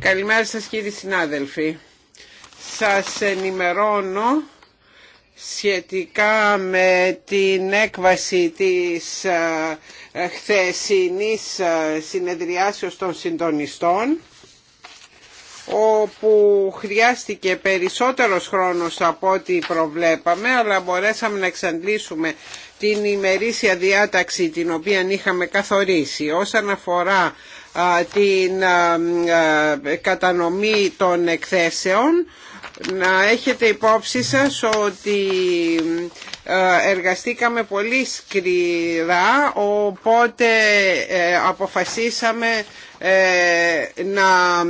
Καλημέρα σας κύριοι συνάδελφοι. Σας ενημερώνω σχετικά με την έκβαση της ε, χθεσινής ε, συνεδριάσεως των συντονιστών όπου χρειάστηκε περισσότερος χρόνος από ό,τι προβλέπαμε αλλά μπορέσαμε να εξαντλήσουμε την ημερήσια διάταξη την οποία είχαμε καθορίσει. Όσον αφορά την κατανομή των εκθέσεων να έχετε υπόψη σας ότι εργαστήκαμε πολύ σκληρά οπότε ε, αποφασίσαμε ε, να,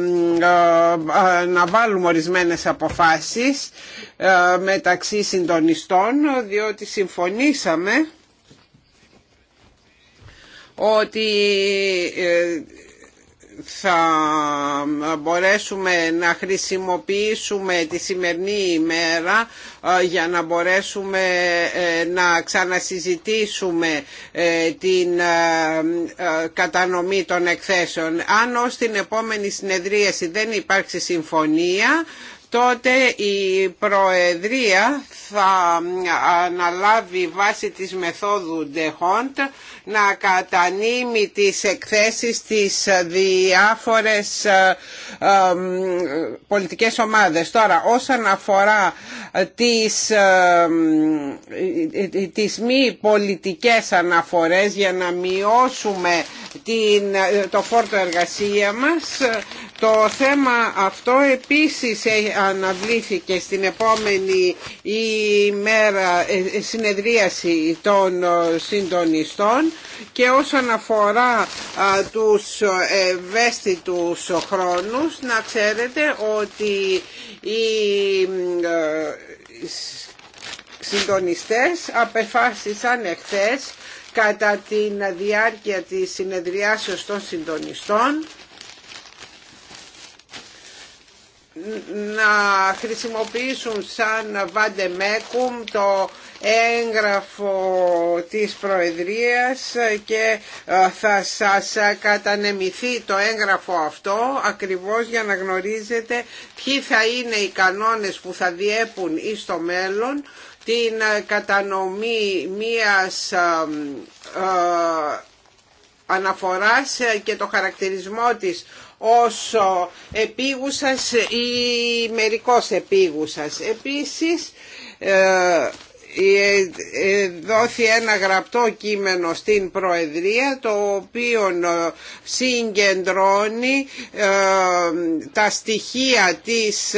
να βάλουμε ορισμένες αποφάσεις ε, μεταξύ συντονιστών διότι συμφωνήσαμε ότι θα μπορέσουμε να χρησιμοποιήσουμε τη σημερινή ημέρα ε, για να μπορέσουμε ε, να ξανασυζητήσουμε ε, την κατανομή των εκθέσεων. Αν ως την επόμενη συνεδρίαση δεν υπάρξει συμφωνία, τότε η Προεδρία θα αναλάβει βάσει της μεθόδου Hont να κατανείμει τις εκθέσεις της διάφορες ε, πολιτικές ομάδες. Τώρα όσον αφορά τις, ε, τις μη πολιτικές αναφορές για να μειώσουμε την, το φόρτο εργασία μας το θέμα αυτό επίσης ε, αναβλήθηκε στην επόμενη ημέρα ε, ε, συνεδρίαση των συντονιστών και όσον αφορά τους ευαίσθητους χρόνους να ξέρετε ότι οι συντονιστές απεφάσισαν εχθές κατά τη διάρκεια της συνεδριάσεως των συντονιστών να χρησιμοποιήσουν σαν βαντεμέκουμ το έγγραφο της Προεδρίας και ε, θα σας κατανεμηθεί το έγγραφο αυτό ακριβώς για να γνωρίζετε ποιοι θα είναι οι κανόνες που θα διέπουν εις το μέλλον την ε, κατανομή μίας ε, αναφοράς και το χαρακτηρισμό της ως επίγουσας ή μερικός επίγουσας. Επίσης, ε, ε, ε, δόθη ένα γραπτό κείμενο στην Προεδρία το οποίο συγκεντρώνει τα στοιχεία της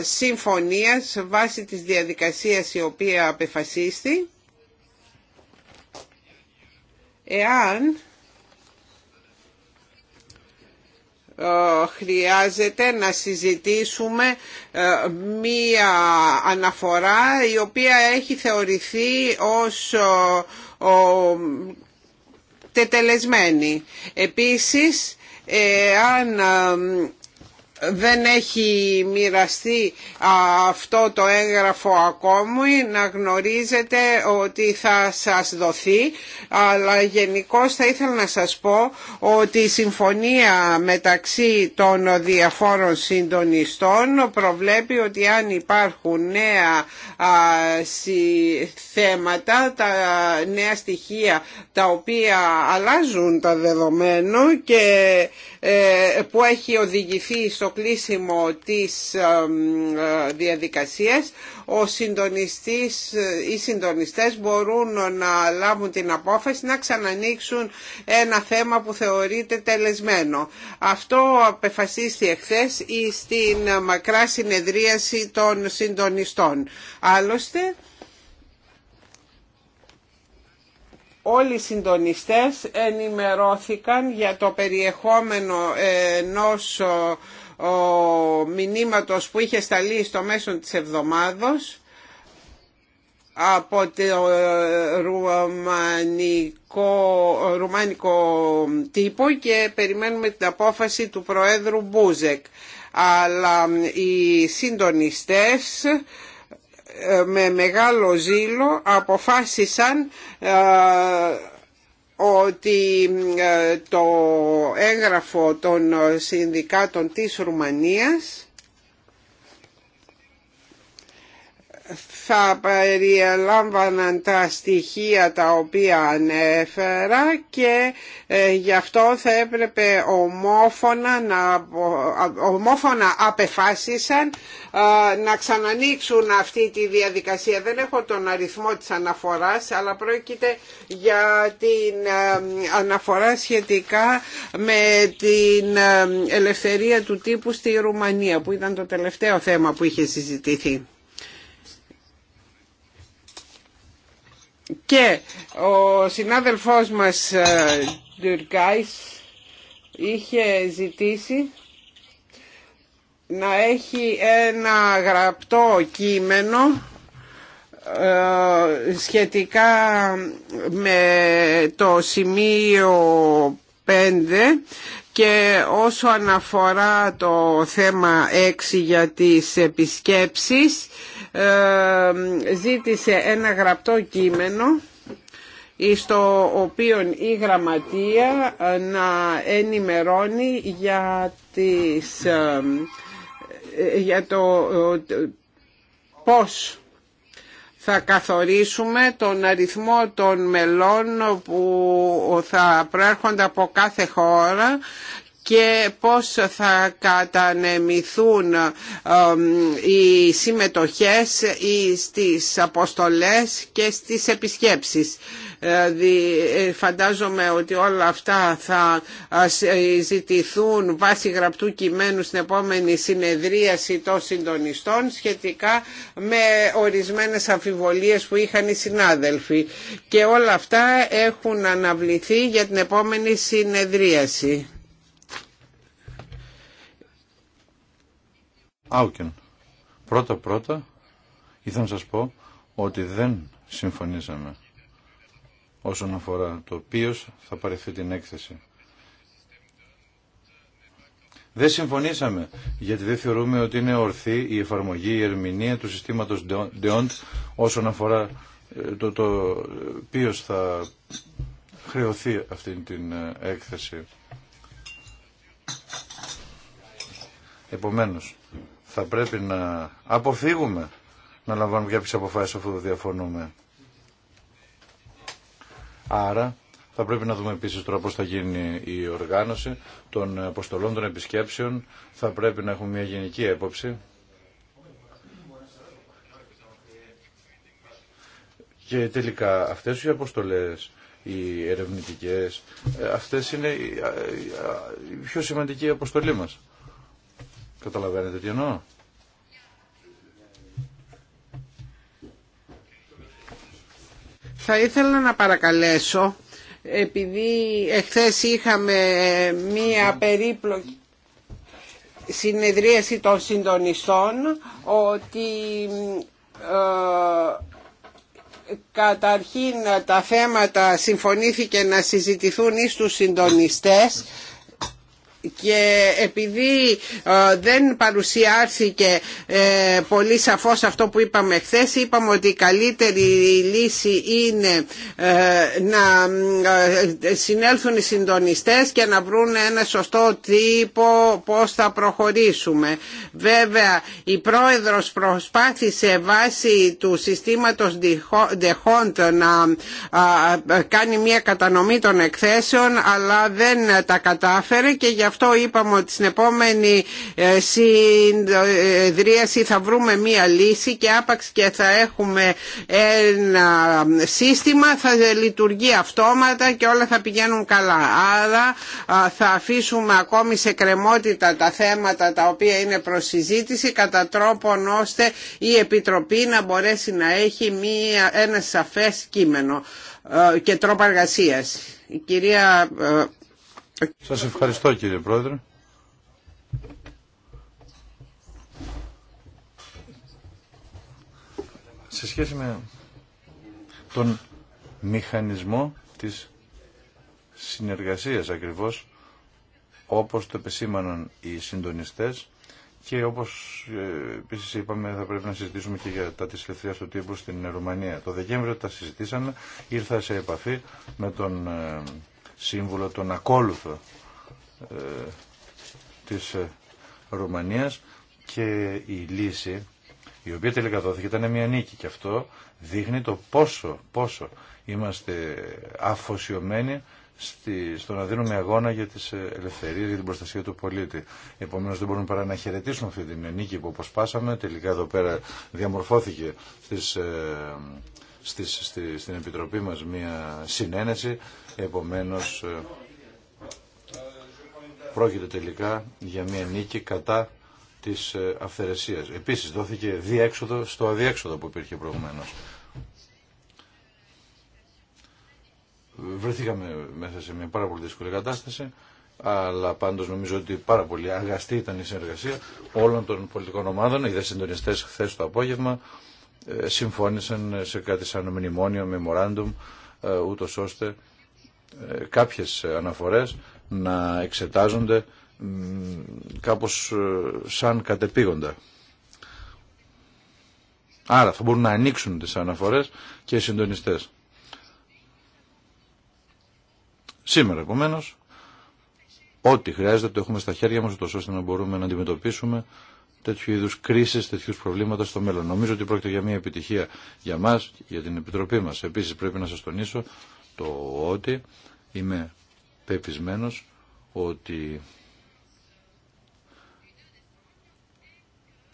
συμφωνίας βάσει της διαδικασίας η οποία απεφασίστη εάν Ε, χρειάζεται να συζητήσουμε ε, μία αναφορά η οποία έχει θεωρηθεί ως ε, τετελεσμένη. Επίσης, αν δεν έχει μοιραστεί αυτό το έγγραφο ακόμη να γνωρίζετε ότι θα σας δοθεί αλλά γενικώ θα ήθελα να σας πω ότι η συμφωνία μεταξύ των διαφόρων συντονιστών προβλέπει ότι αν υπάρχουν νέα θέματα, τα νέα στοιχεία τα οποία αλλάζουν τα δεδομένα και ε, που έχει οδηγηθεί στο κλείσιμο της ε, διαδικασίας ο συντονιστής, οι συντονιστές μπορούν να λάβουν την απόφαση να ξανανοίξουν ένα θέμα που θεωρείται τελεσμένο. Αυτό απεφασίστηκε χθε στην μακρά συνεδρίαση των συντονιστών. Άλλωστε, όλοι οι συντονιστές ενημερώθηκαν για το περιεχόμενο ενός ε, ο μηνύματος που είχε σταλεί στο μέσο της εβδομάδος από το ρουμανικό, ρουμανικό τύπο και περιμένουμε την απόφαση του Προέδρου Μπούζεκ. Αλλά οι συντονιστές ε, με μεγάλο ζήλο αποφάσισαν ε, ότι ε, το έγγραφο των ε, συνδικάτων της Ρουμανίας θα περιελάμβαναν τα στοιχεία τα οποία ανέφερα και ε, γι' αυτό θα έπρεπε ομόφωνα, να, ομόφωνα απεφάσισαν ε, να ξανανοίξουν αυτή τη διαδικασία. Δεν έχω τον αριθμό της αναφοράς, αλλά πρόκειται για την ε, αναφορά σχετικά με την ελευθερία του τύπου στη Ρουμανία, που ήταν το τελευταίο θέμα που είχε συζητηθεί. Και ο συνάδελφός μας Ντουρκάης ε, είχε ζητήσει να έχει ένα γραπτό κείμενο ε, σχετικά με το σημείο 5 και όσο αναφορά το θέμα 6 για τις επισκέψεις ζήτησε ένα γραπτό κείμενο στο οποίο η γραμματεία ε, να ενημερώνει για, τις, ε, για ε, το πώς θα καθορίσουμε τον αριθμό των μελών που θα προέρχονται από κάθε χώρα και πώς θα κατανεμηθούν οι συμμετοχές στις αποστολές και στις επισκέψεις. Ε, ε, φαντάζομαι ότι όλα αυτά θα ε, ζητηθούν βάσει γραπτού κειμένου στην επόμενη συνεδρίαση των συντονιστών σχετικά με ορισμένες αμφιβολίες που είχαν οι συνάδελφοι. Και όλα αυτά έχουν αναβληθεί για την επόμενη συνεδρίαση. Άουκεν. Πρώτα-πρώτα ήθελα να σας πω ότι δεν συμφωνήσαμε όσον αφορά το ποιος θα παρευθεί την έκθεση. Δεν συμφωνήσαμε, γιατί δεν θεωρούμε ότι είναι ορθή η εφαρμογή, η ερμηνεία του συστήματος DEONT όσον αφορά ε, το, το ποιος θα χρεωθεί αυτή την ε, έκθεση. Επομένως, θα πρέπει να αποφύγουμε να λαμβάνουμε κάποιες αποφάσεις αφού διαφωνούμε. Άρα θα πρέπει να δούμε επίσης τώρα πώς θα γίνει η οργάνωση των αποστολών των επισκέψεων. Θα πρέπει να έχουμε μια γενική έποψη. Και τελικά αυτές οι αποστολές, οι ερευνητικές, ε, αυτές είναι η ε, ε, πιο σημαντική αποστολή μας. Καταλαβαίνετε τι εννοώ. Θα ήθελα να παρακαλέσω, επειδή εχθές είχαμε μία περίπλοκη συνεδρίαση των συντονιστών, ότι ε, καταρχήν τα θέματα συμφωνήθηκε να συζητηθούν εις τους συντονιστές και επειδή ε, δεν παρουσιάστηκε ε, πολύ σαφώς αυτό που είπαμε χθες είπαμε ότι η καλύτερη λύση είναι ε, να συνέλθουν οι συντονιστές και να βρουν ένα σωστό τύπο πώς θα προχωρήσουμε. Βέβαια η πρόεδρος προσπάθησε βάσει του συστήματος DeHont να κάνει μια κατανομή των εκθέσεων αλλά δεν τα κατάφερε και γι' αυτό είπαμε ότι στην επόμενη ε, συνδρίαση θα βρούμε μία λύση και άπαξ και θα έχουμε ένα σύστημα θα λειτουργεί αυτόματα και όλα θα πηγαίνουν καλά. Άρα θα αφήσουμε ακόμη σε κρεμότητα τα θέματα τα οποία είναι προς συζήτηση κατά τρόπον ώστε η Επιτροπή να μπορέσει να έχει μία, ένα σαφές κείμενο ε, και τρόπο εργασίας. Η κυρία ε, σας ευχαριστώ κύριε Πρόεδρε. Σε σχέση με τον μηχανισμό της συνεργασίας ακριβώς όπως το επεσήμαναν οι συντονιστές και όπως ε, επίσης είπαμε θα πρέπει να συζητήσουμε και για τα της ελευθερίας του τύπου στην Ρουμανία. Το Δεκέμβριο τα συζητήσαμε, ήρθα σε επαφή με τον ε, σύμβουλο τον ακόλουθο ε, της ε, Ρουμανίας και η λύση η οποία τελικά δόθηκε ήταν μια νίκη και αυτό δείχνει το πόσο, πόσο είμαστε αφοσιωμένοι στη, στο να δίνουμε αγώνα για τις ε, ελευθερίες, για την προστασία του πολίτη. Επομένως δεν μπορούμε παρά να χαιρετήσουμε αυτή την νίκη που όπως Τελικά εδώ πέρα διαμορφώθηκε στις ε, στις, στη, στην Επιτροπή μας μια συνένεση, επομένως ε, πρόκειται τελικά για μια νίκη κατά της ε, αυθαιρεσίας. Επίσης δόθηκε διέξοδο στο αδιέξοδο που υπήρχε προηγουμένως. Βρεθήκαμε μέσα σε μια πάρα πολύ δύσκολη κατάσταση, αλλά πάντως νομίζω ότι πάρα πολύ αγαστή ήταν η συνεργασία όλων των πολιτικών ομάδων. Οι συντονιστές χθε το απόγευμα ε, συμφώνησαν σε κάτι σαν μνημόνιο, memorandum, ε, ούτως ώστε ε, κάποιες αναφορές να εξετάζονται κάπως σαν κατεπήγοντα. Άρα θα μπορούν να ανοίξουν τις αναφορές και οι συντονιστές. Σήμερα επομένως, ό,τι χρειάζεται το έχουμε στα χέρια μας, ώστε να μπορούμε να αντιμετωπίσουμε τέτοιου είδου κρίσει τέτοιου προβλήματα στο μέλλον. Νομίζω ότι πρόκειται για μια επιτυχία για μα για την Επιτροπή μα. Επίση πρέπει να σα τονίσω το ότι είμαι πεπισμένο ότι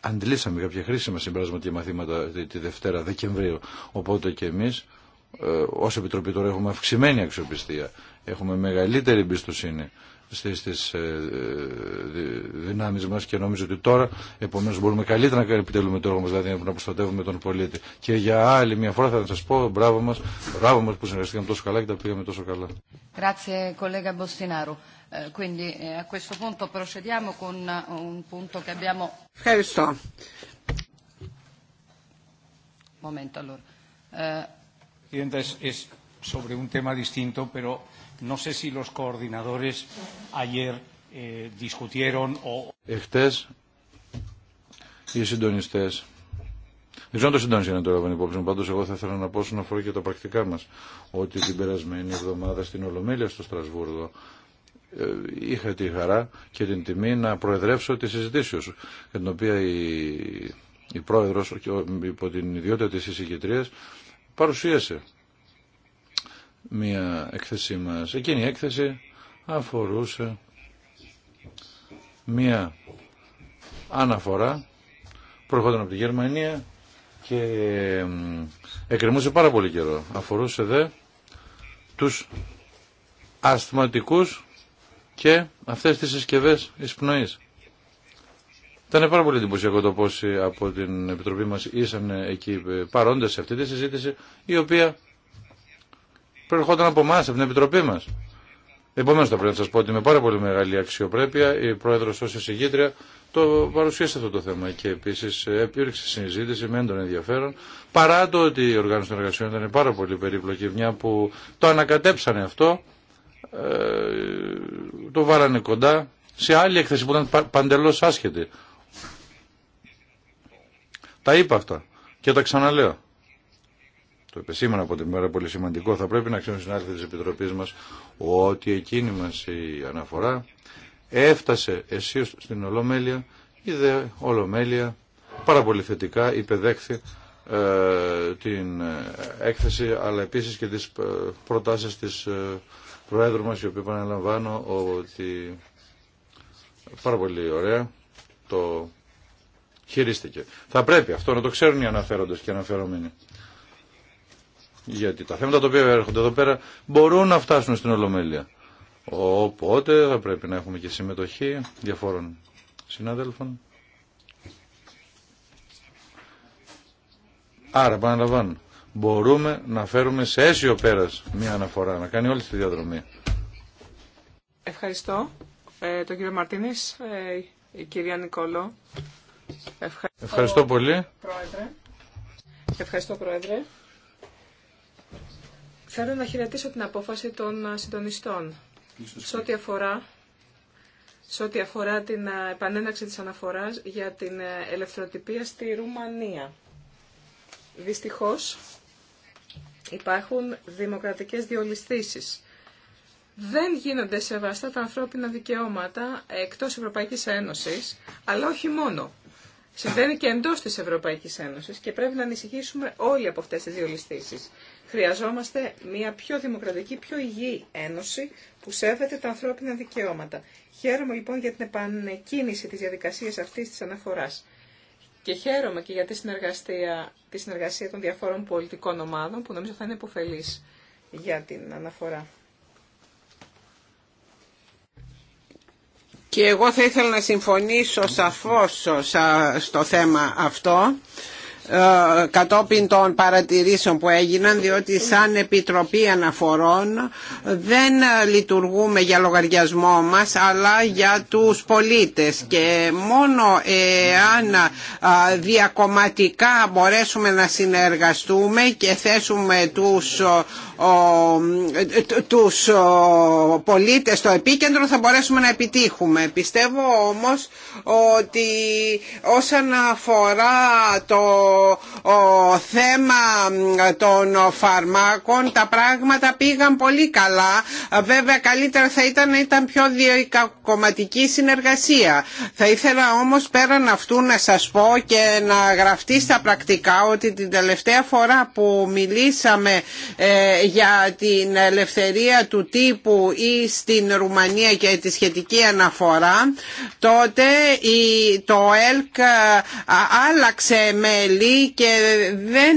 αντλήσαμε κάποια χρήσιμα συμπράσματα και μαθήματα τη Δευτέρα Δεκεμβρίου. Οπότε και εμείς ε, ω Επιτροπή τώρα έχουμε αυξημένη αξιοπιστία, έχουμε μεγαλύτερη εμπιστοσύνη στις ε, ε, δυνάμεις μας και νομίζω ότι τώρα επομένως μπορούμε καλύτερα να επιτελούμε το έργο μας δηλαδή να προστατεύουμε τον πολίτη και για άλλη μια φορά θα σας πω μπράβο μας, μπράβο μας που συνεργαστήκαμε τόσο καλά και τα πήγαμε τόσο καλά Grazie collega Bostinaro ε, quindi a questo punto procediamo con eh, un punto che abbiamo Ευχαριστώ Momento allora sobre un tema distinto pero No sé si los coordinadores ayer eh, discutieron o... οι συντονιστές δεν ξέρω αν το συντόνισε τώρα από υπόψη μου. Πάντω, εγώ θα ήθελα να πω όσον αφορά και τα πρακτικά μα. Ότι την περασμένη εβδομάδα στην Ολομέλεια στο Στρασβούργο ε, είχα τη χαρά και την τιμή να προεδρεύσω τη συζητήσεω. Για την οποία η, η πρόεδρο, υπό την ιδιότητα τη εισηγητρία, παρουσίασε μία έκθεσή μας. Εκείνη η έκθεση αφορούσε μία αναφορά προερχόταν από τη Γερμανία και εκκρεμούσε πάρα πολύ καιρό. Αφορούσε δε τους ασθματικούς και αυτές τις συσκευέ εισπνοής. Ήταν πάρα πολύ εντυπωσιακό το πόσοι από την Επιτροπή μας ήσαν εκεί ε, παρόντες σε αυτή τη συζήτηση η οποία προερχόταν από εμά, από την Επιτροπή μα. Επομένω, θα πρέπει να σα πω ότι με πάρα πολύ μεγάλη αξιοπρέπεια η πρόεδρο ω εισηγήτρια το παρουσίασε αυτό το θέμα και επίση επήρξε συζήτηση με έντονο ενδιαφέρον παρά το ότι η οργάνωση των εργασιών ήταν πάρα πολύ περίπλοκη, μια που το ανακατέψανε αυτό, ε, το βάλανε κοντά σε άλλη έκθεση που ήταν παντελώ άσχετη. Τα είπα αυτά και τα ξαναλέω το επεσήμανα από την μέρα πολύ σημαντικό, θα πρέπει να ξέρουν οι συνάδελφοι τη Επιτροπή μα ότι εκείνη μα η αναφορά έφτασε εσείς στην Ολομέλεια, είδε Ολομέλεια πάρα πολύ θετικά υπεδέχθη ε, την έκθεση αλλά επίσης και τις ε, προτάσεις της ε, Προέδρου μας η οποία επαναλαμβάνω ότι πάρα πολύ ωραία το χειρίστηκε. Θα πρέπει αυτό να το ξέρουν οι αναφέροντες και αναφερόμενοι. Γιατί τα θέματα τα οποία έρχονται εδώ πέρα μπορούν να φτάσουν στην Ολομέλεια. Οπότε θα πρέπει να έχουμε και συμμετοχή διαφόρων συναδέλφων. Άρα, παραλαμβάνω, μπορούμε να φέρουμε σε αίσιο πέρας μία αναφορά, να κάνει όλη τη διαδρομή. Ευχαριστώ ε, τον κύριο Μαρτίνης, ε, η κυρία Νικόλο. Ευχαριστώ, Ευχαριστώ πολύ. Πρόεδρε. Ευχαριστώ, Πρόεδρε. Θέλω να χαιρετήσω την απόφαση των ε, συντονιστών σε ό,τι αφορά, αφορά την ε, επανέναξη της αναφοράς για την ε, ελευθεροτυπία στη Ρουμανία. Δυστυχώς υπάρχουν δημοκρατικές διολυστήσεις. Δεν γίνονται σεβαστά τα ανθρώπινα δικαιώματα εκτός Ευρωπαϊκής Ένωσης, αλλά όχι μόνο συμβαίνει και εντός της Ευρωπαϊκής Ένωσης και πρέπει να ανησυχήσουμε όλοι από αυτές τις δύο ληστήσεις. Χρειαζόμαστε μια πιο δημοκρατική, πιο υγιή ένωση που σέβεται τα ανθρώπινα δικαιώματα. Χαίρομαι λοιπόν για την επανεκκίνηση της διαδικασίας αυτής της αναφοράς. Και χαίρομαι και για τη συνεργασία, τη συνεργασία των διαφόρων πολιτικών ομάδων που νομίζω θα είναι υποφελής για την αναφορά. Και εγώ θα ήθελα να συμφωνήσω σαφώς στο θέμα αυτό ε, κατόπιν των παρατηρήσεων που έγιναν διότι σαν Επιτροπή Αναφορών δεν λειτουργούμε για λογαριασμό μας αλλά για τους πολίτες και μόνο εάν διακομματικά μπορέσουμε να συνεργαστούμε και θέσουμε τους, τους πολίτες στο επίκεντρο θα μπορέσουμε να επιτύχουμε. Πιστεύω όμως ότι όσον αφορά το θέμα των φαρμάκων τα πράγματα πήγαν πολύ καλά. Βέβαια καλύτερα θα ήταν να ήταν πιο διακομματική συνεργασία. Θα ήθελα όμως πέραν αυτού να σας πω και να γραφτεί στα πρακτικά ότι την τελευταία φορά που μιλήσαμε ε, για την ελευθερία του τύπου ή στην Ρουμανία και τη σχετική αναφορά τότε το ΕΛΚ άλλαξε μέλη και δεν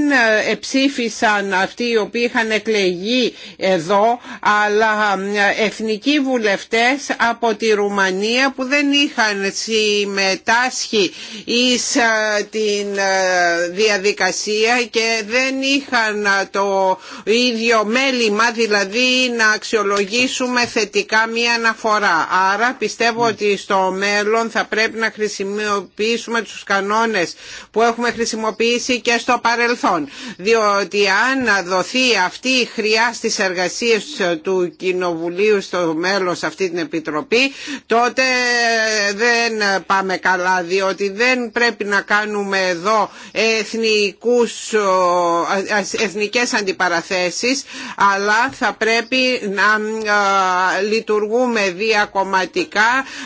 εψήφισαν αυτοί οι οποίοι είχαν εκλεγεί εδώ αλλά εθνικοί βουλευτές από τη Ρουμανία που δεν είχαν συμμετάσχει εις ε, την ε, διαδικασία και δεν είχαν το ίδιο μέλημα δηλαδή να αξιολογήσουμε θετικά μία αναφορά. Άρα πιστεύω ναι. ότι στο μέλλον θα πρέπει να χρησιμοποιήσουμε τους κανόνες που έχουμε χρησιμοποιήσει χρησιμοποιήσει και στο παρελθόν. Διότι αν δοθεί αυτή η χρειά στις εργασίες του Κοινοβουλίου στο μέλλον σε αυτή την Επιτροπή, τότε δεν πάμε καλά, διότι δεν πρέπει να κάνουμε εδώ εθνικούς, εθνικές αντιπαραθέσεις, αλλά θα πρέπει να λειτουργούμε διακομματικά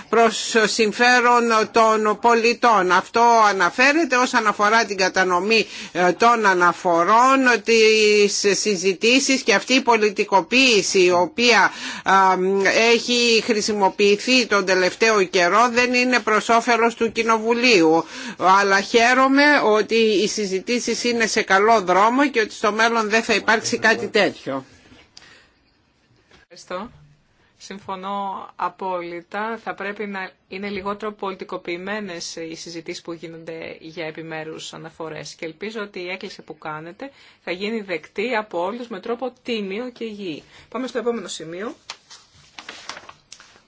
προς συμφέρον των πολιτών. Αυτό αναφέρεται όσον αφορά την κατασκευή κατανομή ε, των αναφορών, τι συζητήσεις και αυτή η πολιτικοποίηση η οποία έχει χρησιμοποιηθεί τον τελευταίο καιρό δεν είναι προ όφελο του Κοινοβουλίου. Αλλά χαίρομαι ότι οι συζητήσεις είναι σε καλό δρόμο και ότι στο μέλλον δεν θα υπάρξει κάτι τέτοιο. Συμφωνώ απόλυτα. Θα πρέπει να είναι λιγότερο πολιτικοποιημένε οι συζητήσεις που γίνονται για επιμέρους αναφορές και ελπίζω ότι η έκκληση που κάνετε θα γίνει δεκτή από όλους με τρόπο τίμιο και υγιή. Πάμε στο επόμενο σημείο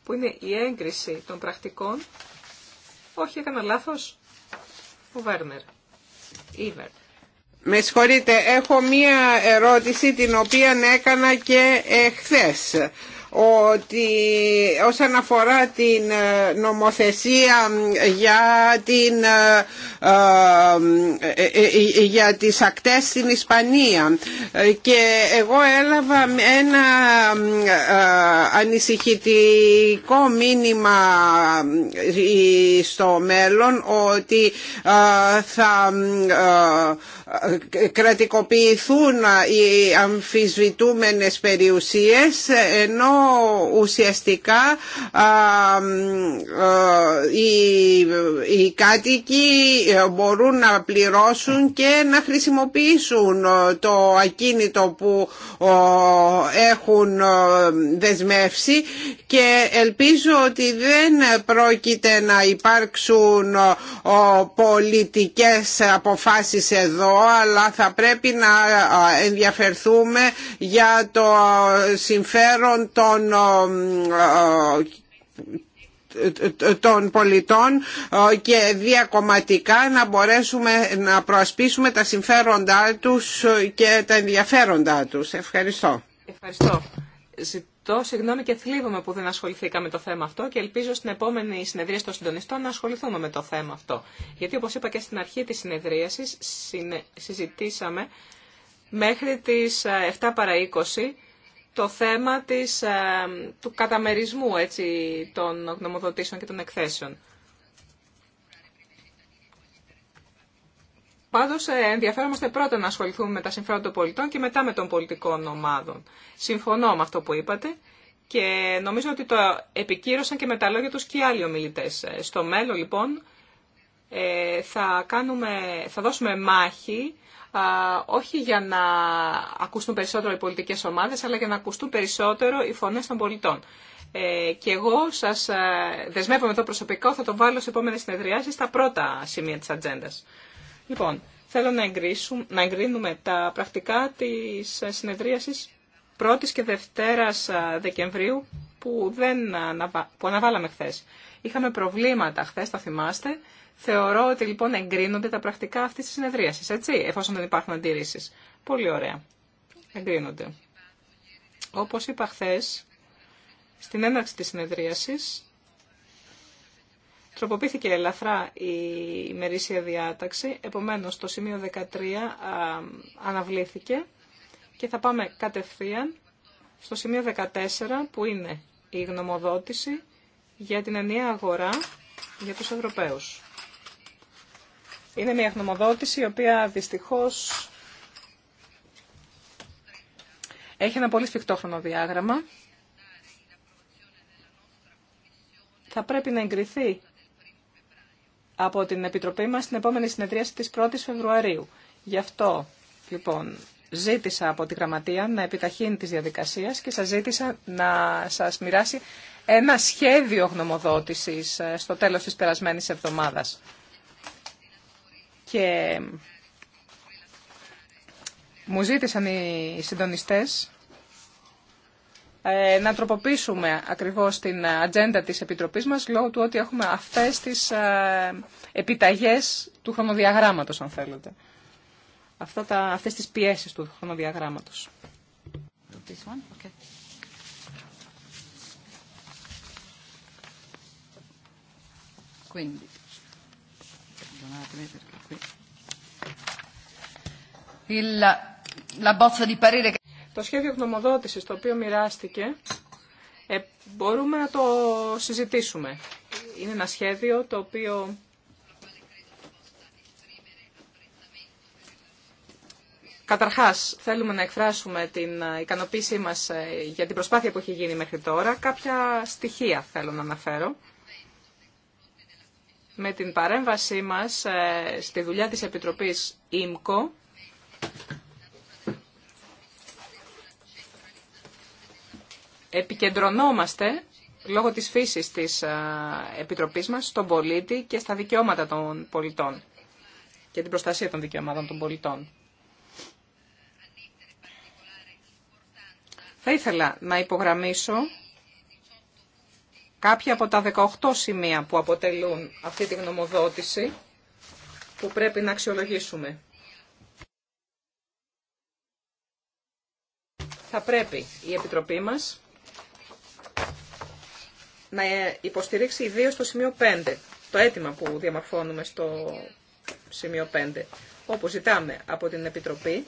που είναι η έγκριση των πρακτικών. Όχι, έκανα λάθο Ο Βέρνερ. Με συγχωρείτε, έχω μία ερώτηση την οποία έκανα και εχθές ότι όσον αφορά την ε, νομοθεσία για, την, ε, ε, για τις ακτές στην Ισπανία και εγώ έλαβα ένα ανησυχητικό μήνυμα στο μέλλον ότι θα κρατικοποιηθούν οι αμφισβητούμενες περιουσίες ενώ ουσιαστικά ε, οι, οι κάτοικοι μπορούν να πληρώσουν και να χρησιμοποιήσουν το ακίνητο που έχουν δεσμεύσει και ελπίζω ότι δεν πρόκειται να υπάρξουν πολιτικές αποφάσεις εδώ αλλά θα πρέπει να ε, ενδιαφερθούμε για το συμφέρον των ε, ε, των πολιτών και διακομματικά να μπορέσουμε να προασπίσουμε τα συμφέροντά τους και τα ενδιαφέροντά τους. Ευχαριστώ. Ευχαριστώ το συγγνώμη και θλίβομαι που δεν ασχοληθήκαμε με το θέμα αυτό και ελπίζω στην επόμενη συνεδρία των συντονιστών να ασχοληθούμε με το θέμα αυτό. Γιατί όπως είπα και στην αρχή της συνεδρίασης συζητήσαμε μέχρι τις 7 ε, παρα 20 το θέμα της, ε, του καταμερισμού έτσι, των γνωμοδοτήσεων και των εκθέσεων. Πάντω ε, ενδιαφέρομαστε πρώτα να ασχοληθούμε με τα συμφέροντα των πολιτών και μετά με των πολιτικών ομάδων. Συμφωνώ με αυτό που είπατε και νομίζω ότι το επικύρωσαν και με τα λόγια τους και οι άλλοι ομιλητέ. Ε, στο μέλλον λοιπόν ε, θα, κάνουμε, θα δώσουμε μάχη όχι για να ακουστούν περισσότερο οι πολιτικές ομάδες αλλά για να ακουστούν περισσότερο οι φωνές των πολιτών. Ε, και εγώ σας δεσμεύομαι το προσωπικό, θα το βάλω σε επόμενες συνεδριάσεις στα πρώτα σημεία της ατζέντα. Λοιπόν, θέλω να, να εγκρίνουμε τα πρακτικά της ε, συνεδρίασης 1ης και 2 η ε, Δεκεμβρίου που, δεν που αναβάλαμε χθε. Είχαμε προβλήματα χθε, θα θυμάστε. Θεωρώ ότι λοιπόν εγκρίνονται τα πρακτικά αυτής της συνεδρίασης, έτσι, εφόσον δεν υπάρχουν αντιρρήσει. Πολύ ωραία. Εγκρίνονται. Όπω είπα χθε, στην έναρξη τη συνεδρίασης, Τροποποιήθηκε ελαφρά η ημερήσια διάταξη, επομένως το σημείο 13 αναβλήθηκε και θα πάμε κατευθείαν στο σημείο 14 που είναι η γνωμοδότηση για την ενιαία αγορά για τους Ευρωπαίους. Είναι μια γνωμοδότηση η οποία δυστυχώς έχει ένα πολύ σφιχτό χρονοδιάγραμμα. Θα πρέπει να εγκριθεί από την Επιτροπή μας στην επόμενη συνεδρίαση της 1ης Φεβρουαρίου. Γι' αυτό, λοιπόν, ζήτησα από τη Γραμματεία να επιταχύνει τις διαδικασίες και σας ζήτησα να σας μοιράσει ένα σχέδιο γνωμοδότησης ε, στο τέλος της περασμένης εβδομάδας. Και μου ζήτησαν οι συντονιστές ε, να τροποποιήσουμε ακριβώς την ατζέντα της Επιτροπής μας λόγω του ότι έχουμε αυτές τις ε, επιταγές του χρονοδιαγράμματος, αν θέλετε. Αυτά τα, αυτές τις πιέσεις του χρονοδιαγράμματος. Το σχέδιο γνωμοδότησης το οποίο μοιράστηκε ε, μπορούμε να το συζητήσουμε. Είναι ένα σχέδιο το οποίο Καταρχάς, θέλουμε να εκφράσουμε την ε, ικανοποίησή μας ε, για την προσπάθεια που έχει γίνει μέχρι τώρα. Κάποια στοιχεία θέλω να αναφέρω. Με την παρέμβασή μας ε, στη δουλειά της Επιτροπής ΙΜΚΟ, επικεντρωνόμαστε λόγω της φύσης της Επιτροπής μας στον πολίτη και στα δικαιώματα των πολιτών και την προστασία των δικαιωμάτων των πολιτών. Θα ήθελα να υπογραμμίσω κάποια από τα 18 σημεία που αποτελούν αυτή τη γνωμοδότηση που πρέπει να αξιολογήσουμε. Θα πρέπει η Επιτροπή μας να υποστηρίξει ιδίω το σημείο 5, το αίτημα που διαμαρφώνουμε στο σημείο 5, όπου ζητάμε από την Επιτροπή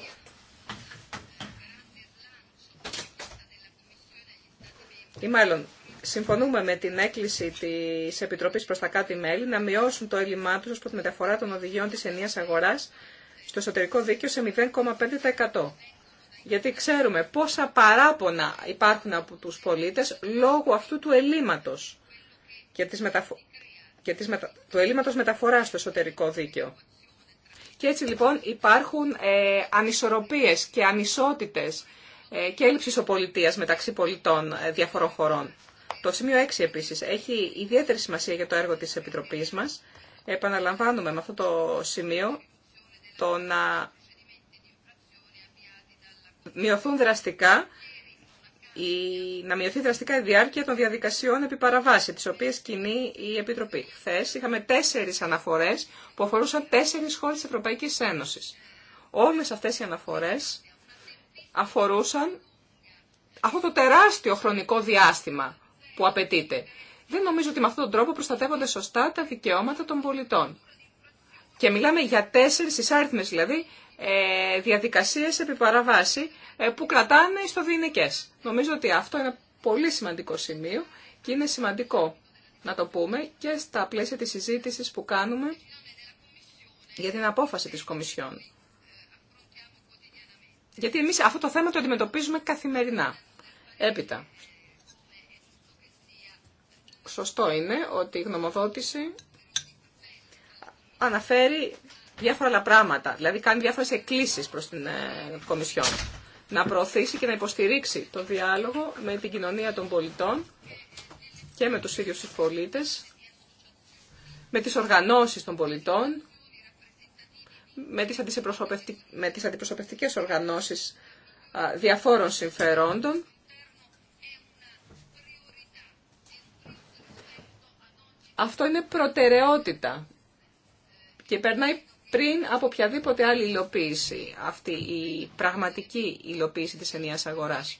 ή μάλλον συμφωνούμε με την έκκληση της Επιτροπής προς τα κάτι μέλη να μειώσουν το έλλειμμά τους ως προς τη μεταφορά των οδηγιών της ενίας αγοράς στο εσωτερικό δίκαιο σε 0,5%. Γιατί ξέρουμε πόσα παράπονα υπάρχουν από τους πολίτες λόγω αυτού του ελλείμματος και, της μεταφο... και μετα... του ελλείμματος μεταφοράς στο εσωτερικό δίκαιο. Και έτσι λοιπόν υπάρχουν ε, και ανισότητες ε, και έλλειψη ισοπολιτείας μεταξύ πολιτών ε, διαφορών χωρών. Το σημείο 6 επίσης έχει ιδιαίτερη σημασία για το έργο της Επιτροπής μας. Επαναλαμβάνουμε με αυτό το σημείο το να μειωθούν δραστικά η, να μειωθεί δραστικά η διάρκεια των διαδικασιών επί παραβάση, τις οποίες κινεί η Επιτροπή. Χθε είχαμε τέσσερις αναφορές που αφορούσαν τέσσερις χώρες της Ευρωπαϊκής Ένωσης. Όλες αυτές οι αναφορές αφορούσαν αυτό το τεράστιο χρονικό διάστημα που απαιτείται. Δεν νομίζω ότι με αυτόν τον τρόπο προστατεύονται σωστά τα δικαιώματα των πολιτών. Και μιλάμε για τέσσερις εισάριθμες δηλαδή ε, διαδικασίες επί παραβάση ε, που κρατάνε στο διηνικές. Νομίζω ότι αυτό είναι πολύ σημαντικό σημείο και είναι σημαντικό να το πούμε και στα πλαίσια της συζήτησης που κάνουμε για την απόφαση της Κομισιόν. Γιατί εμείς αυτό το θέμα το αντιμετωπίζουμε καθημερινά. Έπειτα. Σωστό είναι ότι η γνωμοδότηση αναφέρει διάφορα άλλα πράγματα. Δηλαδή κάνει διάφορες εκκλήσεις προς την ε, Κομισιόν. Να προωθήσει και να υποστηρίξει το διάλογο με την κοινωνία των πολιτών και με τους ίδιους τους πολίτες, με τις οργανώσεις των πολιτών, με τις, με τις αντιπροσωπευτικές οργανώσεις διαφόρων συμφερόντων Αυτό είναι προτεραιότητα και περνάει πριν από οποιαδήποτε άλλη υλοποίηση, αυτή η πραγματική υλοποίηση της ενιαίας αγοράς.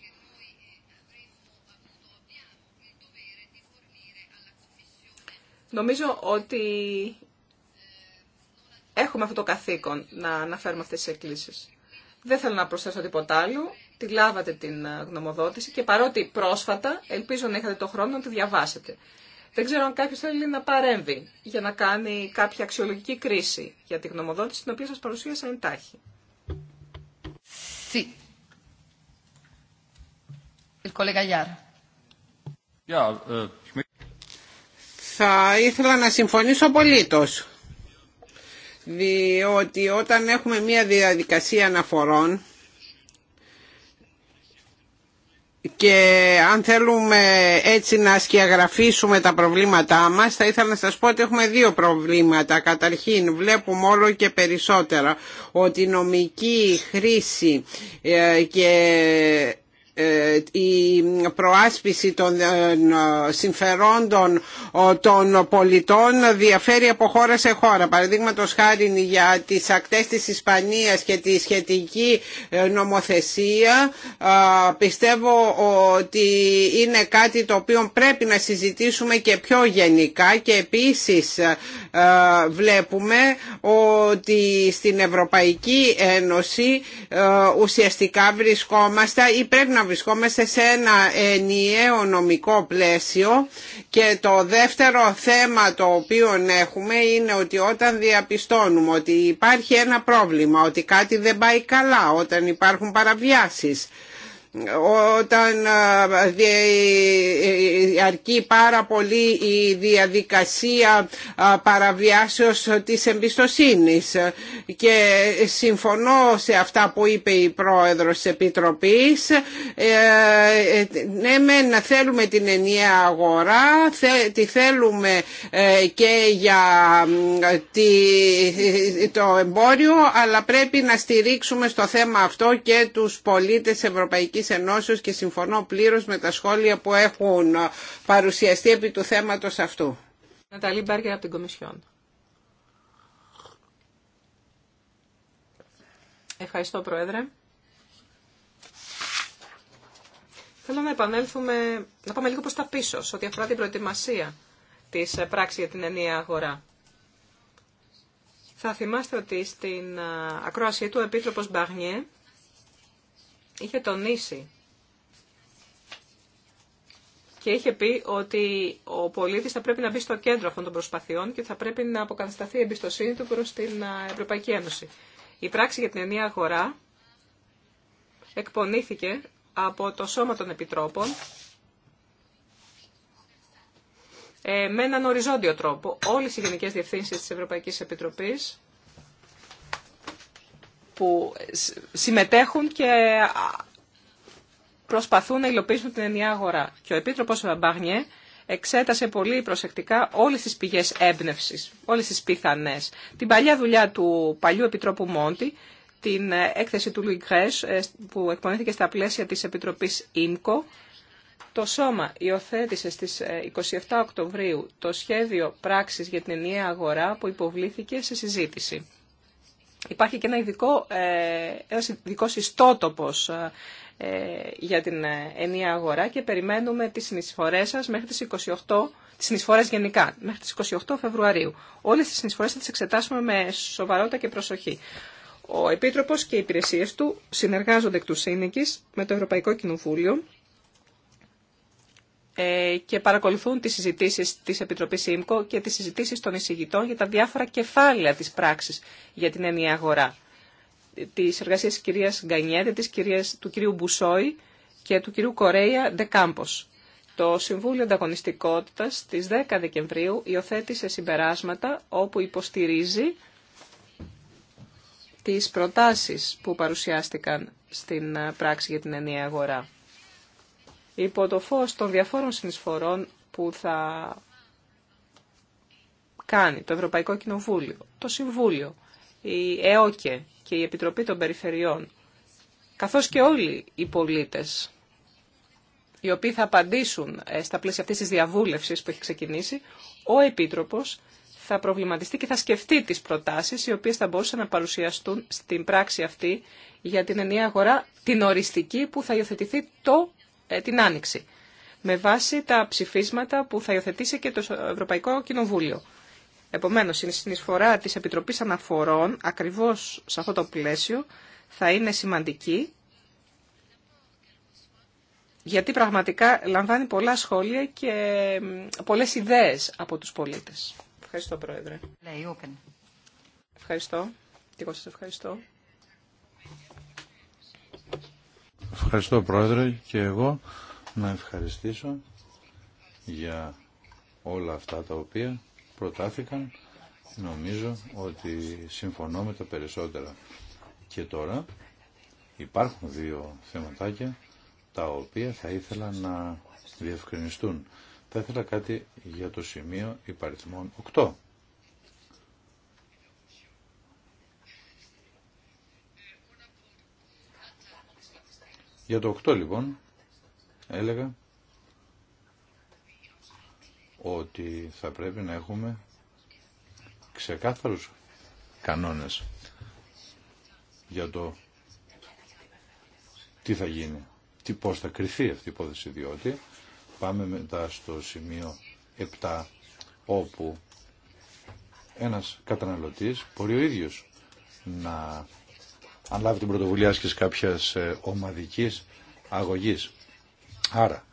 Νομίζω ότι έχουμε αυτό το καθήκον να αναφέρουμε αυτές τις εκκλήσεις. Δεν θέλω να προσθέσω τίποτα άλλο. Τη λάβατε την γνωμοδότηση και παρότι πρόσφατα ελπίζω να είχατε το χρόνο να τη διαβάσετε. Δεν ξέρω αν κάποιο θέλει να παρέμβει για να κάνει κάποια αξιολογική κρίση για τη γνωμοδότηση την οποία σα παρουσίασα εντάχει. Sí. Eh, Θα ήθελα να συμφωνήσω απολύτω. διότι όταν έχουμε μια διαδικασία αναφορών, και αν θέλουμε έτσι να σκιαγραφίσουμε τα προβλήματά μας θα ήθελα να σας πω ότι έχουμε δύο προβλήματα. Καταρχήν βλέπουμε όλο και περισσότερα ότι η νομική χρήση ε, και ε, η προάσπιση των ε, συμφερόντων των πολιτών διαφέρει από χώρα σε χώρα. Παραδείγματο χάρη για τι ακτές της Ισπανία και τη σχετική ε, νομοθεσία πιστεύω ότι είναι κάτι το οποίο πρέπει να συζητήσουμε και πιο γενικά και επίση βλέπουμε ότι στην Ευρωπαϊκή Ένωση ουσιαστικά βρισκόμαστε ή πρέπει να βρισκόμαστε σε ένα ενιαίο νομικό πλαίσιο και το δεύτερο θέμα το οποίο έχουμε είναι ότι όταν διαπιστώνουμε ότι υπάρχει ένα πρόβλημα, ότι κάτι δεν πάει καλά, όταν υπάρχουν παραβιάσεις, όταν αρκεί πάρα πολύ η διαδικασία παραβιάσεως της εμπιστοσύνης και συμφωνώ σε αυτά που είπε η Πρόεδρος της Επιτροπής ε, ναι με να θέλουμε την ενιαία αγορά τη θέλουμε ε, και για το εμπόριο αλλά πρέπει να στηρίξουμε στο θέμα αυτό και τους πολίτες Ευρωπαϊκής Ευρωπαϊκής και συμφωνώ πλήρως με τα σχόλια που έχουν παρουσιαστεί επί του θέματος αυτού. Ναταλή Μπάρκερ από την Κομισιόν. Ευχαριστώ Πρόεδρε. Θέλω να επανέλθουμε, να πάμε λίγο προς τα πίσω, σε ό,τι αφορά την προετοιμασία της ε, πράξης για την ενιαία αγορά. Θα θυμάστε ότι στην ε, ακρόασή του ο Επίτροπος Μπαγνιέ είχε τονίσει και είχε πει ότι ο πολίτης θα πρέπει να μπει στο κέντρο αυτών των προσπαθειών και θα πρέπει να αποκατασταθεί η εμπιστοσύνη του προς την Ευρωπαϊκή Ένωση. Η πράξη για την ενιαία αγορά εκπονήθηκε από το Σώμα των Επιτρόπων ε, με έναν οριζόντιο τρόπο. Όλες οι γενικές διευθύνσεις της Ευρωπαϊκής Επιτροπής που συμμετέχουν και προσπαθούν να υλοποιήσουν την ενιαία αγορά. Και ο Επίτροπος Βαμπαγνιέ εξέτασε πολύ προσεκτικά όλες τις πηγές έμπνευση, όλες τις πιθανές. Την παλιά δουλειά του παλιού Επιτρόπου Μόντι, την ε, έκθεση του Λουι ε, που εκπονήθηκε στα πλαίσια της Επιτροπής ΙΜΚΟ, το Σώμα υιοθέτησε στις 27 ε, Οκτωβρίου το σχέδιο πράξης για την ενιαία αγορά που υποβλήθηκε σε συζήτηση. Υπάρχει και ένα ειδικό, ε, ένας ειδικός ιστότοπος ε, ε, για την ενία αγορά και περιμένουμε τις συνεισφορές σας μέχρι τις 28, τις συνεισφορές γενικά, μέχρι τις 28 Φεβρουαρίου. Όλες τις συνεισφορές θα τις εξετάσουμε με σοβαρότητα και προσοχή. Ο Επίτροπος και οι υπηρεσίες του συνεργάζονται εκ του σύνικης με το Ευρωπαϊκό Κοινοβούλιο ε, και παρακολουθούν τις συζητήσεις της Επιτροπής ΥΜΚΟ και τις συζητήσεις των εισηγητών για τα διάφορα κεφάλαια της πράξης για την ενιαία αγορά. Της εργασίας της κυρίας Γκανιέδη, της κυρίας, του κυρίου Μπουσόη και του κυρίου Κορέια Ντεκάμπος. Το Συμβούλιο Ανταγωνιστικότητας στις 10 Δεκεμβρίου υιοθέτησε συμπεράσματα όπου υποστηρίζει τις προτάσεις που παρουσιάστηκαν στην ε, πράξη για την ενιαία αγορά υπό το φως των διαφόρων συνεισφορών που θα κάνει το Ευρωπαϊκό Κοινοβούλιο, το Συμβούλιο, η ΕΟΚΕ και η Επιτροπή των Περιφερειών, καθώς και όλοι οι πολίτες, οι οποίοι θα απαντήσουν ε, στα πλαίσια αυτής της διαβούλευσης που έχει ξεκινήσει, ο Επίτροπος θα προβληματιστεί και θα σκεφτεί τις προτάσεις οι οποίες θα μπορούσαν να παρουσιαστούν στην πράξη αυτή για την ενιαία αγορά, την οριστική που θα υιοθετηθεί το ε, την Άνοιξη με βάση τα ψηφίσματα που θα υιοθετήσει και το Ευρωπαϊκό Κοινοβούλιο. Επομένως, η συνεισφορά της Επιτροπής Αναφορών ακριβώς σε αυτό το πλαίσιο θα είναι σημαντική γιατί πραγματικά λαμβάνει πολλά σχόλια και πολλές ιδέες από τους πολίτες. Ευχαριστώ, Πρόεδρε. Ευχαριστώ. Και εγώ σας ευχαριστώ. Ευχαριστώ Πρόεδρε και εγώ να ευχαριστήσω για όλα αυτά τα οποία προτάθηκαν. Νομίζω ότι συμφωνώ με τα περισσότερα. Και τώρα υπάρχουν δύο θεματάκια τα οποία θα ήθελα να διευκρινιστούν. Θα ήθελα κάτι για το σημείο υπαριθμών 8. Για το 8 λοιπόν έλεγα ότι θα πρέπει να έχουμε ξεκάθαρους κανόνες για το τι θα γίνει, τι, πώς θα κρυθεί αυτή η υπόθεση, διότι πάμε μετά στο σημείο 7 όπου ένας καταναλωτής μπορεί ο ίδιος να αν λάβει την πρωτοβουλία άσκηση κάποια ε, ομαδικής αγωγής. Άρα,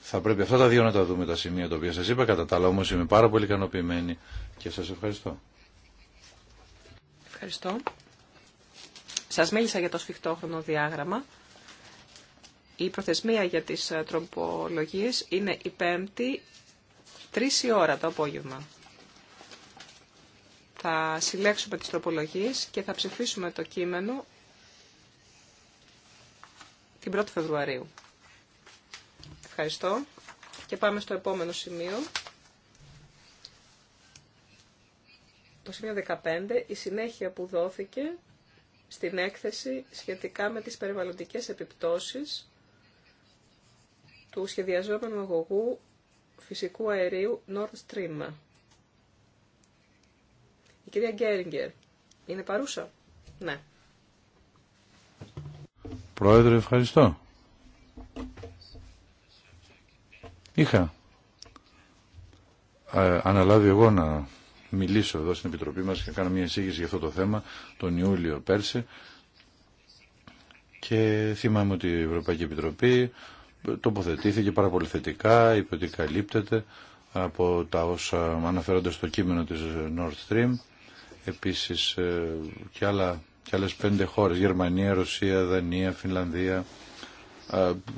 θα πρέπει αυτά τα δύο να τα δούμε τα σημεία τα οποία σα είπα. Κατά τα άλλα όμω είμαι πάρα πολύ ικανοποιημένη και σας ευχαριστώ. Ευχαριστώ. Σας μίλησα για το σφιχτό χρονοδιάγραμμα. Η προθεσμία για τις ε, τροπολογίε είναι η πέμπτη, 3 η ώρα το απόγευμα. Θα συλλέξουμε τις τροπολογίες και θα ψηφίσουμε το κείμενο την 1η Φεβρουαρίου. Ευχαριστώ. Και πάμε στο επόμενο σημείο. Το σημείο 15, η συνέχεια που δόθηκε στην έκθεση σχετικά με τις περιβαλλοντικές επιπτώσεις του σχεδιαζόμενου αγωγού φυσικού αερίου Nord Stream. Η κυρία Γκέριγκερ είναι παρούσα? Ναι. Πρόεδρε, ευχαριστώ. Είχα ε, αναλάβει εγώ να μιλήσω εδώ στην Επιτροπή μας και κάνω μια εισήγηση για αυτό το θέμα τον Ιούλιο πέρσι και θυμάμαι ότι η Ευρωπαϊκή Επιτροπή τοποθετήθηκε πάρα πολύ θετικά, είπε ότι καλύπτεται από τα όσα αναφέρονται στο κείμενο της Nord Stream επίσης ε, και άλλα και άλλες πέντε χώρες, Γερμανία, Ρωσία, Δανία, Φινλανδία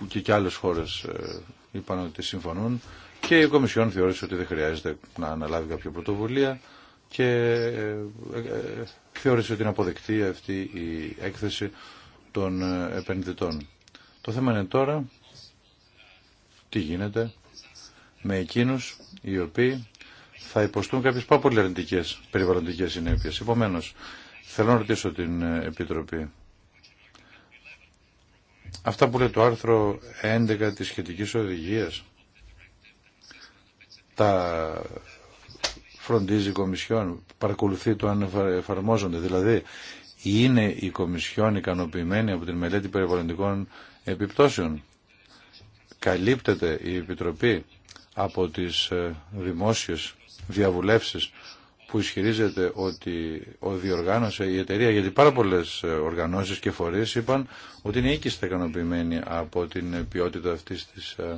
και και άλλες χώρες ε, είπαν ότι συμφωνούν και η Κομισιόν θεώρησε ότι δεν χρειάζεται να αναλάβει κάποια πρωτοβουλία και ε, ε, θεώρησε ότι είναι αποδεκτή αυτή η έκθεση των επενδυτών. Το θέμα είναι τώρα τι γίνεται με εκείνους οι οποίοι θα υποστούν κάποιες πάρα πολύ αρνητικές περιβαλλοντικές συνέπειες. Επομένως, Θέλω να ρωτήσω την ε, Επιτροπή. Αυτά που λέει το άρθρο 11 της σχετικής οδηγίας, τα φροντίζει η Κομισιόν, παρακολουθεί το αν εφαρμόζονται. Δηλαδή, είναι η Κομισιόν ικανοποιημένη από την μελέτη περιβαλλοντικών επιπτώσεων. Καλύπτεται η Επιτροπή από τις ε, δημόσιες διαβουλεύσεις που ισχυρίζεται ότι ο διοργάνωσε η εταιρεία, γιατί πάρα πολλέ ε, οργανώσει και φορεί είπαν ότι είναι οίκιστα ικανοποιημένοι από την ποιότητα αυτή τη ε,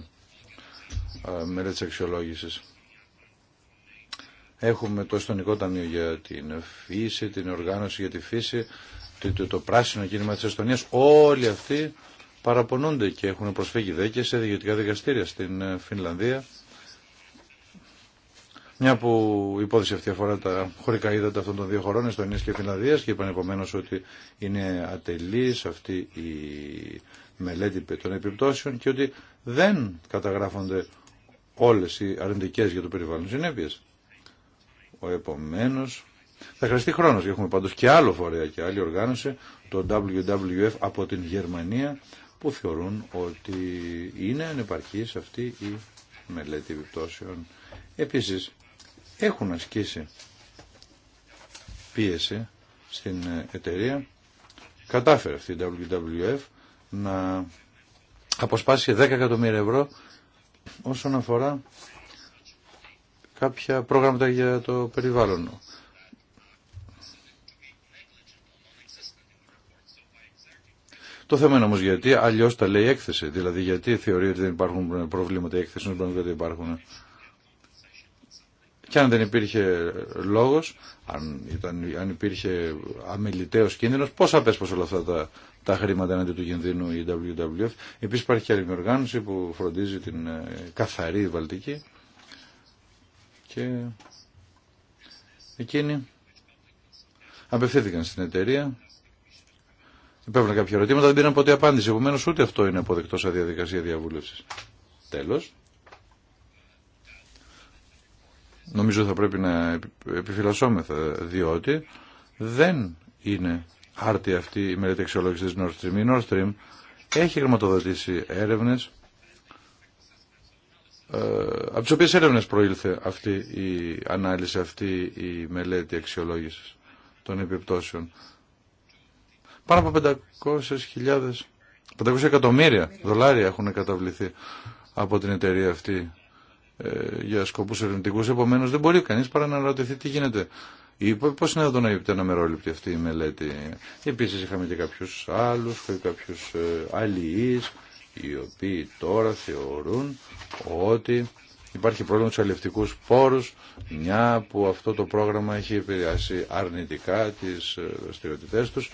ε, μελέτη αξιολόγηση. Έχουμε το Ιστονικό Ταμείο για την Φύση, την Οργάνωση για τη Φύση, το, το Πράσινο Κίνημα τη Εστονία. Όλοι αυτοί παραπονούνται και έχουν προσφύγει δέκε σε δικαστήρια στην Φινλανδία μια που η υπόθεση αυτή αφορά τα χωρικά είδατα αυτών των δύο χωρών, Εστονία και Φιλανδία και είπαν επομένω ότι είναι ατελή αυτή η μελέτη των επιπτώσεων και ότι δεν καταγράφονται όλε οι αρνητικέ για το περιβάλλον συνέπειε. Ο επομένω. Θα χρειαστεί χρόνο. Έχουμε πάντω και άλλο φορέα και άλλη οργάνωση, το WWF από την Γερμανία, που θεωρούν ότι είναι ανεπαρκής αυτή η μελέτη επιπτώσεων. Επίσης, έχουν ασκήσει πίεση στην εταιρεία. Κατάφερε αυτή η WWF να αποσπάσει 10 εκατομμύρια ευρώ όσον αφορά κάποια πρόγραμματα για το περιβάλλον. Το θέμα είναι όμω γιατί αλλιώς τα λέει η έκθεση. Δηλαδή γιατί θεωρεί ότι δεν υπάρχουν προβλήματα η έκθεση, δεν υπάρχουν και αν δεν υπήρχε λόγος, αν, αν υπήρχε αμεληταίος κίνδυνος, πώς απέσπασε όλα αυτά τα, χρήματα εναντίον του κινδύνου η WWF. Επίσης υπάρχει και άλλη μια οργάνωση που φροντίζει την ε, καθαρή Βαλτική και εκείνοι απευθύνθηκαν στην εταιρεία Υπέβαλαν κάποια ερωτήματα, δεν πήραν ποτέ απάντηση. Επομένω, ούτε αυτό είναι αποδεκτό σαν διαδικασία διαβούλευση. Τέλο. νομίζω θα πρέπει να επιφυλασσόμεθα, διότι δεν είναι άρτη αυτή η μελέτη αξιολόγηση της Nord Stream. Η Nord Stream έχει χρηματοδοτήσει έρευνες, ε, από τις οποίες έρευνες προήλθε αυτή η ανάλυση, αυτή η μελέτη αξιολόγησης των επιπτώσεων. Πάνω από 500.000, 500 εκατομμύρια δολάρια έχουν καταβληθεί από την εταιρεία αυτή ε, για σκοπού ερευνητικού επομένω. δεν μπορεί κανεί παρά να ρωτηθεί τι γίνεται. Πώ είναι εδώ να ένα μερόληπτη αυτή η μελέτη. Επίση είχαμε και κάποιου άλλου, και κάποιου ε, αλληλεί, οι οποίοι τώρα θεωρούν ότι υπάρχει πρόβλημα του αλληλευτικού πόρου, μια που αυτό το πρόγραμμα έχει επηρεάσει αρνητικά τι ε, δραστηριότητέ του.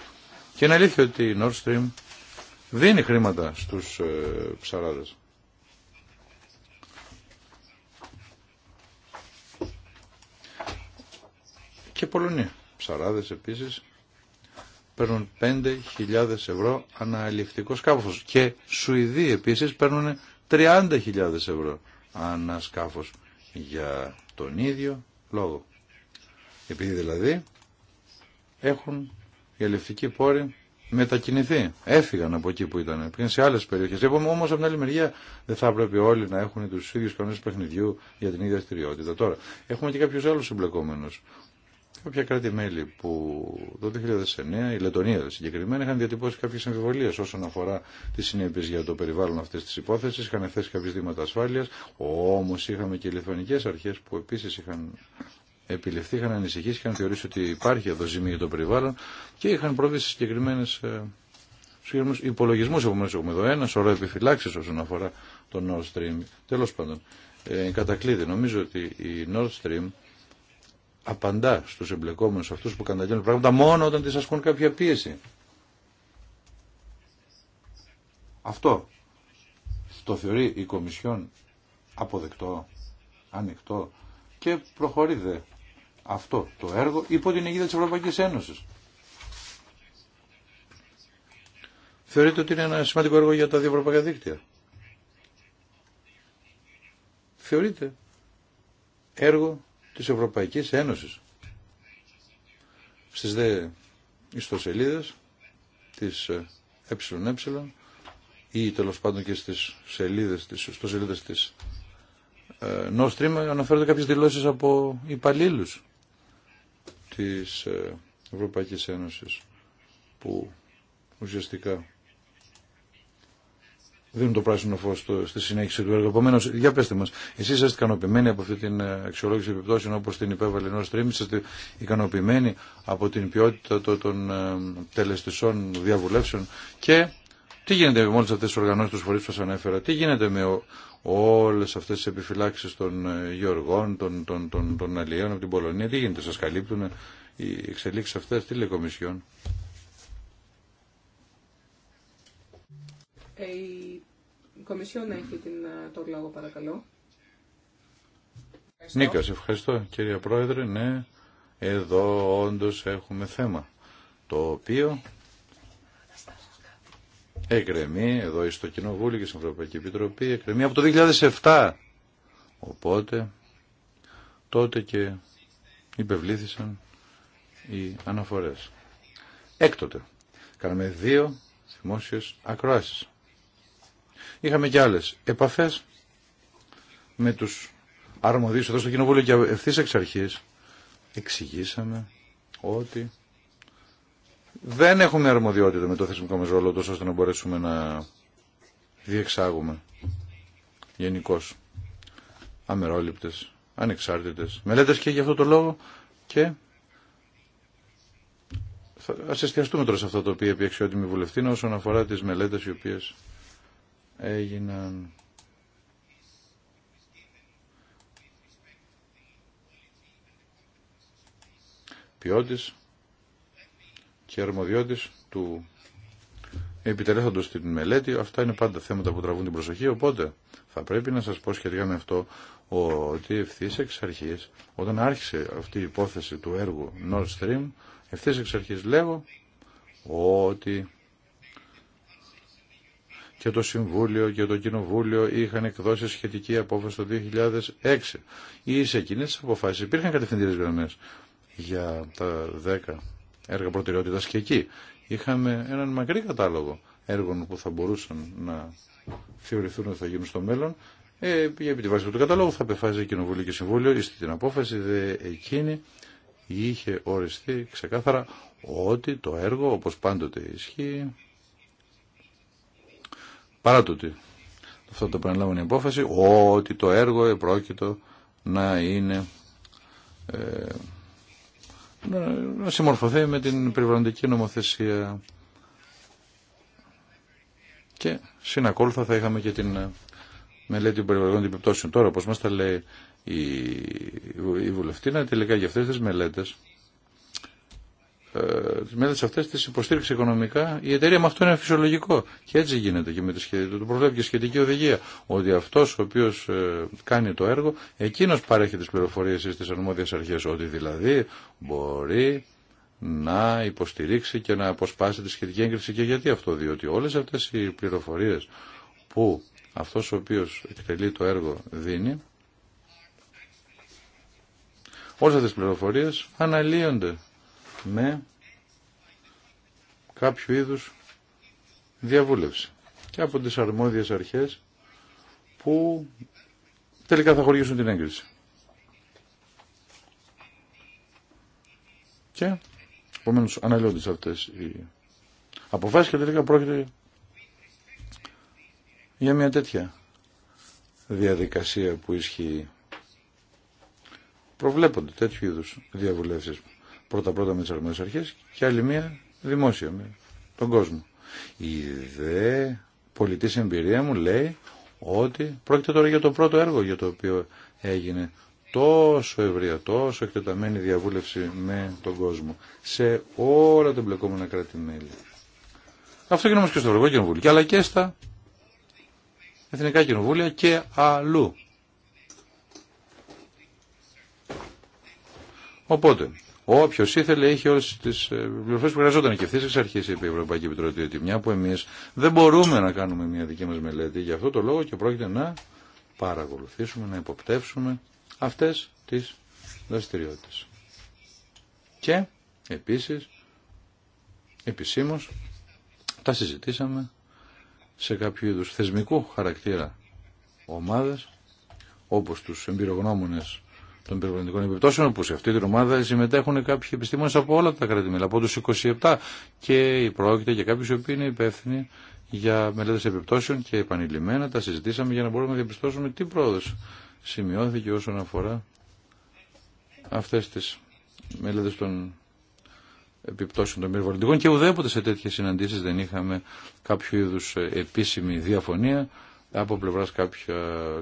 Και είναι αλήθεια ότι η Nord Stream δίνει χρήματα στου ψαράδες. και Πολωνία. Ψαράδες επίσης παίρνουν 5.000 ευρώ αναλυτικό σκάφος και Σουηδοί επίσης παίρνουν 30.000 ευρώ ανά για τον ίδιο λόγο. Επειδή δηλαδή έχουν οι αλληλευτικοί πόροι μετακινηθεί. Έφυγαν από εκεί που ήταν. Πήγαν σε άλλες περιοχές. Είπαμε λοιπόν, όμως από την άλλη μεριά δεν θα πρέπει όλοι να έχουν του ίδιου κανόνε παιχνιδιού για την ίδια αστηριότητα. Τώρα έχουμε και κάποιου άλλου εμπλεκόμενου κάποια κράτη-μέλη που το 2009, η Λετωνία συγκεκριμένα, είχαν διατυπώσει κάποιε αμφιβολίε όσον αφορά τι συνέπειε για το περιβάλλον αυτή τη υπόθεση, είχαν θέσει κάποιε δήματα ασφάλεια, όμω είχαμε και λιθουανικέ αρχέ που επίση είχαν επιληφθεί, είχαν ανησυχήσει, είχαν θεωρήσει ότι υπάρχει εδώ ζημία για το περιβάλλον και είχαν πρόβληση σε συγκεκριμένε ε, υπολογισμού. Επομένω, έχουμε εδώ ένα σωρό επιφυλάξει όσον αφορά το Nord Stream. Τέλο πάντων, ε, κατακλείδη, νομίζω ότι η Nord Stream απαντά στους εμπλεκόμενους αυτούς που καταγγέλνουν πράγματα μόνο όταν τις ασκούν κάποια πίεση. Αυτό το θεωρεί η Κομισιόν αποδεκτό, ανοιχτό και προχωρεί δε αυτό το έργο υπό την αιγύδα της Ευρωπαϊκής Ένωσης. Θεωρείτε ότι είναι ένα σημαντικό έργο για τα δύο ευρωπαϊκά δίκτυα. Θεωρείτε έργο της Ευρωπαϊκής Ένωσης. Στις δε ιστοσελίδες της ΕΕ ή τέλο πάντων και στις σελίδες, της, ιστοσελίδες της ε, αναφέρονται κάποιες δηλώσεις από υπαλλήλους της ε, Ευρωπαϊκής Ένωσης που ουσιαστικά δίνουν το πράσινο φω στη συνέχιση του έργου. Επομένω, για πετε μα, εσεί είστε ικανοποιημένοι από αυτή την ε, αξιολόγηση επιπτώσεων όπω την υπέβαλε ενό stream, είστε ικανοποιημένοι από την ποιότητα των ε, τελεστισών διαβουλεύσεων και τι γίνεται με όλε αυτέ τι οργανώσει, του φορεί που σα ανέφερα, τι γίνεται με όλε αυτέ τι επιφυλάξει των ε, γεωργών, των, των, των, των αλλιέων από την Πολωνία, τι γίνεται, σα καλύπτουν οι εξελίξει αυτέ, τι λέει Κομισιόν. Hey. Κομισιόν έχει την, ε, τον λόγο, παρακαλώ. Νίκα, ευχαριστώ κύριε Πρόεδρε. Ναι, εδώ όντως έχουμε θέμα το οποίο εκρεμεί εδώ στο Κοινοβούλιο και στην Ευρωπαϊκή Επιτροπή εκρεμεί από το 2007 οπότε τότε και υπευλήθησαν οι αναφορές έκτοτε κάναμε δύο δημόσιες ακροάσεις Είχαμε και άλλες επαφές με τους αρμοδίους εδώ στο Κοινοβούλιο και ευθύ εξ αρχής εξηγήσαμε ότι δεν έχουμε αρμοδιότητα με το θεσμικό μας ρόλο τόσο ώστε να μπορέσουμε να διεξάγουμε γενικώ αμερόληπτες, ανεξάρτητες μελέτες και για αυτό το λόγο και θα, ας εστιαστούμε τώρα σε αυτό το οποίο επί αξιότιμη βουλευτή όσον αφορά τις μελέτες οι οποίες έγιναν ποιότης και αρμοδιότης του επιτελέχοντος την μελέτη. Αυτά είναι πάντα θέματα που τραβούν την προσοχή, οπότε θα πρέπει να σας πω σχετικά με αυτό ότι ευθύ εξ αρχής, όταν άρχισε αυτή η υπόθεση του έργου Nord Stream, ευθύ εξ αρχής λέγω ότι και το Συμβούλιο και το Κοινοβούλιο είχαν εκδώσει σχετική απόφαση το 2006. Ή σε εκείνες τι αποφάσει υπήρχαν κατευθυντήρε γραμμέ για τα 10 έργα προτεραιότητα και εκεί είχαμε έναν μακρύ κατάλογο έργων που θα μπορούσαν να θεωρηθούν ότι θα γίνουν στο μέλλον. Ε, επί τη βάση του καταλόγου θα το Κοινοβούλιο και Συμβούλιο στην απόφαση δε εκείνη είχε οριστεί ξεκάθαρα ότι το έργο όπως πάντοτε ισχύει Παρά ότι αυτό το επαναλάβουν η απόφαση, ότι το έργο επρόκειτο να είναι ε, να, συμμορφωθεί με την περιβαλλοντική νομοθεσία και συνακόλουθα θα είχαμε και την ε, μελέτη των περιβαλλοντικών επιπτώσεων. Τώρα, όπως μας τα λέει η, η να τελικά για αυτές τις μελέτες ε, τις σε αυτέ τι υποστήριξε οικονομικά η εταιρεία. Με αυτό είναι φυσιολογικό. Και έτσι γίνεται και με τη σχετική, το προβλέπει και σχετική οδηγία. Ότι αυτό ο οποίος ε, κάνει το έργο, εκείνο παρέχει τι πληροφορίε στι αρμόδιε αρχέ. Ότι δηλαδή μπορεί να υποστηρίξει και να αποσπάσει τη σχετική έγκριση. Και γιατί αυτό, διότι όλε αυτέ οι πληροφορίε που αυτό ο οποίο εκτελεί το έργο δίνει, όλες αυτές τις πληροφορίες αναλύονται με κάποιο είδους διαβούλευση και από τις αρμόδιες αρχές που τελικά θα χορηγήσουν την έγκριση. Και επομένως αναλύονται αυτές οι αποφάσεις και τελικά πρόκειται για μια τέτοια διαδικασία που ισχύει. Προβλέπονται τέτοιου είδους διαβουλεύσεις πρώτα-πρώτα με τι αρμόδιες αρχέ και άλλη μία δημόσια με τον κόσμο. Η δε πολιτή εμπειρία μου λέει ότι πρόκειται τώρα για το πρώτο έργο για το οποίο έγινε τόσο ευρία, τόσο εκτεταμένη διαβούλευση με τον κόσμο σε όλα τα εμπλεκόμενα κράτη-μέλη. Αυτό γίνεται όμως και στο Ευρωπαϊκό Κοινοβούλιο, αλλά και στα Εθνικά Κοινοβούλια και αλλού. Οπότε, Όποιο ήθελε είχε όλε τι ε, πληροφορίε που χρειαζόταν. Και ευθύ εξ αρχή είπε η Ευρωπαϊκή Επιτροπή ότι μια που εμεί δεν μπορούμε να κάνουμε μια δική μα μελέτη, για αυτό το λόγο και πρόκειται να παρακολουθήσουμε, να υποπτεύσουμε αυτέ τι δραστηριότητε. Και επίση, επισήμω, τα συζητήσαμε σε κάποιο είδου θεσμικού χαρακτήρα ομάδε, όπω του εμπειρογνώμονε των περιβαλλοντικών επιπτώσεων, που σε αυτή την ομάδα συμμετέχουν κάποιοι επιστήμονε από όλα τα κράτη-μέλη, από του 27 και πρόκειται για κάποιου οι οποίοι είναι υπεύθυνοι για μελέτε επιπτώσεων και επανειλημμένα τα συζητήσαμε για να μπορούμε να διαπιστώσουμε τι πρόοδο σημειώθηκε όσον αφορά αυτέ τι μελέτε των επιπτώσεων των περιβαλλοντικών και ουδέποτε σε τέτοιε συναντήσει δεν είχαμε κάποιο είδου επίσημη διαφωνία από πλευρά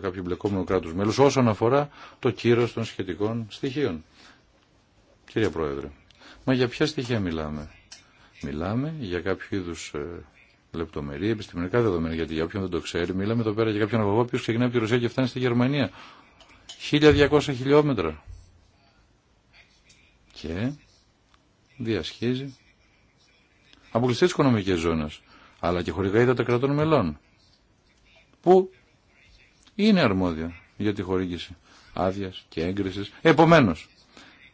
κάποιου μπλεκόμενου κράτου μέλου όσον αφορά το κύρο των σχετικών στοιχείων. Κύριε Πρόεδρε, μα για ποια στοιχεία μιλάμε. Μιλάμε για κάποιο είδου ε, λεπτομερή επιστημονικά δεδομένα, γιατί για όποιον δεν το ξέρει, μιλάμε εδώ πέρα για κάποιον αγωγό που ξεκινάει από τη Ρωσία και φτάνει στη Γερμανία. 1200 χιλιόμετρα. Και διασχίζει αποκλειστέ οικονομικέ ζώνε, αλλά και χωρικά ύδατα κρατών μελών που είναι αρμόδιο για τη χορήγηση άδεια και έγκριση. Επομένω,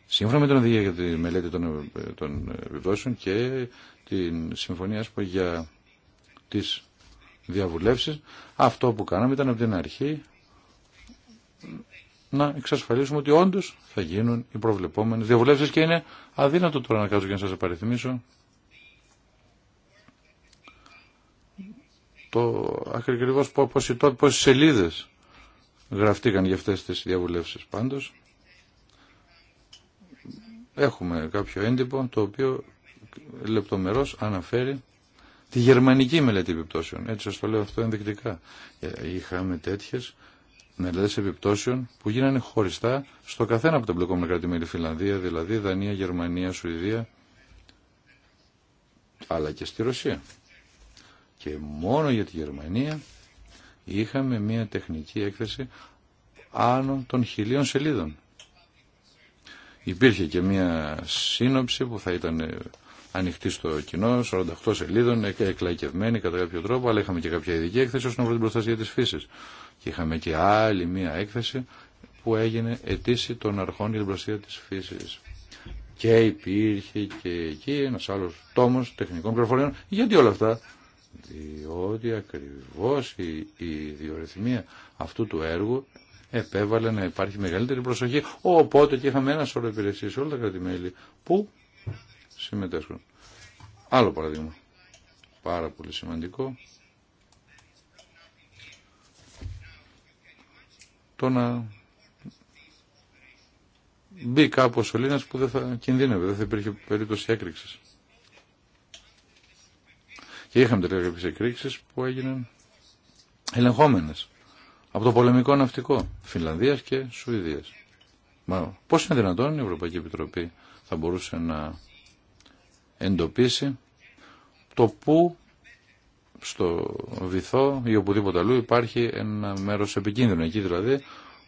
σύμφωνα με την οδηγία για τη μελέτη των, των και την συμφωνία για τι διαβουλεύσει, αυτό που κάναμε ήταν από την αρχή να εξασφαλίσουμε ότι όντω θα γίνουν οι προβλεπόμενε διαβουλεύσει και είναι αδύνατο τώρα να κάτσω και να σα επαριθμίσω το ακριβώς πόσες σελίδες γραφτήκαν για αυτές τις διαβουλεύσεις πάντως. Έχουμε κάποιο έντυπο το οποίο λεπτομερώς αναφέρει τη γερμανική μελέτη επιπτώσεων. Έτσι σας το λέω αυτό ενδεικτικά. Ε, είχαμε τέτοιες μελέτες επιπτώσεων που γίνανε χωριστά στο καθένα από τα μπλεκόμενα Φιλανδία, δηλαδή Δανία, Γερμανία, Σουηδία, αλλά και στη Ρωσία και μόνο για τη Γερμανία είχαμε μια τεχνική έκθεση άνω των χιλίων σελίδων. Υπήρχε και μια σύνοψη που θα ήταν ανοιχτή στο κοινό, 48 σελίδων, εκλαϊκευμένη κατά κάποιο τρόπο, αλλά είχαμε και κάποια ειδική έκθεση όσον αφορά την προστασία της φύσης. Και είχαμε και άλλη μια έκθεση που έγινε αιτήση των αρχών για την προστασία της φύσης. Και υπήρχε και εκεί ένας άλλος τόμος τεχνικών πληροφοριών. Γιατί όλα αυτά διότι ακριβώς η, η αυτού του έργου επέβαλε να υπάρχει μεγαλύτερη προσοχή. Οπότε και είχαμε ένα σώρο υπηρεσίες όλα τα κρατημέλη που συμμετέσχουν. Άλλο παραδείγμα. Πάρα πολύ σημαντικό. Το να μπει κάπου ο σωλήνας που δεν θα κινδύνευε, δεν θα υπήρχε περίπτωση έκρηξης. Και είχαμε τελικά κάποιε εκρήξει που έγιναν ελεγχόμενε από το πολεμικό ναυτικό Φινλανδίας και Σουηδίας. Μα πώς είναι δυνατόν η Ευρωπαϊκή Επιτροπή θα μπορούσε να εντοπίσει το πού στο βυθό ή οπουδήποτε αλλού υπάρχει ένα μέρος επικίνδυνο εκεί δηλαδή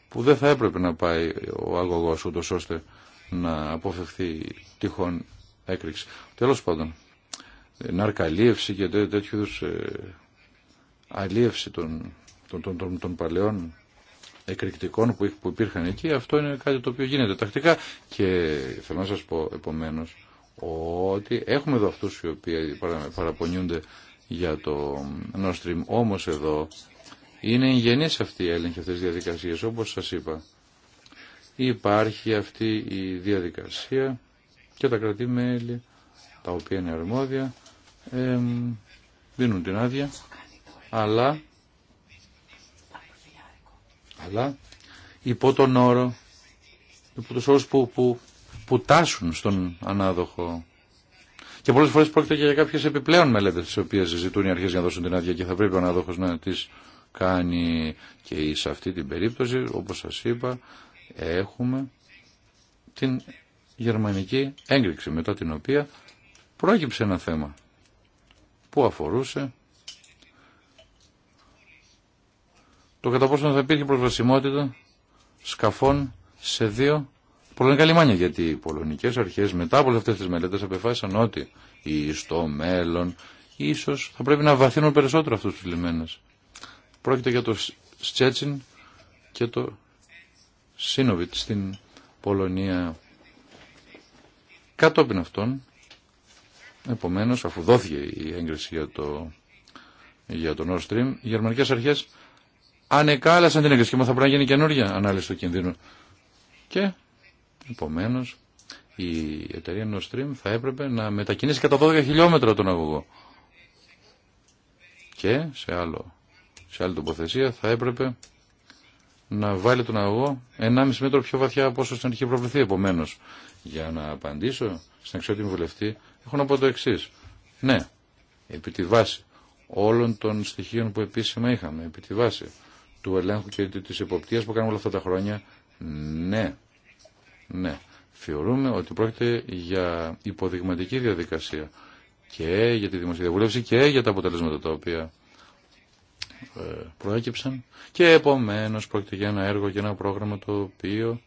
που δεν θα έπρεπε να πάει ο αγωγός ούτως ώστε να αποφευθεί τυχόν έκρηξη. Τέλος πάντων, ναρκαλίευση και τέ, τέτοιου είδους ε, αλίευση των, των, των, των, παλαιών εκρηκτικών που, που υπήρχαν εκεί, αυτό είναι κάτι το οποίο γίνεται τακτικά και θέλω να σας πω επομένως ότι έχουμε εδώ αυτούς οι οποίοι παραπονιούνται για το Nord Stream, όμως εδώ είναι εγγενείς αυτοί οι έλεγχοι αυτέ τις διαδικασίες, όπως σας είπα. Υπάρχει αυτή η διαδικασία και τα κρατή μέλη, τα οποία είναι αρμόδια, ε, δίνουν την άδεια, αλλά, αλλά υπό τον όρο, υπό τους όρους που, που, που τάσουν στον ανάδοχο. Και πολλές φορές πρόκειται και για κάποιες επιπλέον μελέτες τις οποίες ζητούν οι αρχές για να δώσουν την άδεια και θα πρέπει ο ανάδοχος να τις κάνει και σε αυτή την περίπτωση, όπως σας είπα, έχουμε την γερμανική έγκριξη μετά την οποία πρόκυψε ένα θέμα που αφορούσε το κατά πόσο θα υπήρχε προσβασιμότητα σκαφών σε δύο πολωνικά λιμάνια. Γιατί οι πολωνικές αρχές μετά από αυτές τις μελέτες απεφάσισαν ότι στο μέλλον ίσως θα πρέπει να βαθύνουν περισσότερο αυτούς τους λιμένες. Πρόκειται για το Στσέτσιν και το Σίνοβιτ στην Πολωνία. Κατόπιν αυτών Επομένως, αφού δόθηκε η έγκριση για, το, για τον Nord Stream, οι γερμανικές αρχές ανεκάλασαν την έγκριση και θα πρέπει να γίνει καινούργια ανάλυση του κινδύνου. Και, επομένως, η εταιρεία Nord Stream θα έπρεπε να μετακινήσει κατά 12 χιλιόμετρα τον αγωγό. Και σε, άλλο, σε άλλη τοποθεσία θα έπρεπε να βάλει τον αγωγό 1,5 μέτρο πιο βαθιά από όσο στην αρχή προβληθεί. Επομένως, για να απαντήσω στην αξιότιμη βουλευτή, Έχω να πω το εξή. Ναι, επί τη βάση όλων των στοιχείων που επίσημα είχαμε, επί τη βάση του ελέγχου και της εποπτείας που κάνουμε όλα αυτά τα χρόνια, ναι, ναι. Θεωρούμε ότι πρόκειται για υποδειγματική διαδικασία και για τη δημοσιοδιαβούλευση και για τα αποτελέσματα τα οποία ε, προέκυψαν και επομένως πρόκειται για ένα έργο και ένα πρόγραμμα το οποίο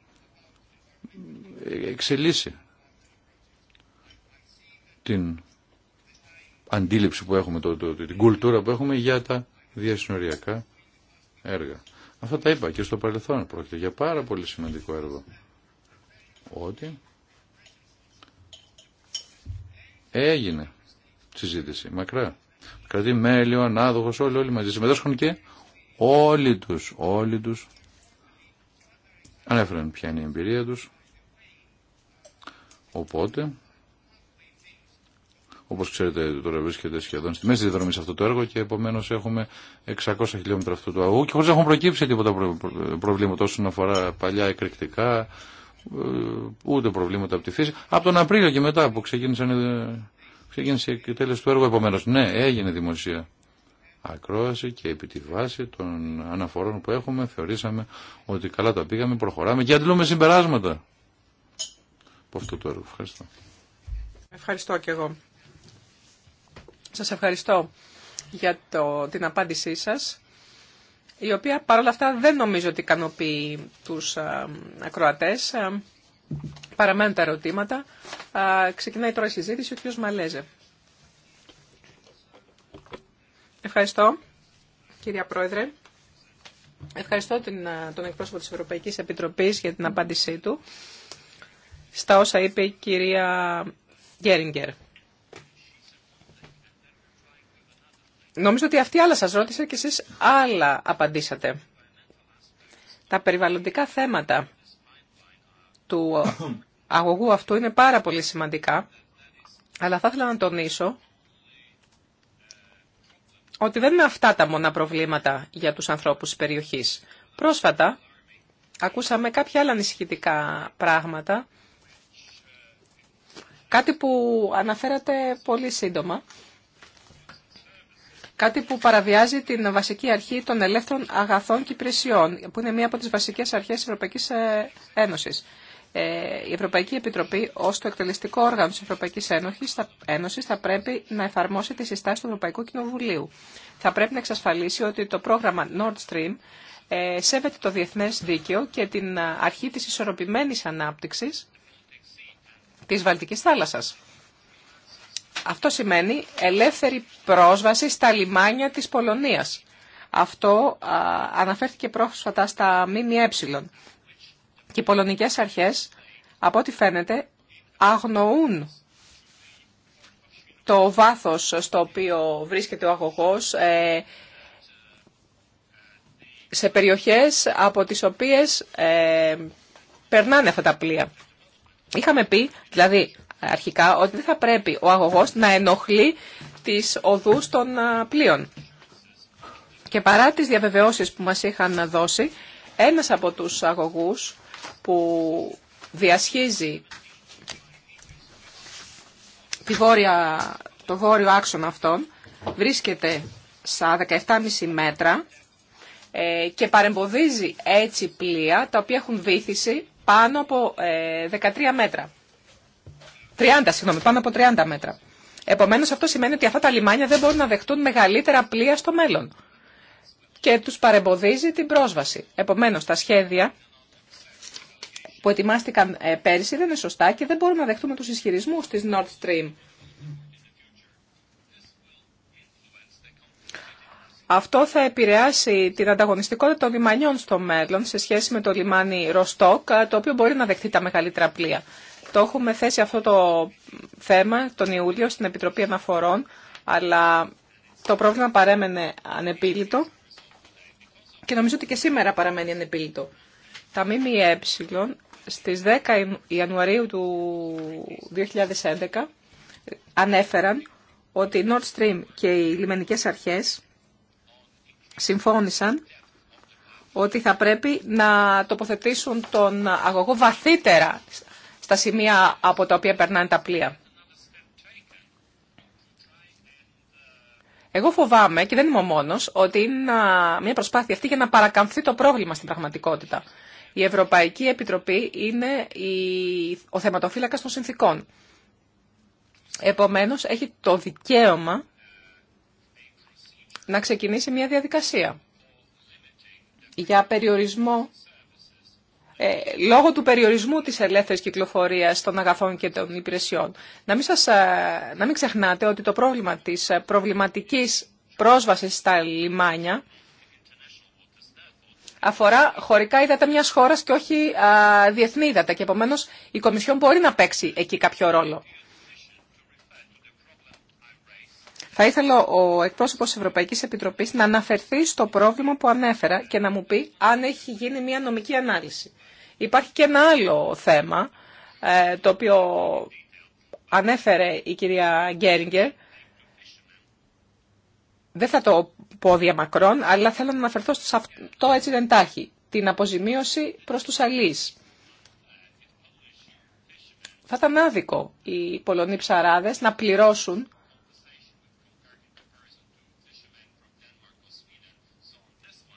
ε, εξελίσσει την αντίληψη που έχουμε, το, το, την κουλτούρα που έχουμε για τα διασυνοριακά έργα. Αυτά τα είπα και στο παρελθόν. Πρόκειται για πάρα πολύ σημαντικό έργο. Ότι έγινε συζήτηση μακρά. Κρατή μέλιο, ανάδοχο, όλοι, όλοι μαζί συμμετέχουν και όλοι τους, όλοι τους ανέφεραν ποια είναι η εμπειρία του. Οπότε Όπω ξέρετε τώρα βρίσκεται σχεδόν στη μέση διαδρομή σε αυτό το έργο και επομένω έχουμε 600 χιλιόμετρα αυτού του αγού και χωρίς να έχουν προκύψει τίποτα προβλήματα όσον αφορά παλιά εκρηκτικά, ε, ούτε προβλήματα από τη φύση. Από τον Απρίλιο και μετά που ξεκίνησαν, ε, ξεκίνησε η εκτέλεση του έργου επομένω. Ναι, έγινε δημοσία ακρόαση και επί τη βάση των αναφορών που έχουμε θεωρήσαμε ότι καλά τα πήγαμε, προχωράμε και αντιλούμε συμπεράσματα. Από αυτό το έργο. Ευχαριστώ. Ευχαριστώ και εγώ. Σας ευχαριστώ για την απάντησή σας, η οποία παρόλα αυτά δεν νομίζω ότι ικανοποιεί τους α, ε, ακροατές. Ε, παραμένουν τα ερωτήματα. Α, ε, ξεκινάει τώρα η συζήτηση ο κ. Μαλέζε. Ευχαριστώ, κυρία Πρόεδρε. Ευχαριστώ την, τον εκπρόσωπο της Ευρωπαϊκής Επιτροπής για την απάντησή του στα όσα είπε η κυρία Γέριγκερ. Νομίζω ότι αυτή άλλα σας ρώτησε και εσείς άλλα απαντήσατε. Τα περιβαλλοντικά θέματα του αγωγού αυτού είναι πάρα πολύ σημαντικά, αλλά θα ήθελα να τονίσω ότι δεν είναι αυτά τα μόνα προβλήματα για τους ανθρώπους της περιοχής. Πρόσφατα ακούσαμε κάποια άλλα ανησυχητικά πράγματα, κάτι που αναφέρατε πολύ σύντομα Κάτι που παραβιάζει την βασική αρχή των ελεύθερων αγαθών και υπηρεσιών, που είναι μία από τις βασικές αρχές της Ευρωπαϊκής ε, Ένωσης. Ε, η Ευρωπαϊκή Επιτροπή, ω το εκτελεστικό όργανο τη Ευρωπαϊκή Ένωση, θα πρέπει να εφαρμόσει τις συστάση του Ευρωπαϊκού Κοινοβουλίου. Θα πρέπει να εξασφαλίσει ότι το πρόγραμμα Nord Stream ε, σέβεται το διεθνέ δίκαιο και την αρχή τη ισορροπημένη ανάπτυξη τη Βαλτική θάλασσα. Αυτό σημαίνει ελεύθερη πρόσβαση στα λιμάνια της Πολωνίας. Αυτό αναφέρθηκε πρόσφατα στα ΜΜΕ. Και οι πολωνικές αρχές, από ό,τι φαίνεται, αγνοούν το βάθος στο οποίο βρίσκεται ο αγωγός ε, σε περιοχές από τις οποίες ε, περνάνε αυτά τα πλοία. Είχαμε πει, δηλαδή, αρχικά ότι δεν θα πρέπει ο αγωγός να ενοχλεί τις οδούς των πλοίων. Και παρά τις διαβεβαιώσεις που μας είχαν δώσει, ένας από τους αγωγούς που διασχίζει τη βόρεια, το βόρειο άξονα αυτόν βρίσκεται στα 17,5 μέτρα ε, και παρεμποδίζει έτσι πλοία τα οποία έχουν βήθηση πάνω από 13 ε, μέτρα. 30, συγγνώμη, πάνω από 30 μέτρα. Επομένως αυτό σημαίνει ότι αυτά τα λιμάνια δεν μπορούν να δεχτούν μεγαλύτερα πλοία στο μέλλον και τους παρεμποδίζει την πρόσβαση. Επομένως τα σχέδια που ετοιμάστηκαν ε, πέρυσι δεν είναι σωστά και δεν μπορούμε να δεχτούμε τους ισχυρισμού της Nord Stream. Αυτό θα επηρεάσει την ανταγωνιστικότητα των λιμανιών στο μέλλον σε σχέση με το λιμάνι Ροστόκ, το οποίο μπορεί να δεχτεί τα μεγαλύτερα πλοία. Το έχουμε θέσει αυτό το θέμα τον Ιούλιο στην Επιτροπή Αναφορών, αλλά το πρόβλημα παρέμενε ανεπίλητο και νομίζω ότι και σήμερα παραμένει ανεπίλητο. Τα ΜΜΕ στις 10 Ιανουαρίου του 2011 ανέφεραν ότι η Nord Stream και οι λιμενικές αρχές συμφώνησαν ότι θα πρέπει να τοποθετήσουν τον αγωγό βαθύτερα στα σημεία από τα οποία περνάνε τα πλοία. Εγώ φοβάμαι, και δεν είμαι ο μόνος, ότι είναι μια προσπάθεια αυτή για να παρακαμφθεί το πρόβλημα στην πραγματικότητα. Η Ευρωπαϊκή Επιτροπή είναι ο θεματοφύλακας των συνθήκων. Επομένως, έχει το δικαίωμα να ξεκινήσει μια διαδικασία για περιορισμό ε, λόγω του περιορισμού της ελεύθερης κυκλοφορίας των αγαθών και των υπηρεσιών. Να μην, ε, να ξεχνάτε ότι το πρόβλημα της ε, προβληματικής πρόσβασης στα λιμάνια αφορά χωρικά ύδατα μιας χώρας και όχι ε, διεθνή ύδατα και επομένως η Κομισιόν μπορεί να παίξει εκεί κάποιο ρόλο. Θα ήθελα ο εκπρόσωπος της Ευρωπαϊκής Επιτροπής να αναφερθεί στο πρόβλημα που ανέφερα και να μου πει αν έχει γίνει μια νομική ανάλυση. Υπάρχει και ένα άλλο θέμα, ε, το οποίο ανέφερε η κυρία Γκέριγκερ. Δεν θα το πω διαμακρών, αλλά θέλω να αναφερθώ σε αυτό έτσι δεν τάχει. Την αποζημίωση προς τους αλείς. Θα ήταν άδικο οι Πολωνοί ψαράδες να πληρώσουν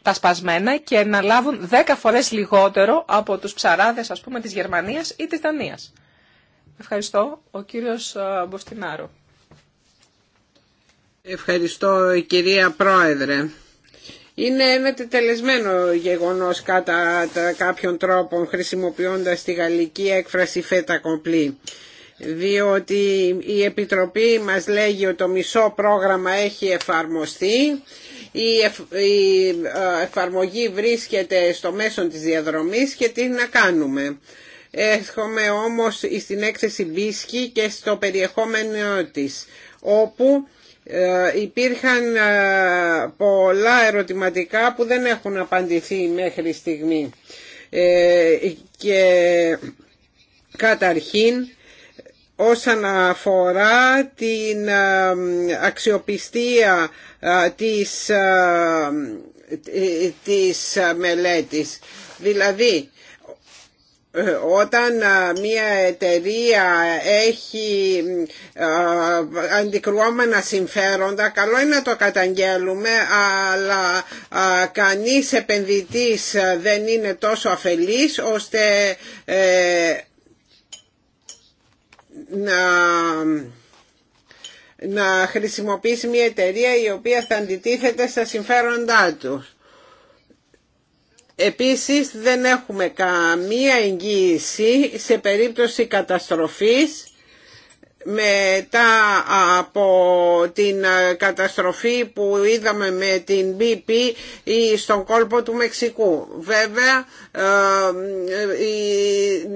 τα σπασμένα και να λάβουν 10 φορές λιγότερο από τους ψαράδες, ας πούμε, της Γερμανίας ή της Δανίας. Ευχαριστώ. Ο κύριος ε, Μποστινάρο. Ευχαριστώ κυρία Πρόεδρε. Είναι ένα τετελεσμένο γεγονός κατά κάποιον τρόπον χρησιμοποιώντας τη γαλλική έκφραση φέτα κομπλή διότι η της δανιας ευχαριστω ο κυριος μποστιναρο ευχαριστω κυρια προεδρε ειναι ενα τελεσμενο γεγονος κατα καποιον τροπο χρησιμοποιωντας τη γαλλικη εκφραση φετα κομπλη διοτι η επιτροπη μας λέγει ότι το μισό πρόγραμμα έχει εφαρμοστεί η εφαρμογή βρίσκεται στο μέσο της διαδρομής και τι να κάνουμε. Έρχομαι όμως στην έκθεση Μπίσκι και στο περιεχόμενο της, όπου ε, υπήρχαν ε, πολλά ερωτηματικά που δεν έχουν απαντηθεί μέχρι στιγμή. Ε, και καταρχήν όσον αφορά την ε, αξιοπιστία ε, της, ε, της μελέτης. Δηλαδή, όταν μια εταιρεία έχει αντικρουόμενα συμφέροντα, καλό είναι να το καταγγέλουμε, αλλά κανείς επενδυτής δεν είναι τόσο αφελής, ώστε να να χρησιμοποιήσει μια εταιρεία η οποία θα αντιτίθεται στα συμφέροντά του. Επίσης δεν έχουμε καμία εγγύηση σε περίπτωση καταστροφής μετά από την ε, καταστροφή που είδαμε με την BP στον κόλπο του Μεξικού. Βέβαια ε, ε, η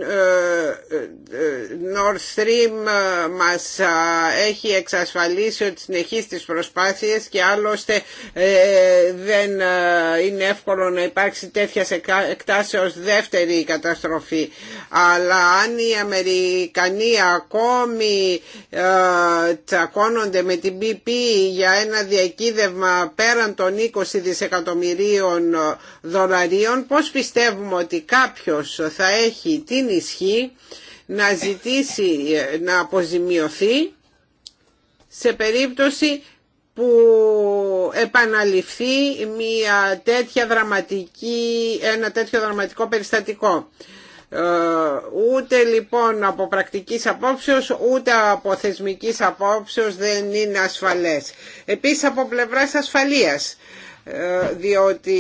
Nord Stream μας έχει εξασφαλίσει ότι συνεχίζει τις προσπάθειες και άλλωστε δεν είναι εύκολο να υπάρξει τέτοια εκτάσεως δεύτερη καταστροφή. Αλλά αν οι Αμερικανοί ακόμη ε, τσακώνονται με την BP για ένα διακύδευμα πέραν των 20 δισεκατομμυρίων δολαρίων, πώς πιστεύουμε ότι κάποιος θα έχει την ισχύ να ζητήσει ε, να αποζημιωθεί σε περίπτωση που επαναληφθεί μια τέτοια δραματική, ένα τέτοιο δραματικό περιστατικό. Ε, ούτε λοιπόν από πρακτικής απόψεως ούτε από θεσμικής απόψεως δεν είναι ασφαλές. Επίσης από πλευράς ασφαλείας ε, διότι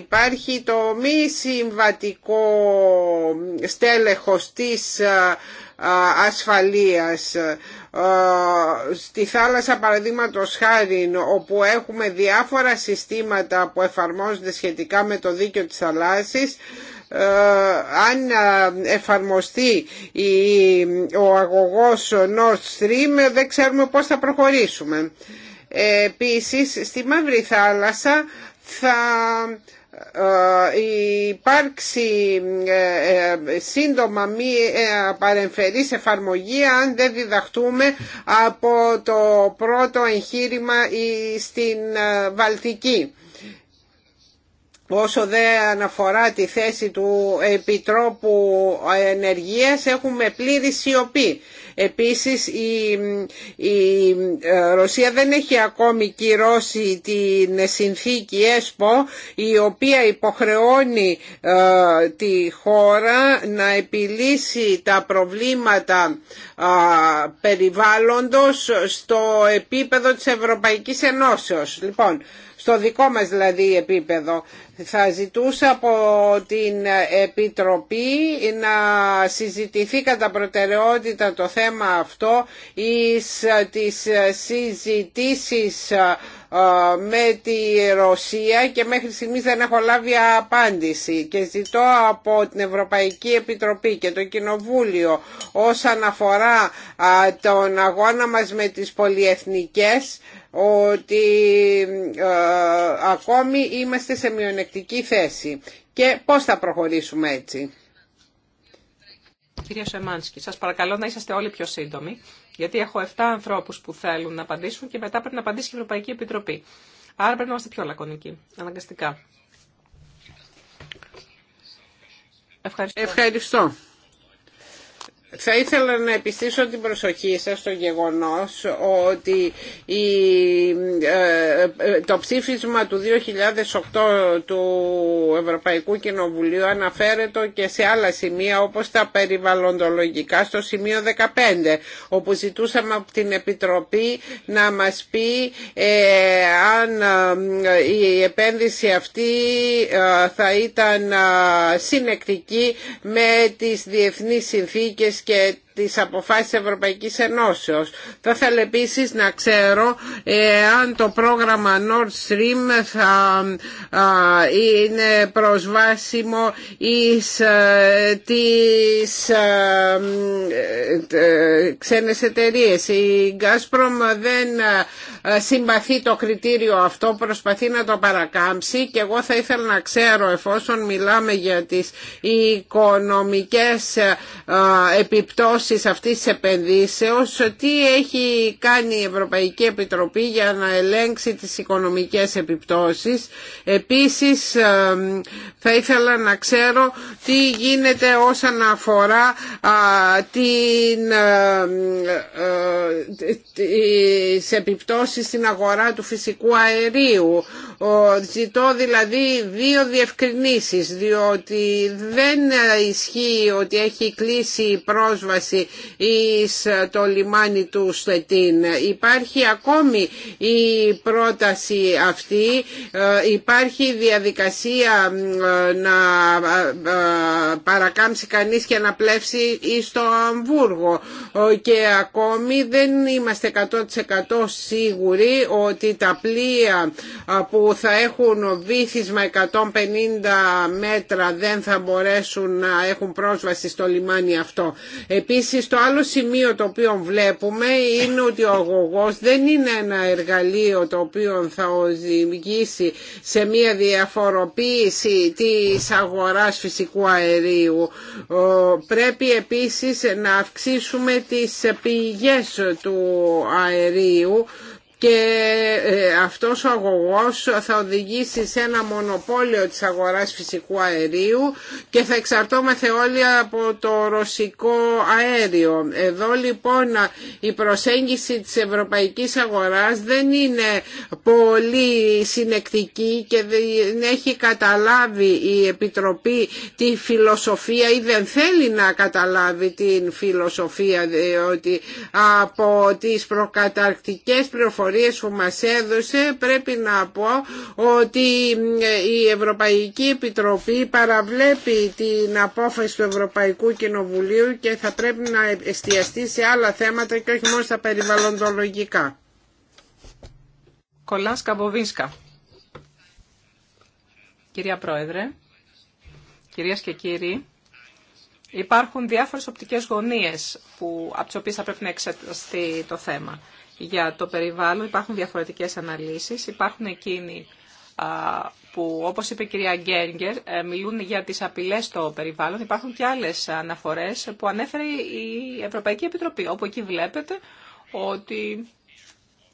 υπάρχει το μη συμβατικό στέλεχος της ε, ασφαλείας στη θάλασσα παραδείγματο χάρη όπου έχουμε διάφορα συστήματα που εφαρμόζονται σχετικά με το δίκαιο της θαλάσσης αν ε, εφαρμοστεί ο αγωγός Nord Stream δεν ξέρουμε πώς θα προχωρήσουμε. Επίσης στη Μαύρη Θάλασσα θα ε, υπάρξει ε, σύντομα μη παρεμφερής εφαρμογή αν δεν διδαχτούμε από το πρώτο εγχείρημα στην Βαλτική. Όσο δε αναφορά τη θέση του Επιτρόπου Ενεργείας έχουμε πλήρη σιωπή. Επίσης η, η ε, Ρωσία δεν έχει ακόμη κυρώσει την συνθήκη ΕΣΠΟ η οποία υποχρεώνει ε, τη χώρα να επιλύσει τα προβλήματα ε, περιβάλλοντος στο επίπεδο της Ευρωπαϊκής Ενώσεως. Λοιπόν, στο δικό μας δηλαδή επίπεδο. Θα ζητούσα από την Επιτροπή να συζητηθεί κατά προτεραιότητα το θέμα αυτό εις τις συζητήσεις ε, με τη Ρωσία και μέχρι στιγμής δεν έχω λάβει απάντηση και ζητώ από την Ευρωπαϊκή Επιτροπή και το Κοινοβούλιο όσον αφορά ε, τον αγώνα μας με τις πολιεθνικές ότι ε, ακόμη είμαστε σε μειονεκτική θέση και πώς θα προχωρήσουμε έτσι. Κύριε Σεμάνσκι, σας παρακαλώ να είσαστε όλοι πιο σύντομοι, γιατί έχω 7 ανθρώπους που θέλουν να απαντήσουν και μετά πρέπει να απαντήσει η Ευρωπαϊκή Επιτροπή. Άρα πρέπει να είμαστε πιο λακωνικοί, αναγκαστικά. Ευχαριστώ. Ευχαριστώ. Θα ήθελα να επιστήσω την προσοχή σας στο γεγονός ότι ε, ε, το ψήφισμα του 2008 του Ευρωπαϊκού Κοινοβουλίου αναφέρεται και σε άλλα σημεία όπως τα περιβαλλοντολογικά στο σημείο 15 όπου ζητούσαμε από την Επιτροπή να μας πει ε, αν η επένδυση αυτή θα ήταν συνεκτική με τις διεθνείς συνθήκες και τις αποφάσεις Ευρωπαϊκής Ενώσεως. Θα ήθελα επίσης να ξέρω ε, αν το πρόγραμμα Nord Stream θα είναι προσβάσιμο εις ε, τις ε, ξένες εταιρείες. Η Gazprom δεν συμπαθεί το κριτήριο αυτό, προσπαθεί να το παρακάμψει και εγώ θα ήθελα να ξέρω εφόσον μιλάμε για τις οικονομικές επιπτώσεις αυτή αυτής της επενδύσεως, τι έχει κάνει η Ευρωπαϊκή Επιτροπή για να ελέγξει τις οικονομικές επιπτώσεις. Επίσης θα ήθελα να ξέρω τι γίνεται όσον αφορά την, ε, τις επιπτώσεις στην αγορά του φυσικού αερίου. Ζητώ δηλαδή δύο διευκρινήσεις, διότι δεν ισχύει ότι έχει κλείσει η πρόσβαση εις ε, το λιμάνι του Στετίν. Υπάρχει ακόμη η πρόταση αυτή, ε, υπάρχει διαδικασία ε, να παρακάμψει κανείς και να πλεύσει εις το Αμβούργο και ακόμη δεν είμαστε 100% σίγουροι ότι τα πλοία που θα έχουν βύθισμα 150 μέτρα δεν θα μπορέσουν να έχουν πρόσβαση στο λιμάνι αυτό. Επίσης Επίσης το άλλο σημείο το οποίο βλέπουμε είναι ότι ο αγωγός δεν είναι ένα εργαλείο το οποίο θα οδηγήσει σε μια διαφοροποίηση της αγοράς φυσικού αερίου. Πρέπει επίσης να αυξήσουμε τις πηγές του αερίου και ε, αυτός ο αγωγός θα οδηγήσει σε ένα μονοπόλιο της αγοράς φυσικού αερίου και θα εξαρτώμεθε όλοι από το ρωσικό αέριο. Εδώ λοιπόν η προσέγγιση της ευρωπαϊκής αγοράς δεν είναι πολύ συνεκτική και δεν έχει καταλάβει η Επιτροπή τη φιλοσοφία ή δεν θέλει να καταλάβει την φιλοσοφία διότι από τις προκαταρκτικές πληροφορίες πληροφορίες που μας έδωσε πρέπει να πω ότι ε, η Ευρωπαϊκή Επιτροπή παραβλέπει την απόφαση του Ευρωπαϊκού Κοινοβουλίου και θα πρέπει να εστιαστεί σε άλλα θέματα και όχι μόνο στα περιβαλλοντολογικά. Κολάς Κυρία Πρόεδρε, κυρίες και κύριοι, υπάρχουν διάφορες οπτικές γωνίες που, από τις οποίες θα πρέπει να εξεταστεί το θέμα για το περιβάλλον. Υπάρχουν διαφορετικές αναλύσεις. Υπάρχουν εκείνοι που, όπως είπε η κυρία Γκέργκερ, ε, μιλούν για τις απειλές στο περιβάλλον. Υπάρχουν και άλλες αναφορές που ανέφερε η Ευρωπαϊκή Επιτροπή, όπου εκεί βλέπετε ότι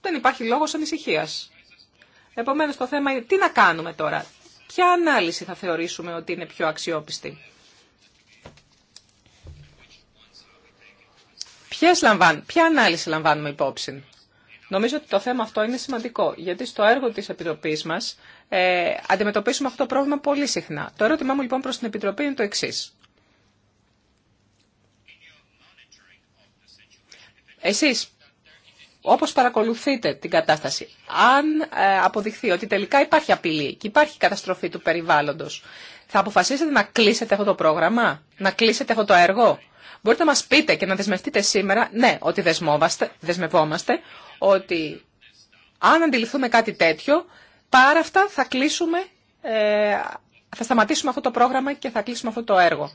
δεν υπάρχει λόγος ανησυχίας. Επομένως, το θέμα είναι τι να κάνουμε τώρα. Ποια ανάλυση θα θεωρήσουμε ότι είναι πιο αξιόπιστη. Ποιες λαμβάνουν, ποια ανάλυση λαμβάνουμε υπόψη. Νομίζω ότι το θέμα αυτό είναι σημαντικό, γιατί στο έργο της Επιτροπής μας ε, αντιμετωπίσουμε αυτό το πρόβλημα πολύ συχνά. Το ερώτημά μου λοιπόν προς την Επιτροπή είναι το εξή. Εσείς, όπως παρακολουθείτε την κατάσταση, αν ε, αποδειχθεί ότι τελικά υπάρχει απειλή και υπάρχει καταστροφή του περιβάλλοντος, θα αποφασίσετε να κλείσετε αυτό το πρόγραμμα, να κλείσετε αυτό το έργο. Μπορείτε να μας πείτε και να δεσμευτείτε σήμερα, ναι, ότι δεσμευόμαστε, ότι αν αντιληφθούμε κάτι τέτοιο, πάρα αυτά θα κλείσουμε, ε, θα σταματήσουμε αυτό το πρόγραμμα και θα κλείσουμε αυτό το έργο.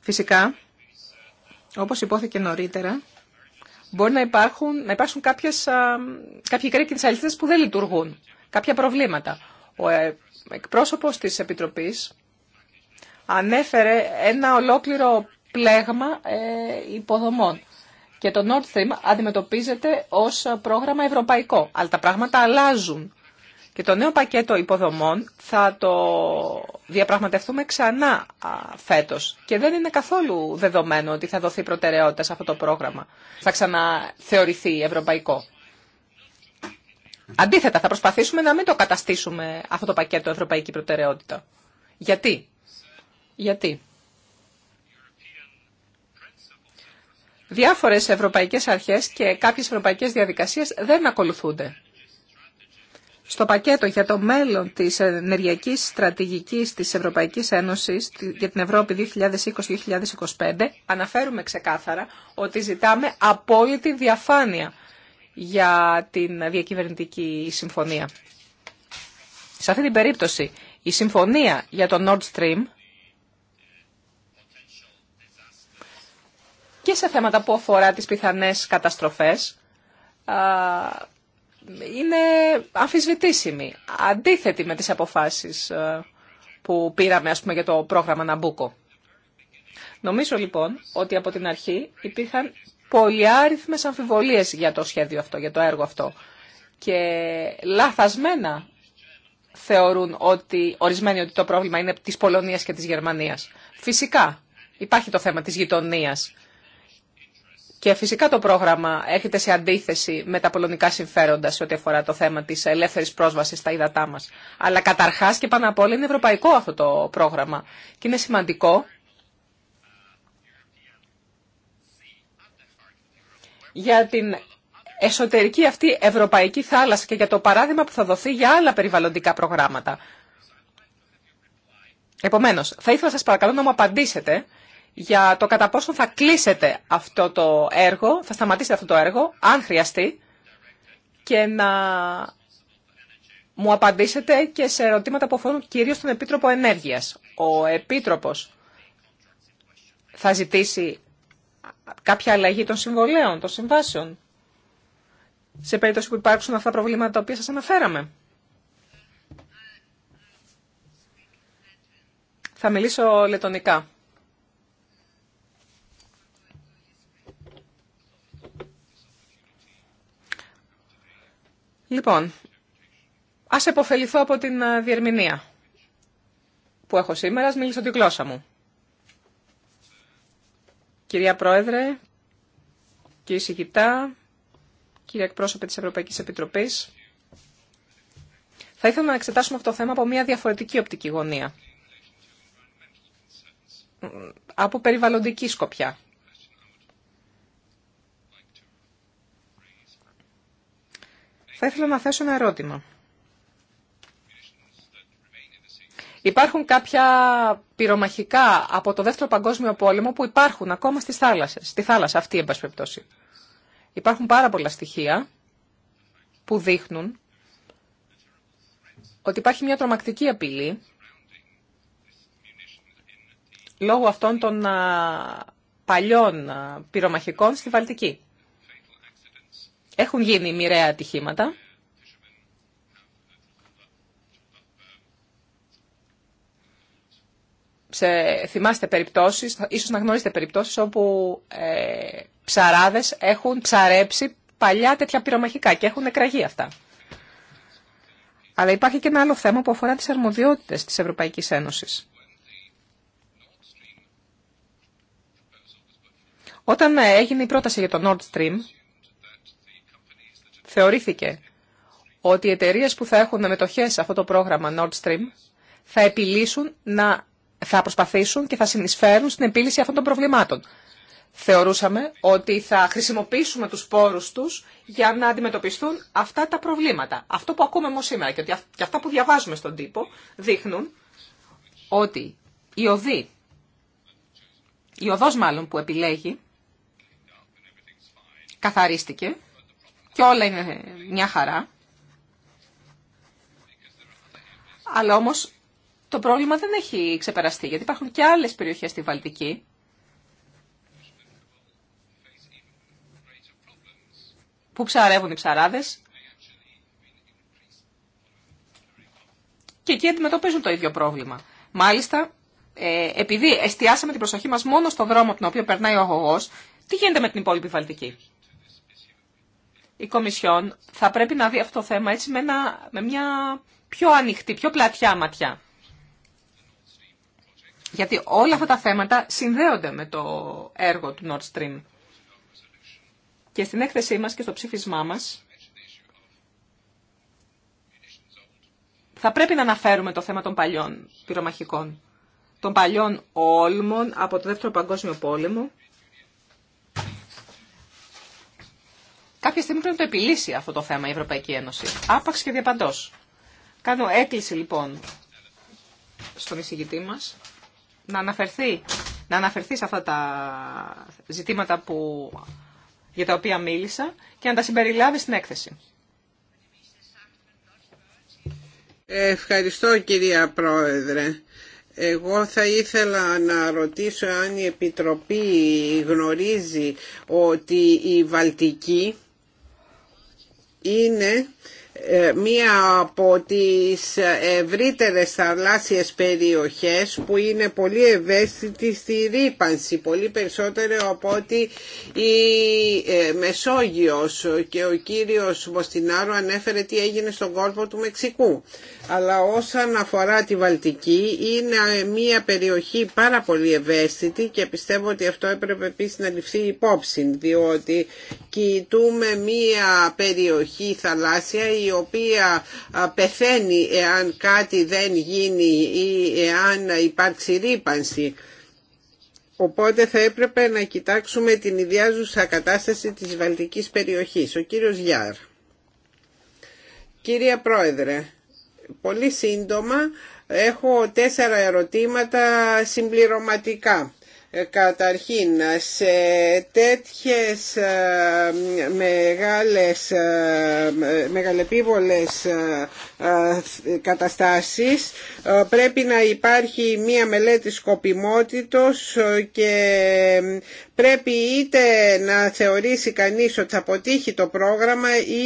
Φυσικά, όπως υπόθηκε νωρίτερα, μπορεί να υπάρχουν, να υπάρχουν κάποιες, κάποιοι κρίκοι της αλήθειας που δεν λειτουργούν, κάποια προβλήματα. Ο ε, εκπρόσωπος της Επιτροπής ανέφερε ένα ολόκληρο πλέγμα ε, υποδομών. Και το Nord Stream αντιμετωπίζεται ως πρόγραμμα ευρωπαϊκό. Αλλά τα πράγματα αλλάζουν. Και το νέο πακέτο υποδομών θα το διαπραγματευτούμε ξανά φέτος. Και δεν είναι καθόλου δεδομένο ότι θα δοθεί προτεραιότητα σε αυτό το πρόγραμμα. Θα ξαναθεωρηθεί ευρωπαϊκό. Αντίθετα, θα προσπαθήσουμε να μην το καταστήσουμε αυτό το πακέτο ευρωπαϊκή προτεραιότητα. Γιατί? Γιατί. Διάφορες ευρωπαϊκές αρχές και κάποιες ευρωπαϊκές διαδικασίες δεν ακολουθούνται. Στο πακέτο για το μέλλον της ενεργειακής στρατηγικής της Ευρωπαϊκής Ένωσης για την Ευρώπη 2020-2025 αναφέρουμε ξεκάθαρα ότι ζητάμε απόλυτη διαφάνεια για την διακυβερνητική συμφωνία. Σε αυτή την περίπτωση η συμφωνία για το Nord Stream και σε θέματα που αφορά τις πιθανές καταστροφές είναι αμφισβητήσιμη, αντίθετη με τις αποφάσεις που πήραμε ας πούμε, για το πρόγραμμα Ναμπούκο. Νομίζω λοιπόν ότι από την αρχή υπήρχαν πολυάριθμες αμφιβολίες για το σχέδιο αυτό, για το έργο αυτό και λαθασμένα θεωρούν ότι ορισμένοι ότι το πρόβλημα είναι της Πολωνίας και της Γερμανίας. Φυσικά υπάρχει το θέμα της γειτονίας και φυσικά το πρόγραμμα έρχεται σε αντίθεση με τα πολωνικά συμφέροντα σε ό,τι αφορά το θέμα τη ελεύθερη πρόσβαση στα ύδατά μα. Αλλά καταρχά και πάνω απ' όλα είναι ευρωπαϊκό αυτό το πρόγραμμα. Και είναι σημαντικό για την εσωτερική αυτή ευρωπαϊκή θάλασσα και για το παράδειγμα που θα δοθεί για άλλα περιβαλλοντικά προγράμματα. Επομένως, θα ήθελα σας παρακαλώ να μου απαντήσετε για το κατά πόσο θα κλείσετε αυτό το έργο, θα σταματήσετε αυτό το έργο, αν χρειαστεί, και να μου απαντήσετε και σε ερωτήματα που αφορούν κυρίως τον Επίτροπο Ενέργειας. Ο Επίτροπος θα ζητήσει κάποια αλλαγή των συμβολέων, των συμβάσεων, σε περίπτωση που υπάρξουν αυτά τα προβλήματα τα οποία σας αναφέραμε. Θα μιλήσω λετωνικά. Λοιπόν, ας επωφεληθώ από την ε, διερμηνία που έχω σήμερα, ας μιλήσω τη γλώσσα μου. Κυρία Πρόεδρε, κύριε Σιγητά, κύριε εκπρόσωπε της Ευρωπαϊκής Επιτροπής, θα ήθελα να εξετάσουμε αυτό το θέμα από μια διαφορετική οπτική γωνία. Από περιβαλλοντική σκοπιά. Θα ήθελα να θέσω ένα ερώτημα. Υπάρχουν κάποια πυρομαχικά από το Δεύτερο Παγκόσμιο Πόλεμο που υπάρχουν ακόμα στις θάλασσες, στη θάλασσα αυτή, εν περιπτώσει. Υπάρχουν πάρα πολλά στοιχεία που δείχνουν ότι υπάρχει μια τρομακτική απειλή λόγω αυτών των παλιών πυρομαχικών στη Βαλτική. Έχουν γίνει μοιραία ατυχήματα. Σε, θυμάστε περιπτώσεις, ίσως να γνωρίζετε περιπτώσεις όπου ε, ψαράδες έχουν ψαρέψει παλιά τέτοια πυρομαχικά και έχουν εκραγεί αυτά. Αλλά υπάρχει και ένα άλλο θέμα που αφορά τις αρμοδιότητες της Ευρωπαϊκής Ένωσης. Όταν ε, έγινε η πρόταση για το Nord Stream, θεωρήθηκε ότι οι εταιρείε που θα έχουν μετοχέ σε αυτό το πρόγραμμα Nord Stream θα επιλύσουν να θα προσπαθήσουν και θα συνεισφέρουν στην επίλυση αυτών των προβλημάτων. Θεωρούσαμε ότι θα χρησιμοποιήσουμε τους πόρους τους για να αντιμετωπιστούν αυτά τα προβλήματα. Αυτό που ακούμε όμως σήμερα και, ότι και αυτά που διαβάζουμε στον τύπο δείχνουν ότι η οδή, η οδός μάλλον που επιλέγει, καθαρίστηκε και όλα είναι μια χαρά. Αλλά όμως το πρόβλημα δεν έχει ξεπεραστεί, γιατί υπάρχουν και άλλες περιοχές στη Βαλτική, που ψαρεύουν οι ψαράδες και εκεί αντιμετωπίζουν το ίδιο πρόβλημα. Μάλιστα, ε, επειδή εστιάσαμε την προσοχή μας μόνο στον δρόμο από τον οποίο περνάει ο αγωγός, τι γίνεται με την υπόλοιπη Βαλτική η Κομισιόν θα πρέπει να δει αυτό το θέμα έτσι με, μια πιο ανοιχτή, πιο πλατιά ματιά. Γιατί όλα αυτά τα θέματα συνδέονται με το έργο του Nord Stream. Και στην έκθεσή μας και στο ψήφισμά μας θα πρέπει να αναφέρουμε το θέμα των παλιών πυρομαχικών, των παλιών όλμων από το Δεύτερο Παγκόσμιο Πόλεμο Κάποια στιγμή πρέπει να το επιλύσει αυτό το θέμα η Ευρωπαϊκή Ένωση. Άπαξ και διαπαντό. Κάνω έκκληση λοιπόν στον εισηγητή μα να αναφερθεί, να αναφερθεί σε αυτά τα ζητήματα που, για τα οποία μίλησα και να τα συμπεριλάβει στην έκθεση. Ευχαριστώ κυρία Πρόεδρε. Εγώ θα ήθελα να ρωτήσω αν η Επιτροπή γνωρίζει ότι η Βαλτική είναι ε, μία από τις ευρύτερες θαλάσσιες περιοχές που είναι πολύ ευαίσθητη στη ρήπανση, πολύ περισσότερο από ότι η ε, Μεσόγειος και ο κύριος Μποστινάρο ανέφερε τι έγινε στον κόλπο του Μεξικού. Αλλά όσον αφορά τη Βαλτική είναι μία περιοχή πάρα πολύ ευαίσθητη και πιστεύω ότι αυτό έπρεπε επίσης να ληφθεί υπόψη διότι κοιτούμε μία περιοχή θαλάσσια η οποία πεθαίνει εάν κάτι δεν γίνει ή εάν υπάρξει ρήπανση. Οπότε θα έπρεπε να κοιτάξουμε την ιδιάζουσα κατάσταση της βαλτικής περιοχής. Ο κύριος Γιάρ. Κύριε Πρόεδρε, πολύ σύντομα έχω τέσσερα ερωτήματα συμπληρωματικά. Ε, καταρχήν, σε τέτοιες ε, μεγάλες, ε, μεγαλεπίβολες καταστάσεις πρέπει να υπάρχει μία μελέτη σκοπιμότητος και πρέπει είτε να θεωρήσει κανείς ότι θα αποτύχει το πρόγραμμα ή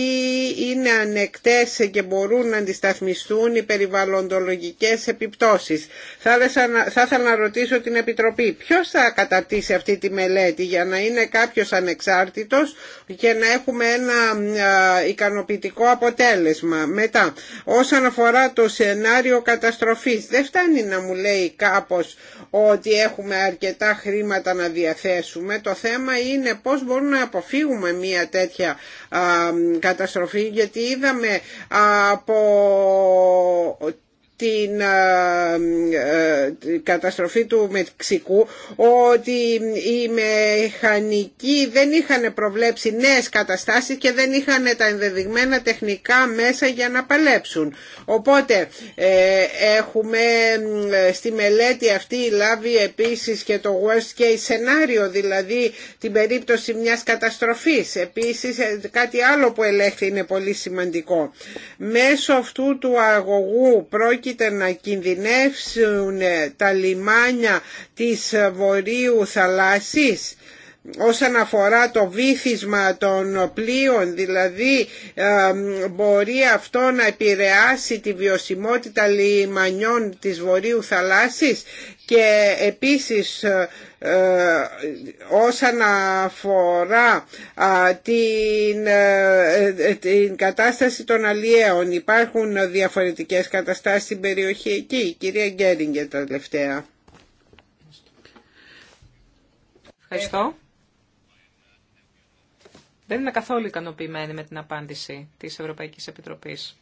είναι ανεκτές και μπορούν να αντισταθμιστούν οι περιβαλλοντολογικές επιπτώσεις. Θα, θα ήθελα να ρωτήσω την Επιτροπή ποιος θα καταρτήσει αυτή τη μελέτη για να είναι κάποιος ανεξάρτητος και να έχουμε ένα ικανοποιητικό αποτέλεσμα. Μετά, όσον αφορά το σενάριο καταστροφής, δεν φτάνει να μου λέει κάπως ότι έχουμε αρκετά χρήματα να διαθέσουμε. Το θέμα είναι πώς μπορούμε να αποφύγουμε μια τέτοια καταστροφή γιατί είδαμε από την ε, ε, καταστροφή του Μεξικού ότι οι μηχανικοί δεν είχαν προβλέψει νέες καταστάσεις και δεν είχαν τα ενδεδειγμένα τεχνικά μέσα για να παλέψουν. Οπότε ε, έχουμε στη μελέτη αυτή λάβει επίσης και το worst case σενάριο δηλαδή την περίπτωση μιας καταστροφής. Επίσης κάτι άλλο που ελέγχει είναι πολύ σημαντικό. Μέσω αυτού του αγωγού πρόκειται πρόκειται να κινδυνεύσουν τα λιμάνια της Βορείου Θαλάσσης όσον αφορά το βήθισμα των πλοίων, δηλαδή μπορεί αυτό να επηρεάσει τη βιωσιμότητα λιμανιών της Βορείου Θαλάσσης και επίσης ε, όσον αφορά την, ε, ε, την κατάσταση των αλλιέων υπάρχουν διαφορετικές καταστάσεις στην περιοχή εκεί κυρία Γκέριγκε τα τελευταία Ευχαριστώ Δεν είμαι καθόλου ικανοποιημένη με την απάντηση της Ευρωπαϊκής Επιτροπής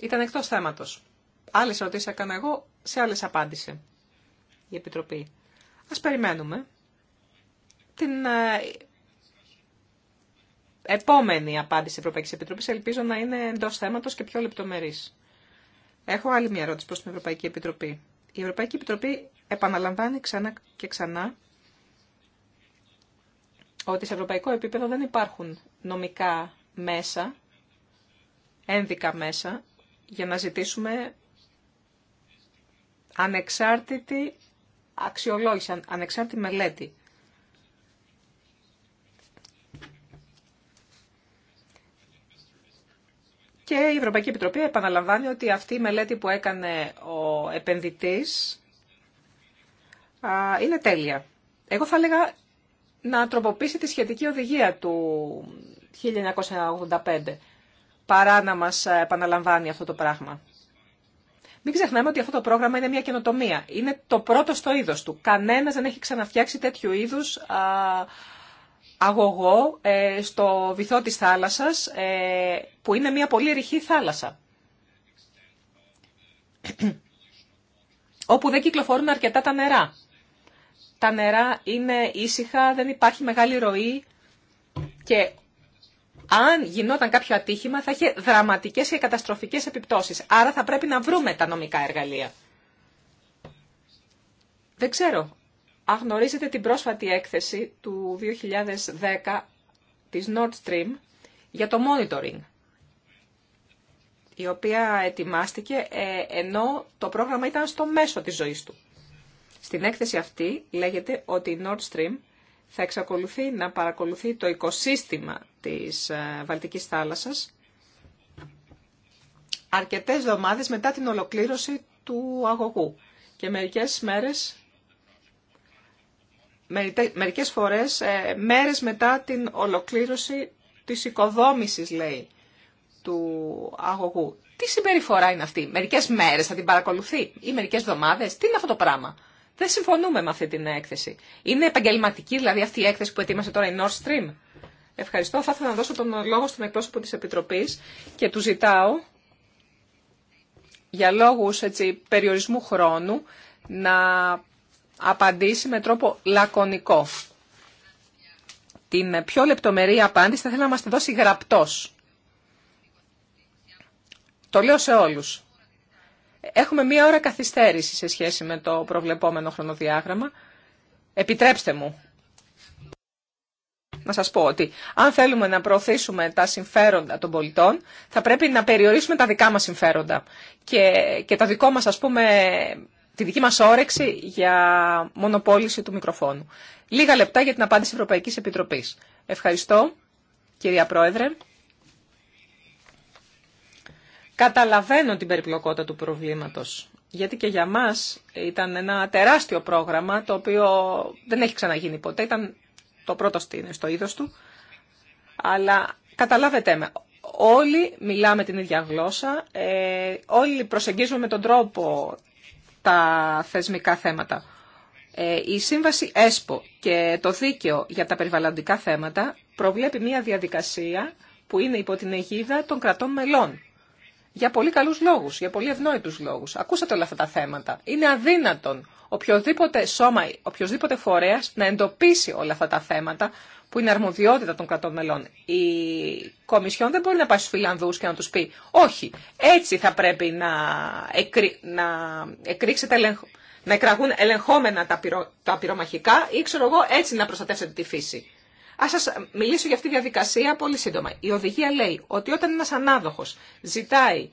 Ήταν εκτός θέματος Άλλες ερωτήσεις έκανα εγώ, σε άλλες απάντησε η Επιτροπή. Ας περιμένουμε την ε, επόμενη απάντηση της Ευρωπαϊκής Επιτροπής. Ελπίζω να είναι εντός θέματος και πιο λεπτομερής. Έχω άλλη μια ερώτηση προς την Ευρωπαϊκή Επιτροπή. Η Ευρωπαϊκή Επιτροπή επαναλαμβάνει ξανά και ξανά ότι σε ευρωπαϊκό επίπεδο δεν υπάρχουν νομικά μέσα, ένδικα μέσα, για να ζητήσουμε ανεξάρτητη αξιολόγηση, ανεξάρτητη μελέτη. Και η Ευρωπαϊκή Επιτροπή επαναλαμβάνει ότι αυτή η μελέτη που έκανε ο επενδυτής είναι τέλεια. Εγώ θα έλεγα να τροποποιήσει τη σχετική οδηγία του 1985 παρά να μας επαναλαμβάνει αυτό το πράγμα. Μην ξεχνάμε ότι αυτό το πρόγραμμα είναι μια καινοτομία. Είναι το πρώτο στο είδο του. Κανένας δεν έχει ξαναφτιάξει τέτοιου είδου αγωγό ε, στο βυθό της θάλασσας, ε, που είναι μια πολύ ρηχή θάλασσα. όπου δεν κυκλοφορούν αρκετά τα νερά. Τα νερά είναι ήσυχα, δεν υπάρχει μεγάλη ροή και αν γινόταν κάποιο ατύχημα θα είχε δραματικές και καταστροφικές επιπτώσεις. Άρα θα πρέπει να βρούμε τα νομικά εργαλεία. Δεν ξέρω. Αν την πρόσφατη έκθεση του 2010 της Nord Stream για το monitoring, η οποία ετοιμάστηκε ε, ενώ το πρόγραμμα ήταν στο μέσο της ζωής του. Στην έκθεση αυτή λέγεται ότι η Nord Stream θα εξακολουθεί να παρακολουθεί το οικοσύστημα της ε, Βαλτικής θάλασσας αρκετές εβδομάδες μετά την ολοκλήρωση του αγωγού και μερικές μέρες, μερικές φορές, ε, μέρες μετά την ολοκλήρωση της οικοδόμησης, λέει, του αγωγού. Τι συμπεριφορά είναι αυτή, μερικές μέρες θα την παρακολουθεί ή μερικές εβδομάδες, τι είναι αυτό το πράγμα δεν συμφωνούμε με αυτή την έκθεση. Είναι επαγγελματική δηλαδή αυτή η έκθεση που ετοίμασε τώρα η Nord Stream. Ευχαριστώ. Θα ήθελα να δώσω τον λόγο στον εκπρόσωπο της Επιτροπής και του ζητάω για λόγους περιορισμού χρόνου να απαντήσει με τρόπο λακωνικό. Την πιο λεπτομερή απάντηση θα ήθελα να μας τη δώσει γραπτός. Το λέω σε όλους. Έχουμε μία ώρα καθυστέρηση σε σχέση με το προβλεπόμενο χρονοδιάγραμμα. Επιτρέψτε μου να σας πω ότι αν θέλουμε να προωθήσουμε τα συμφέροντα των πολιτών, θα πρέπει να περιορίσουμε τα δικά μας συμφέροντα και, και τα δικό μας, ας πούμε, τη δική μας όρεξη για μονοπόληση του μικροφώνου. Λίγα λεπτά για την απάντηση Ευρωπαϊκής Επιτροπής. Ευχαριστώ, κυρία Πρόεδρε. Καταλαβαίνω την περιπλοκότητα του προβλήματος, γιατί και για μας ήταν ένα τεράστιο πρόγραμμα, το οποίο δεν έχει ξαναγίνει ποτέ, ήταν το πρώτο στο είδος του, αλλά καταλάβετε με, όλοι μιλάμε την ίδια γλώσσα, ε, όλοι προσεγγίζουμε με τον τρόπο τα θεσμικά θέματα. Ε, η Σύμβαση ΕΣΠΟ και το Δίκαιο για τα Περιβαλλοντικά Θέματα προβλέπει μια διαδικασία που είναι υπό την αιγίδα των κρατών μελών για πολύ καλούς λόγους, για πολύ ευνόητους λόγους. Ακούσατε όλα αυτά τα θέματα. Είναι αδύνατον οποιοδήποτε σώμα, οποιοδήποτε φορέας να εντοπίσει όλα αυτά τα θέματα που είναι αρμοδιότητα των κρατών μελών. Η Κομισιόν δεν μπορεί να πάει στους Φιλανδούς και να τους πει «Όχι, έτσι θα πρέπει να, να να εκραγούν ελεγχόμενα τα, τα πυρομαχικά ή ξέρω εγώ έτσι να προστατεύσετε τη φύση». Ας σας μιλήσω για αυτή τη διαδικασία πολύ σύντομα. Η οδηγία λέει ότι όταν ένας ανάδοχος ζητάει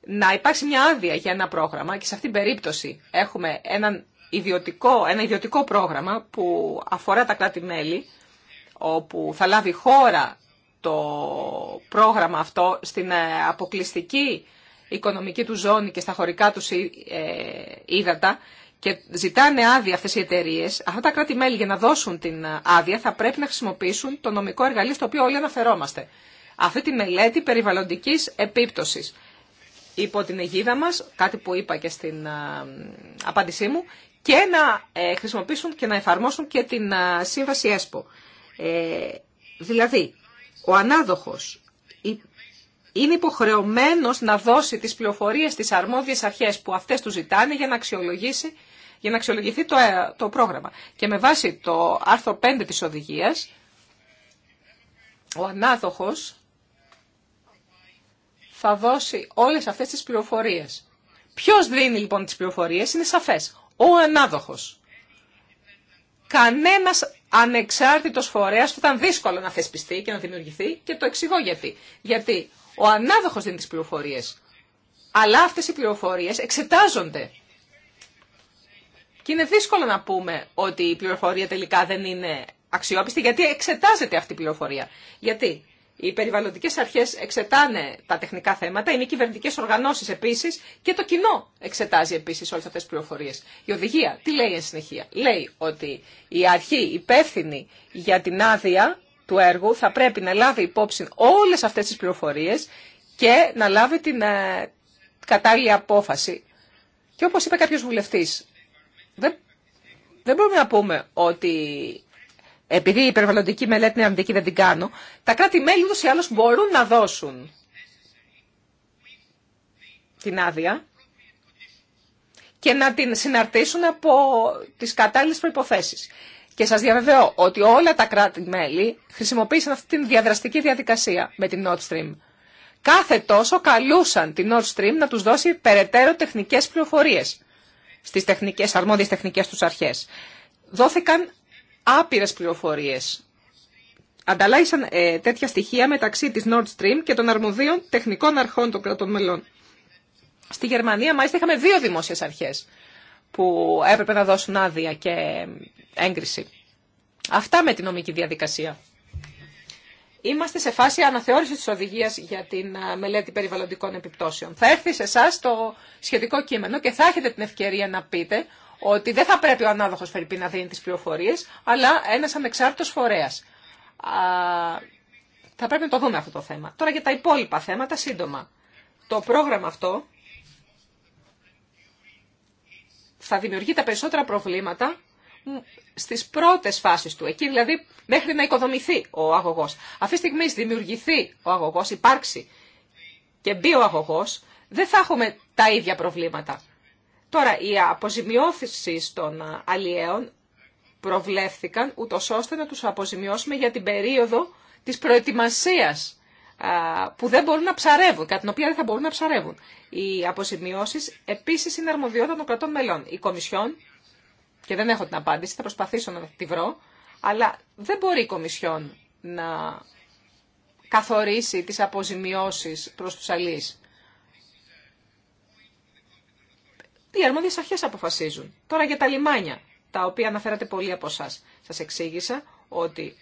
να υπάρξει μια άδεια για ένα πρόγραμμα και σε αυτήν την περίπτωση έχουμε έναν ιδιωτικό, ένα ιδιωτικό πρόγραμμα που αφορά τα κράτη-μέλη όπου θα λάβει χώρα το πρόγραμμα αυτό στην ε, αποκλειστική οικονομική του ζώνη και στα χωρικά του ε, ε, ύδατα και ζητάνε άδεια αυτέ οι εταιρείε, αυτά τα κράτη-μέλη για να δώσουν την ε, άδεια θα πρέπει να χρησιμοποιήσουν το νομικό εργαλείο στο οποίο όλοι αναφερόμαστε. Αυτή τη μελέτη περιβαλλοντικής επίπτωση υπό την αιγίδα μας, κάτι που είπα και στην ε, απάντησή μου, και να ε, χρησιμοποιήσουν και να εφαρμόσουν και την σύμβαση ΕΣΠΟ. Ε, δηλαδή, ο ανάδοχος, είναι υποχρεωμένος να δώσει τις πληροφορίες στις αρμόδιες αρχέ που αυτές του ζητάνε για να αξιολογήσει για να αξιολογηθεί το, ε, το πρόγραμμα. Και με βάση το άρθρο 5 της οδηγίας, ο ανάδοχος θα δώσει όλες αυτές τις πληροφορίες. Ποιος δίνει λοιπόν τις πληροφορίες είναι σαφές. Ο ανάδοχος. Κανένας ανεξάρτητος φορέας που ήταν δύσκολο να θεσπιστεί και να δημιουργηθεί και το εξηγώ γιατί. Γιατί ο ανάδοχος δίνει τις πληροφορίες. Αλλά αυτές οι πληροφορίες εξετάζονται. Και είναι δύσκολο να πούμε ότι η πληροφορία τελικά δεν είναι αξιόπιστη, γιατί εξετάζεται αυτή η πληροφορία. Γιατί οι περιβαλλοντικές αρχές εξετάνε τα τεχνικά θέματα, οι μη κυβερνητικέ οργανώσεις επίσης και το κοινό εξετάζει επίσης όλες αυτές τις πληροφορίες. Η οδηγία τι λέει εν συνεχεία. Λέει ότι η αρχή υπεύθυνη για την άδεια του έργου θα πρέπει να λάβει υπόψη όλες αυτές τις πληροφορίες και να λάβει την ε, κατάλληλη απόφαση. Και όπως είπε κάποιος βουλευτής, δεν, δεν μπορούμε να πούμε ότι επειδή η περιβαλλοντική μελέτη είναι αρνητική δεν την κάνω, τα κράτη-μέλη ούτως ή άλλως μπορούν να δώσουν την άδεια και να την συναρτήσουν από τις κατάλληλες προϋποθέσεις. Και σας διαβεβαιώ ότι όλα τα κράτη-μέλη χρησιμοποίησαν αυτή τη διαδραστική διαδικασία με την Nord Stream. Κάθε τόσο καλούσαν την Nord Stream να τους δώσει περαιτέρω τεχνικές πληροφορίες στις τεχνικές, αρμόδιες τεχνικές τους αρχές. Δόθηκαν άπειρες πληροφορίες. Ανταλλάγησαν ε, τέτοια στοιχεία μεταξύ της Nord Stream και των αρμοδίων τεχνικών αρχών των κρατών μελών. Στη Γερμανία μάλιστα είχαμε δύο δημόσιες αρχές που έπρεπε να δώσουν άδεια και έγκριση. Αυτά με την νομική διαδικασία. Είμαστε σε φάση αναθεώρηση της οδηγίας για την ε, μελέτη περιβαλλοντικών επιπτώσεων. Θα έρθει σε εσά το σχετικό κείμενο και θα έχετε την ευκαιρία να πείτε ότι δεν θα πρέπει ο ανάδοχος Φερρυπή να δίνει τις πληροφορίες, αλλά ένας ανεξάρτητος φορέας. θα πρέπει να το δούμε αυτό το θέμα. Τώρα για τα υπόλοιπα θέματα, σύντομα. Το πρόγραμμα αυτό θα δημιουργεί τα περισσότερα προβλήματα στις πρώτες φάσεις του, εκεί δηλαδή μέχρι να οικοδομηθεί ο αγωγός. Αυτή τη στιγμή δημιουργηθεί ο αγωγός, υπάρξει και μπει ο αγωγός, δεν θα έχουμε τα ίδια προβλήματα. Τώρα, οι αποζημιώσεις των αλλιέων προβλέφθηκαν ούτω ώστε να τους αποζημιώσουμε για την περίοδο της προετοιμασίας που δεν μπορούν να ψαρεύουν, κατά την οποία δεν θα μπορούν να ψαρεύουν. Οι αποζημιώσει επίση είναι αρμοδιότητα των κρατών μελών. Η Κομισιόν, και δεν έχω την απάντηση, θα προσπαθήσω να τη βρω, αλλά δεν μπορεί η Κομισιόν να καθορίσει τις αποζημιώσεις προς τους αλείς. Οι αρμόδιες αρχές αποφασίζουν. Τώρα για τα λιμάνια, τα οποία αναφέρατε πολλοί από εσά. Σας εξήγησα ότι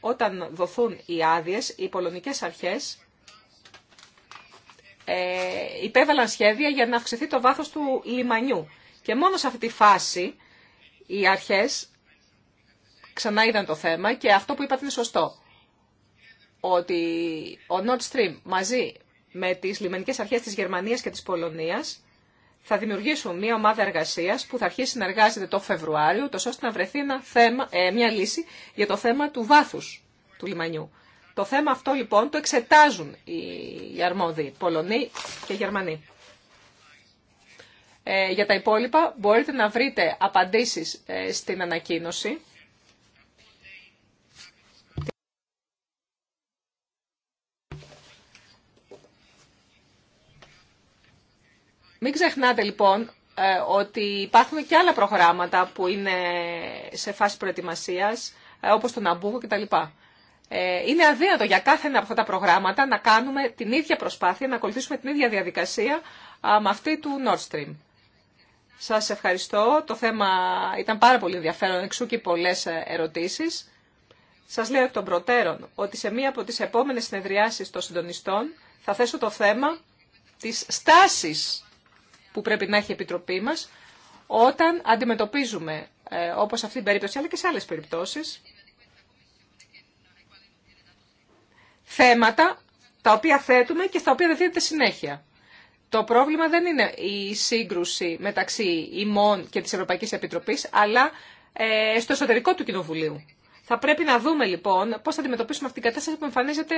όταν δοθούν οι άδειε, οι πολωνικές αρχές ε, υπέβαλαν σχέδια για να αυξηθεί το βάθος του λιμανιού. Και μόνο σε αυτή τη φάση οι αρχές ξανά είδαν το θέμα και αυτό που είπατε είναι σωστό. Ότι ο Nord Stream μαζί με τις λιμενικές αρχές της Γερμανίας και της Πολωνίας θα δημιουργήσουν μια ομάδα εργασία που θα αρχίσει να εργάζεται το Φεβρουάριο, τόσο ώστε να βρεθεί ένα θέμα, ε, μια λύση για το θέμα του βάθου του λιμανιού. Το θέμα αυτό λοιπόν το εξετάζουν οι αρμόδιοι, Πολωνοί και Γερμανοί. Ε, για τα υπόλοιπα μπορείτε να βρείτε απαντήσεις ε, στην ανακοίνωση Μην ξεχνάτε λοιπόν ε, ότι υπάρχουν και άλλα προγράμματα που είναι σε φάση προετοιμασίας, ε, όπως το Ναμπούκο κτλ. Ε, είναι αδύνατο για κάθε ένα από αυτά τα προγράμματα να κάνουμε την ίδια προσπάθεια, να ακολουθήσουμε την ίδια διαδικασία με αυτή του Nord Stream. Σας ευχαριστώ. Το θέμα ήταν πάρα πολύ ενδιαφέρον, εξού και πολλές ερωτήσεις. Σας λέω εκ των προτέρων ότι σε μία από τις επόμενες συνεδριάσεις των συντονιστών θα θέσω το θέμα της στάσης που πρέπει να έχει η Επιτροπή μας όταν αντιμετωπίζουμε, ε, όπως αυτή την περίπτωση, αλλά και σε άλλες περιπτώσεις, θέματα τα οποία θέτουμε και στα οποία δεν συνέχεια. Το πρόβλημα δεν είναι η σύγκρουση μεταξύ ημών και της Ευρωπαϊκής Επιτροπής, αλλά ε, στο εσωτερικό του Κοινοβουλίου. Θα πρέπει να δούμε λοιπόν πώς θα αντιμετωπίσουμε αυτή την κατάσταση που εμφανίζεται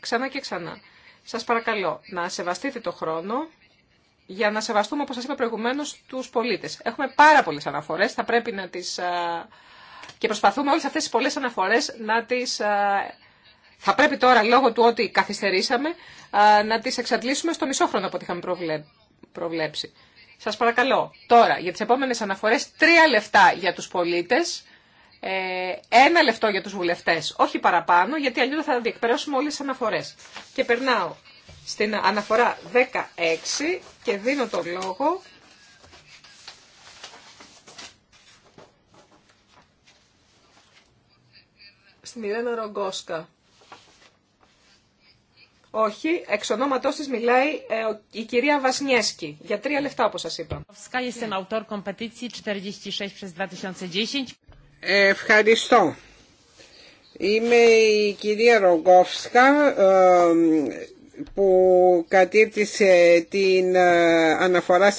ξανά και ξανά. Σας παρακαλώ να σεβαστείτε το χρόνο για να σεβαστούμε, όπως σας είπα προηγουμένως, τους πολίτες. Έχουμε πάρα πολλές αναφορές, θα πρέπει να τις... και προσπαθούμε όλες αυτές τις πολλές αναφορές να τις... Θα πρέπει τώρα, λόγω του ότι καθυστερήσαμε, να τις εξαντλήσουμε στο μισόχρονο από ό,τι είχαμε προβλέψει. Σας παρακαλώ, τώρα, για τις επόμενες αναφορές, τρία λεφτά για τους πολίτες, ε, ένα λεπτό για τους βουλευτές, όχι παραπάνω, γιατί αλλιώς θα διεκπαιρέσουμε όλες τις αναφορές. Και περνάω στην αναφορά 16 και δίνω το λόγο στην Ιρένα Ρογκόσκα. Όχι, εξ ονόματός της μιλάει ε, η κυρία Βασνιέσκη, για τρία λεφτά όπως σας είπα. Ε, ευχαριστώ. Είμαι η κυρία Ρογκόφσκα, ε, που κατήρτισε την ε, αναφορά 46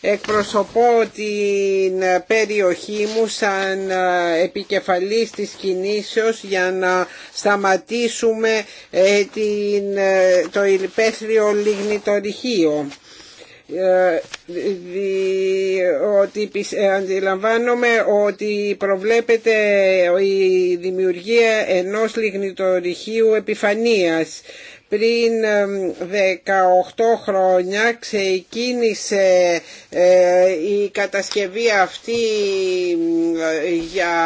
εκπροσωπώ την ε, περιοχή μου σαν ε, επικεφαλής της κινήσεως για να σταματήσουμε την, το υπαίθριο λιγνητορυχείο οτι ε, ε, αντιλαμβάνομαι ότι προβλέπεται η δημιουργία ενός λιγνητορυχείου επιφανίας. Πριν 18 χρόνια ξεκίνησε ε, η κατασκευή αυτή για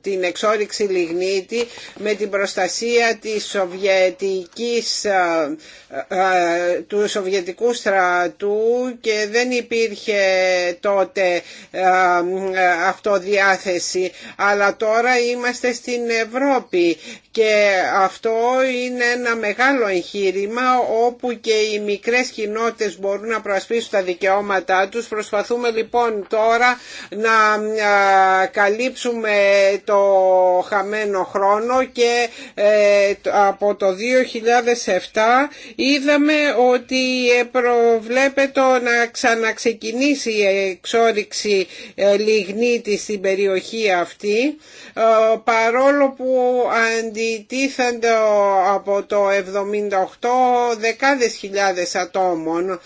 την εξόριξη λιγνίτη με την προστασία της σοβιετικής, ε, ε, του σοβιετικού στρατού και δεν υπήρχε τότε ε, αυτοδιάθεση αλλά τώρα είμαστε στην Ευρώπη και αυτό είναι ένα μεγάλο εγχείρημα όπου και οι μικρές κοινότητες μπορούν να προασπίσουν τα δικαιώματά τους. Προσπαθούμε λοιπόν τώρα να καλύψουμε το χαμένο χρόνο και ε, από το 2007 είδαμε ότι ε, προβλέπεται να ξαναξεκινήσει η εξόριξη ε, λιγνίτη στην περιοχή αυτή παρόλο που αντιτίθενται από το 78 δεκάδες χιλιάδες ατόμων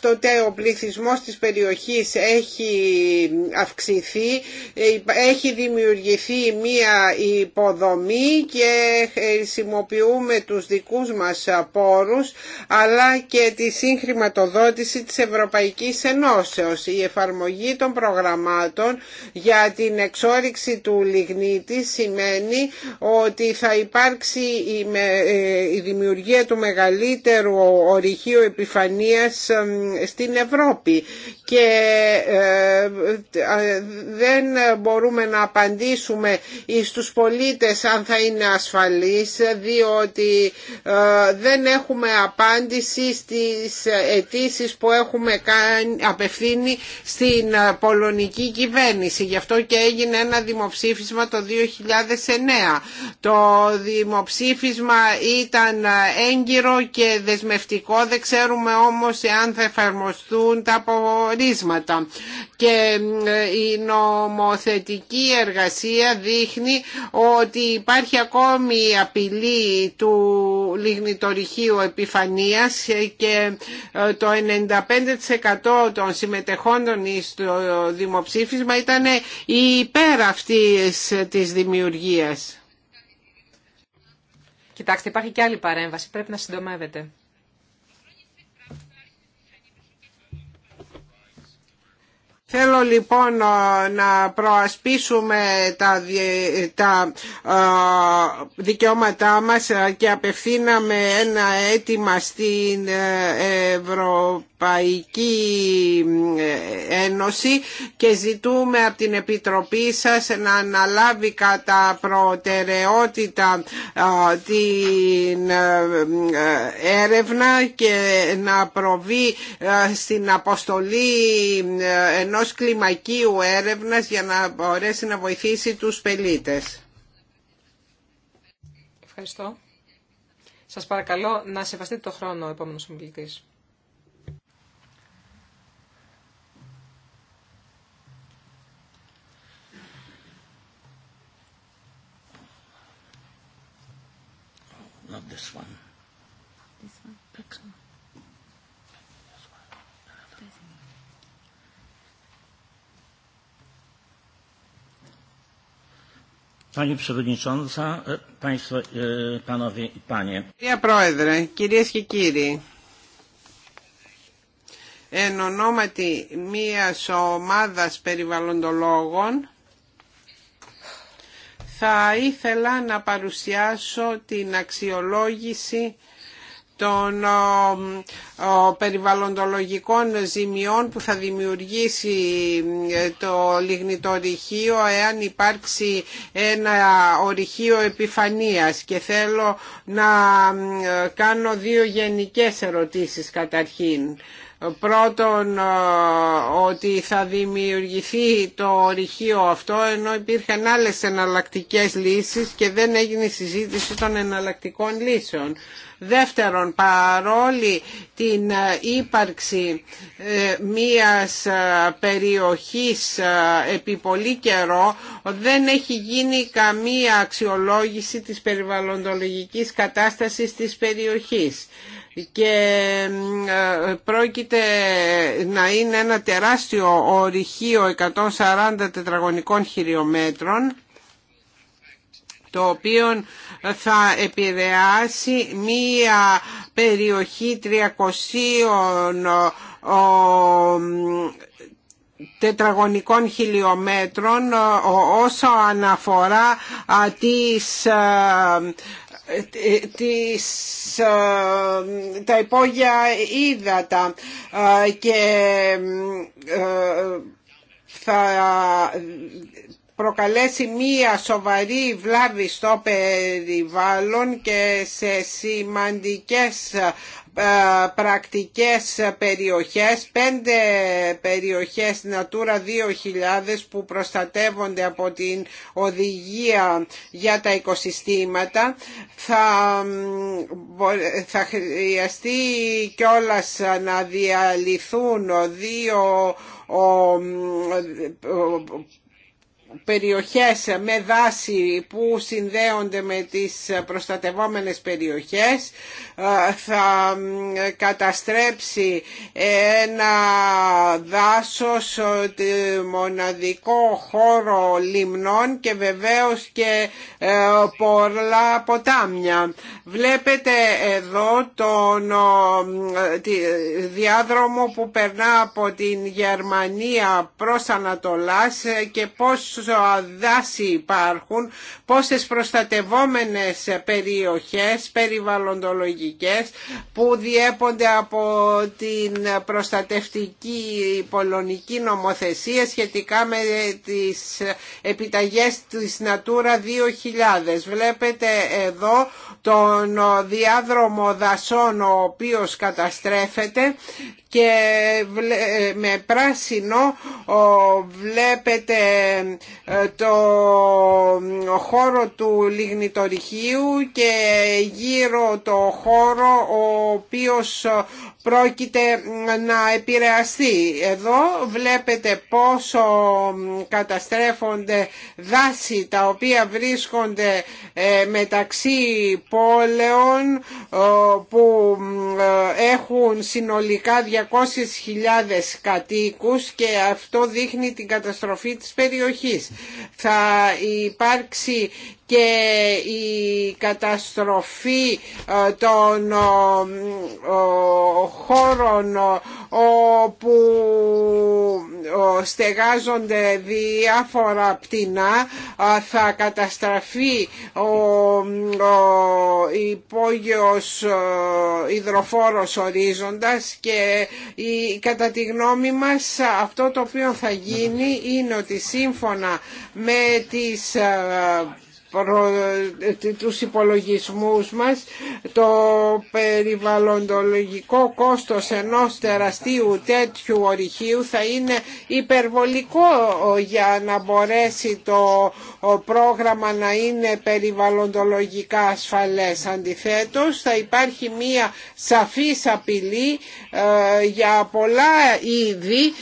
τότε ο πληθυσμός της περιοχής έχει αυξηθεί έχει έχει δημιουργηθεί μία υποδομή και χρησιμοποιούμε τους δικούς μας πόρους αλλά και τη συγχρηματοδότηση της Ευρωπαϊκής Ενώσεως. Η εφαρμογή των προγραμμάτων για την εξόριξη του λιγνίτη σημαίνει ότι θα υπάρξει η ε, δημιουργία του μεγαλύτερου ορυχείου επιφανείας ε, στην Ευρώπη και ε, δεν μπορούμε να απαντήσουμε στους πολίτες αν θα είναι ασφαλής διότι ε, δεν έχουμε απάντηση στις αιτήσει που έχουμε απευθύνει στην ε, πολωνική κυβέρνηση. Γι' αυτό και έγινε ένα δημοψήφισμα το 2009. Το δημοψήφισμα ήταν ε, έγκυρο και δεσμευτικό, δεν ξέρουμε όμως εάν θα εφαρμοστούν τα απορίσματα και ε, η νομοθετική εργασία δείχνει ότι υπάρχει ακόμη απειλή του λιγνητορυχείου επιφανείας και ε, το 95% των συμμετεχόντων στο δημοψήφισμα ήταν υπέρ αυτής της δημιουργίας. Κοιτάξτε, υπάρχει και άλλη παρέμβαση, πρέπει να συντομεύετε. Θέλω λοιπόν ε, να προασπίσουμε τα, τα ε, δικαιώματά μας ε, και απευθύναμε ένα αίτημα στην Ευρωπαϊκή Ένωση και ζητούμε από την Επιτροπή σας να αναλάβει κατά προτεραιότητα την έρευνα και να προβεί στην αποστολή ενός ενός κλιμακίου έρευνας για να μπορέσει να βοηθήσει τους πελίτες. Ευχαριστώ. Σας παρακαλώ να σεβαστείτε το χρόνο ο επόμενος ομιλητής. this one. E, e, Κυρία Πρόεδρε, κυρίες και κύριοι, εν ονόματι μίας ομάδας περιβαλλοντολόγων θα ήθελα να παρουσιάσω την αξιολόγηση των περιβαλλοντολογικών ζημιών που θα δημιουργήσει ε, το λιγνητορυχείο εάν υπάρξει ένα ορυχείο επιφανίας και θέλω να ε, κάνω δύο γενικές ερωτήσεις καταρχήν. Πρώτον ε, ότι θα δημιουργηθεί το ορυχείο αυτό ενώ υπήρχαν άλλες εναλλακτικές λύσεις και δεν έγινε συζήτηση των εναλλακτικών λύσεων. Δεύτερον, παρόλη την ε, ύπαρξη ε, μίας ε, περιοχής επί πολύ καιρό δεν έχει γίνει καμία αξιολόγηση της περιβαλλοντολογικής κατάστασης της περιοχής και πρόκειται να είναι ένα τεράστιο ορυχείο 140 τετραγωνικών χιλιόμετρων το οποίο θα επηρεάσει μία περιοχή 300 τετραγωνικών χιλιόμετρων όσο αναφορά τις τα υπόγεια ύδατα και θα προκαλέσει μία σοβαρή βλάβη στο περιβάλλον και σε σημαντικές ε, πρακτικές περιοχές, πέντε περιοχές Natura 2000 που προστατεύονται από την οδηγία για τα οικοσυστήματα θα, θα χρειαστεί κιόλας να διαλυθούν δύο ο, περιοχές με δάση που συνδέονται με τις προστατευόμενες περιοχές ε, θα καταστρέψει ένα δάσος ε, μοναδικό χώρο λιμνών και βεβαίως και ε, πολλά ποτάμια. Βλέπετε εδώ τον διάδρομο που περνά από την Γερμανία προς Ανατολάς και πώς δάση υπάρχουν, πόσες προστατευόμενες περιοχές περιβαλλοντολογικές που διέπονται από την προστατευτική πολωνική νομοθεσία σχετικά με τις επιταγές της Natura 2000. Βλέπετε εδώ τον διάδρομο δασών ο οποίος καταστρέφεται και με πράσινο βλέπετε ε, το χώρο του λιγνητορυχείου και γύρω το χώρο ο οποίος πρόκειται να επηρεαστεί. Εδώ βλέπετε πόσο καταστρέφονται δάση τα οποία βρίσκονται ε, μεταξύ πόλεων ε, που ε, έχουν συνολικά 200.000 κατοίκους και αυτό δείχνει την καταστροφή της περιοχής. Θα υπάρξει και η καταστροφή ε, των ε, ε, χώρων όπου στεγάζονται διάφορα πτηνά θα καταστραφεί ο υπόγειος υδροφόρος ορίζοντας και κατά τη γνώμη μας αυτό το οποίο θα γίνει είναι ότι σύμφωνα με τις προ, ε, τους υπολογισμούς μας το περιβαλλοντολογικό κόστος ενός τεραστίου τέτοιου ορυχείου θα είναι υπερβολικό ε, για να μπορέσει το πρόγραμμα να είναι περιβαλλοντολογικά ασφαλές. Αντιθέτως θα υπάρχει μία σαφής απειλή ε, για πολλά είδη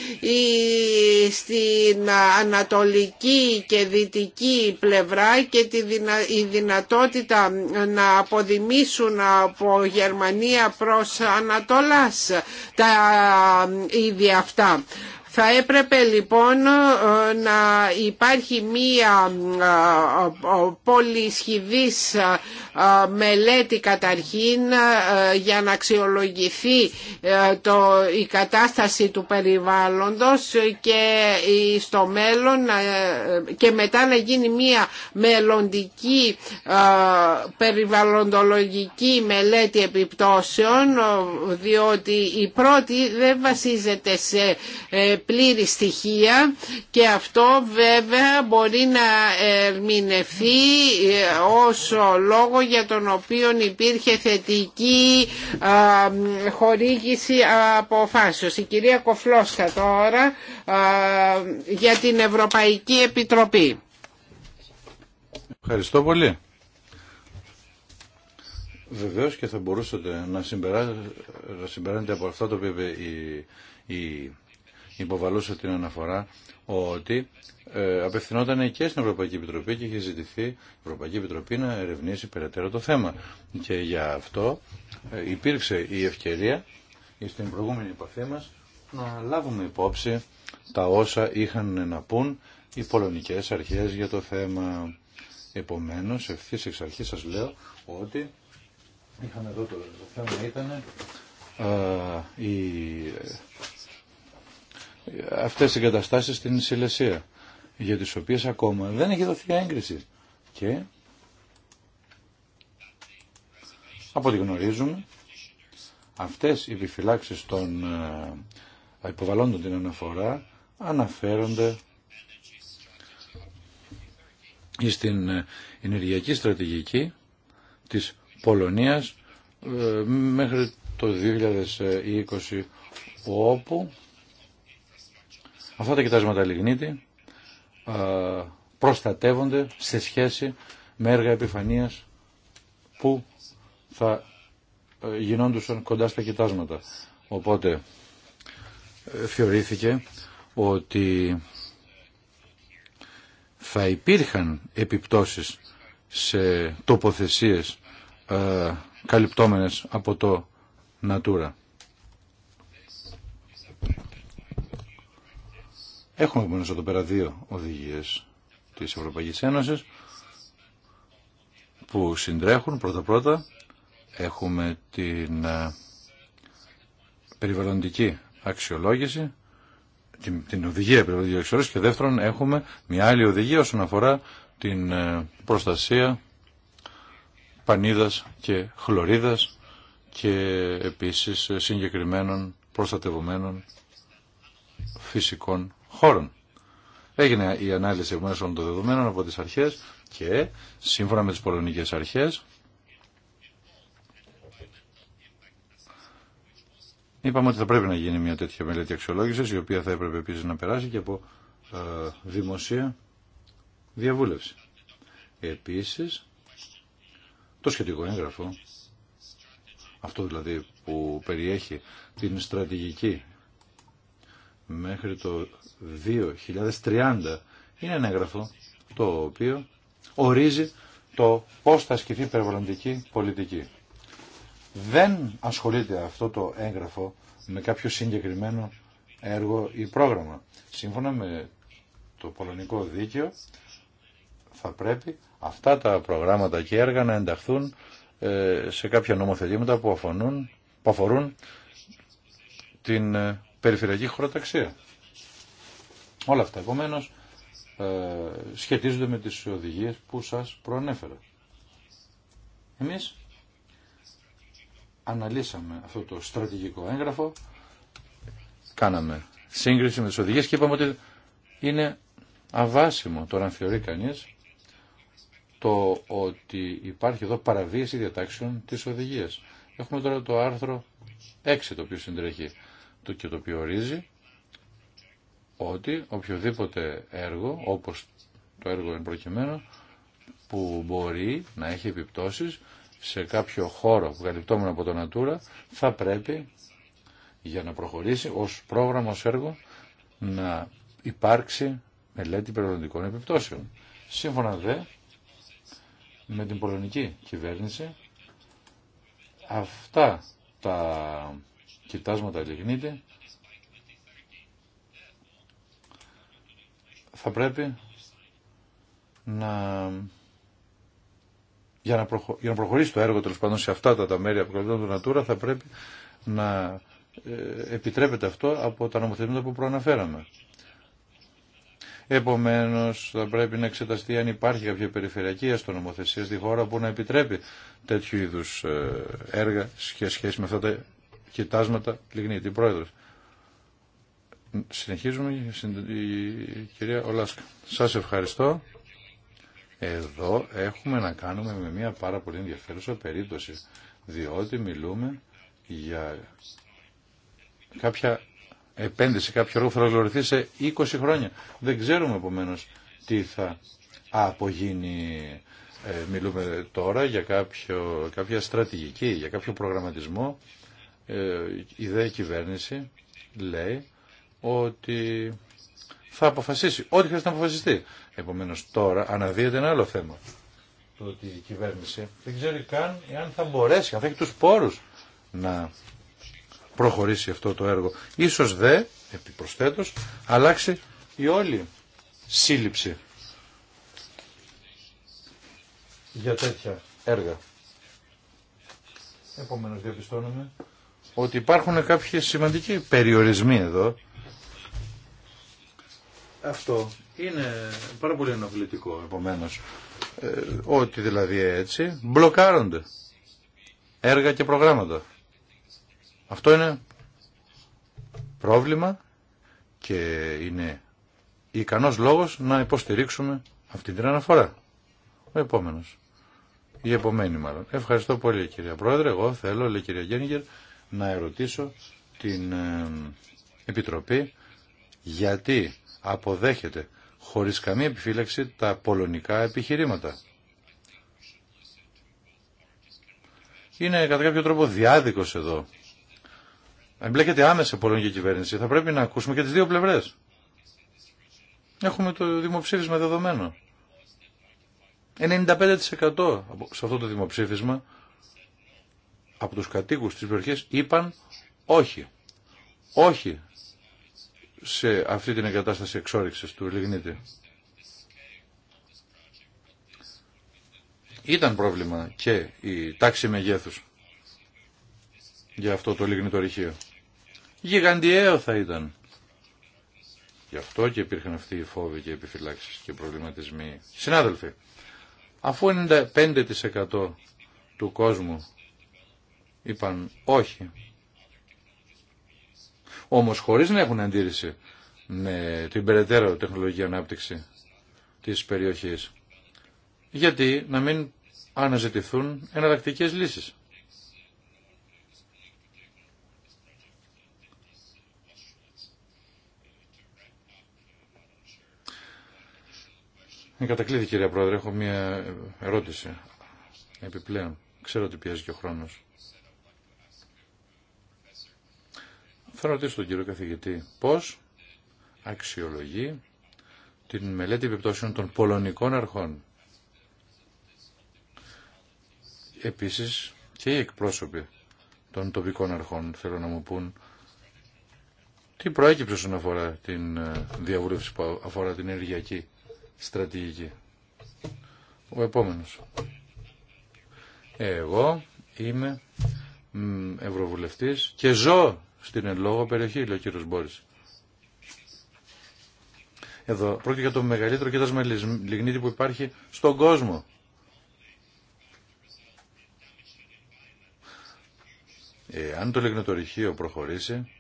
στην ανατολική και δυτική πλευρά και τη η δυνατότητα να αποδημήσουν από Γερμανία προς Ανατολάς τα ε, ίδια αυτά. Θα έπρεπε λοιπόν ε, να υπάρχει μία ε, πολυσχηδής ε, μελέτη καταρχήν για να αξιολογηθεί το, η κατάσταση του περιβάλλοντος και στο μέλλον και μετά να γίνει μία μελλοντική περιβαλλοντολογική μελέτη επιπτώσεων διότι η πρώτη δεν βασίζεται σε πλήρη στοιχεία και αυτό βέβαια μπορεί να ερμηνευθεί ε, ως λόγο για τον οποίο υπήρχε θετική χορήγηση αποφάσεως. Η κυρία Κοφλώσκα τώρα για την Ευρωπαϊκή Επιτροπή. Ευχαριστώ πολύ. Βεβαίως και θα μπορούσατε να, συμπεράσετε από αυτά το οποία είπε η υποβαλούσε την αναφορά ότι ε, απευθυνόταν και στην Ευρωπαϊκή Επιτροπή και είχε ζητηθεί η Ευρωπαϊκή Επιτροπή να ερευνήσει περαιτέρω το θέμα. Και για αυτό ε, υπήρξε η ευκαιρία στην προηγούμενη επαφή μας να λάβουμε υπόψη τα όσα είχαν να πούν οι πολωνικές αρχές για το θέμα. Επομένως, ευθύ εξ αρχής σας λέω ότι είχαμε εδώ το, θέμα ήταν ε, αυτές οι εγκαταστάσεις στην Σιλεσία, για τις οποίες ακόμα δεν έχει δοθεί έγκριση. Και από ό,τι γνωρίζουμε, αυτές οι επιφυλάξεις των ε, υποβαλλόντων την αναφορά αναφέρονται στην ε, ενεργειακή στρατηγική της Πολωνίας ε, μέχρι το 2020 όπου Αυτά τα κοιτάσματα λιγνίτη ε, προστατεύονται σε σχέση με έργα επιφανείας που θα ε, γινόντουσαν κοντά στα κοιτάσματα. Οπότε ε, θεωρήθηκε ότι θα υπήρχαν επιπτώσεις σε τοποθεσίες καλυπτόμενες από το Natura. Έχουμε επομένω εδώ πέρα δύο οδηγίε τη Ευρωπαϊκή Ένωση που συντρέχουν πρώτα-πρώτα. Έχουμε την ε, περιβαλλοντική αξιολόγηση, την, την οδηγία περιβαλλοντική αξιολόγηση και δεύτερον έχουμε μια άλλη οδηγία όσον αφορά την ε, προστασία πανίδας και χλωρίδας και επίσης συγκεκριμένων προστατευομένων φυσικών χώρων. Έγινε η ανάλυση μέσω των δεδομένων από τις αρχές και σύμφωνα με τις πολωνικές αρχές είπαμε ότι θα πρέπει να γίνει μια τέτοια μελέτη αξιολόγησης η οποία θα έπρεπε επίσης να περάσει και από ε, δημοσία διαβούλευση. Επίσης το σχετικό έγγραφο αυτό δηλαδή που περιέχει την στρατηγική μέχρι το 2030 είναι ένα έγγραφο το οποίο ορίζει το πώς θα ασκηθεί η περιβαλλοντική πολιτική. Δεν ασχολείται αυτό το έγγραφο με κάποιο συγκεκριμένο έργο ή πρόγραμμα. Σύμφωνα με το πολωνικό δίκαιο θα πρέπει αυτά τα προγράμματα και έργα να ενταχθούν ε, σε κάποια νομοθετήματα που αφορούν, που αφορούν την ε, περιφερειακή χωροταξία. Όλα αυτά επομένω ε, σχετίζονται με τις οδηγίες που σας προανέφερα. Εμείς αναλύσαμε αυτό το στρατηγικό έγγραφο, κάναμε σύγκριση με τις οδηγίες και είπαμε ότι είναι αβάσιμο τώρα αν θεωρεί κανεί το ότι υπάρχει εδώ παραβίαση διατάξεων της οδηγίας. Έχουμε τώρα το άρθρο 6 το οποίο συντρέχει το και το οποίο ορίζει ότι οποιοδήποτε έργο, όπως το έργο εν προκειμένου, που μπορεί να έχει επιπτώσεις σε κάποιο χώρο που καλυπτόμουν από το Natura, θα πρέπει για να προχωρήσει ως πρόγραμμα, ως έργο, να υπάρξει μελέτη περιβαλλοντικών επιπτώσεων. Σύμφωνα δε με την πολωνική κυβέρνηση, αυτά τα κοιτάσματα λιγνίτη θα πρέπει να για να, προχωρήσει το έργο τέλο πάντων σε αυτά τα, τα μέρη από του Νατούρα, θα πρέπει να ε, επιτρέπεται αυτό από τα νομοθετήματα που προαναφέραμε. Επομένως θα πρέπει να εξεταστεί αν υπάρχει κάποια περιφερειακή αστονομοθεσία στη χώρα που να επιτρέπει τέτοιου είδους ε, έργα σε σχέση με αυτά τα κοιτάσματα λιγνίτη. πρόεδρο. Συνεχίζουμε η κυρία Ολάσκα. Σας ευχαριστώ. Εδώ έχουμε να κάνουμε με μια πάρα πολύ ενδιαφέρουσα περίπτωση, διότι μιλούμε για κάποια επένδυση, κάποιο έργο που θα ολοκληρωθεί σε 20 χρόνια. Δεν ξέρουμε επομένω τι θα απογίνει. Ε, μιλούμε τώρα για κάποιο, κάποια στρατηγική, για κάποιο προγραμματισμό ε, η δε κυβέρνηση λέει ότι θα αποφασίσει ό,τι χρειάζεται να αποφασιστεί. Επομένως τώρα αναδύεται ένα άλλο θέμα. Το ότι η κυβέρνηση δεν ξέρει καν εάν θα μπορέσει, αν θα έχει τους πόρους να προχωρήσει αυτό το έργο. Ίσως δε, επιπροσθέτως, αλλάξει η όλη σύλληψη για τέτοια έργα. Επομένως διαπιστώνουμε ότι υπάρχουν κάποιοι σημαντικοί περιορισμοί εδώ. Αυτό είναι πάρα πολύ ενοχλητικό επομένω. Ε, ότι δηλαδή έτσι μπλοκάρονται έργα και προγράμματα. Αυτό είναι πρόβλημα και είναι ικανός λόγος να υποστηρίξουμε αυτή την αναφορά. Ο επόμενος. Η επομένη μάλλον. Ευχαριστώ πολύ κυρία Πρόεδρε. Εγώ θέλω, λέει κυρία Γένιγερ, να ερωτήσω την ε, Επιτροπή γιατί αποδέχεται χωρίς καμία επιφύλαξη τα πολωνικά επιχειρήματα. Είναι κατά κάποιο τρόπο διάδικος εδώ. Εμπλέκεται άμεσα η πολωνική κυβέρνηση. Θα πρέπει να ακούσουμε και τις δύο πλευρές. Έχουμε το δημοψήφισμα δεδομένο. 95% σε αυτό το δημοψήφισμα από τους κατοίκους της περιοχής είπαν όχι. Όχι σε αυτή την εγκατάσταση εξόριξης του λιγνίτη. Ήταν πρόβλημα και η τάξη μεγέθους για αυτό το λιγνητορυχείο. Γιγαντιαίο θα ήταν. Γι' αυτό και υπήρχαν αυτοί οι φόβοι και επιφυλάξεις και προβληματισμοί. Συνάδελφοι, αφού 95% του κόσμου είπαν όχι. Όμως χωρίς να έχουν αντίρρηση με την περαιτέρω τεχνολογική ανάπτυξη της περιοχής. Γιατί να μην αναζητηθούν εναλλακτικέ λύσεις. Με κατακλείδη κυρία Πρόεδρε, έχω μία ερώτηση επιπλέον. Ξέρω ότι πιέζει και ο χρόνος. Θα ρωτήσω τον κύριο καθηγητή πώς αξιολογεί την μελέτη επιπτώσεων των πολωνικών αρχών. Επίσης και οι εκπρόσωποι των τοπικών αρχών θέλω να μου πούν τι προέκυψε όσον αφορά την ε, διαβούλευση που αφορά την ενεργειακή στρατηγική. Ο επόμενος. Εγώ είμαι ευρωβουλευτής και ζω στην εν λόγω περιοχή, λέει ο κύριο Μπόρι. Εδώ πρόκειται για το μεγαλύτερο κοίτασμα λιγνίτη που υπάρχει στον κόσμο. Ε, αν το λιγνητορυχείο προχωρήσει,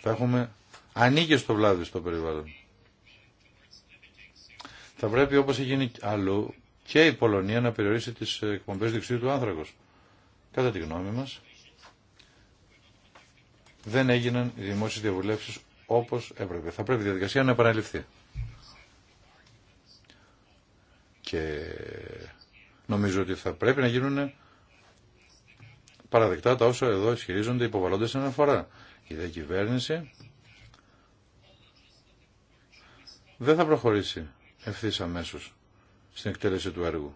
θα έχουμε ανοίγει στο βλάβη στο περιβάλλον. Θα πρέπει όπως έχει γίνει αλλού και η Πολωνία να περιορίσει τις εκπομπές διοξείδου του άνθρακος. Κατά τη γνώμη μας, δεν έγιναν οι δημόσιες διαβουλεύσεις όπως έπρεπε. Θα πρέπει η διαδικασία να επαναληφθεί. Και νομίζω ότι θα πρέπει να γίνουν παραδεκτά τα όσα εδώ ισχυρίζονται σε αναφορά. Η δε κυβέρνηση δεν θα προχωρήσει ευθύ αμέσω στην εκτέλεση του έργου.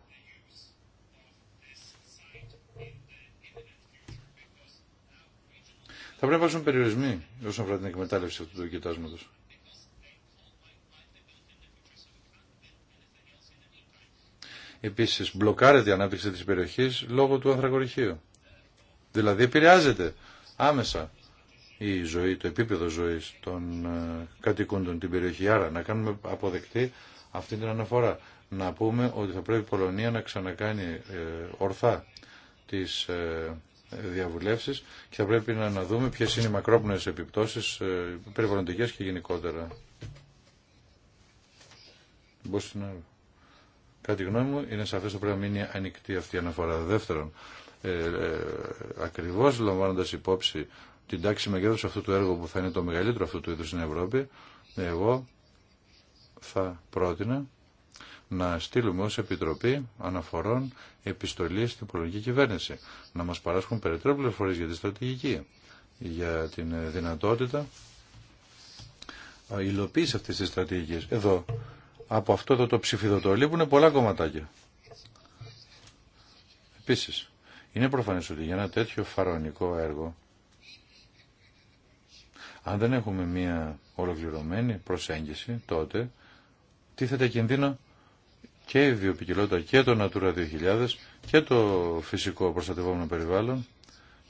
Θα πρέπει να έχουν περιορισμοί όσον αφορά την εκμετάλλευση αυτού του κοιτάσματο. Επίση, μπλοκάρεται η ανάπτυξη τη περιοχή λόγω του ανθρακοριχείου. Δηλαδή, επηρεάζεται άμεσα η ζωή, το επίπεδο ζωή των ε, κατοικούντων την περιοχή. Άρα, να κάνουμε αποδεκτή αυτή την αναφορά. Να πούμε ότι θα πρέπει η Πολωνία να ξανακάνει ε, ορθά τις ε, διαβουλεύσεις και θα πρέπει να δούμε ποιες είναι οι μακρόπνοες επιπτώσεις ε, περιβαλλοντικές και γενικότερα. να... Κάτι γνώμη μου είναι σαφές ότι πρέπει να μείνει ανοιχτή αυτή η αναφορά. Δεύτερον, ε, ε, ακριβώς λαμβάνοντας υπόψη την τάξη μεγέθους αυτού του έργου που θα είναι το μεγαλύτερο αυτού του είδους στην Ευρώπη, εγώ θα πρότεινα να στείλουμε ως Επιτροπή Αναφορών επιστολή στην Πολιτική Κυβέρνηση, να μας παράσχουν περαιτέρω πληροφορίες για τη στρατηγική, για την δυνατότητα υλοποίηση αυτής της στρατηγικής. Εδώ, από αυτό εδώ το ψηφιδωτό, λείπουν πολλά κομματάκια. Επίσης, είναι προφανές ότι για ένα τέτοιο φαρονικό έργο, αν δεν έχουμε μία ολοκληρωμένη προσέγγιση, τότε τίθεται κινδύνο και η βιοπικιλότητα και το Natura 2000 και το φυσικό προστατευόμενο περιβάλλον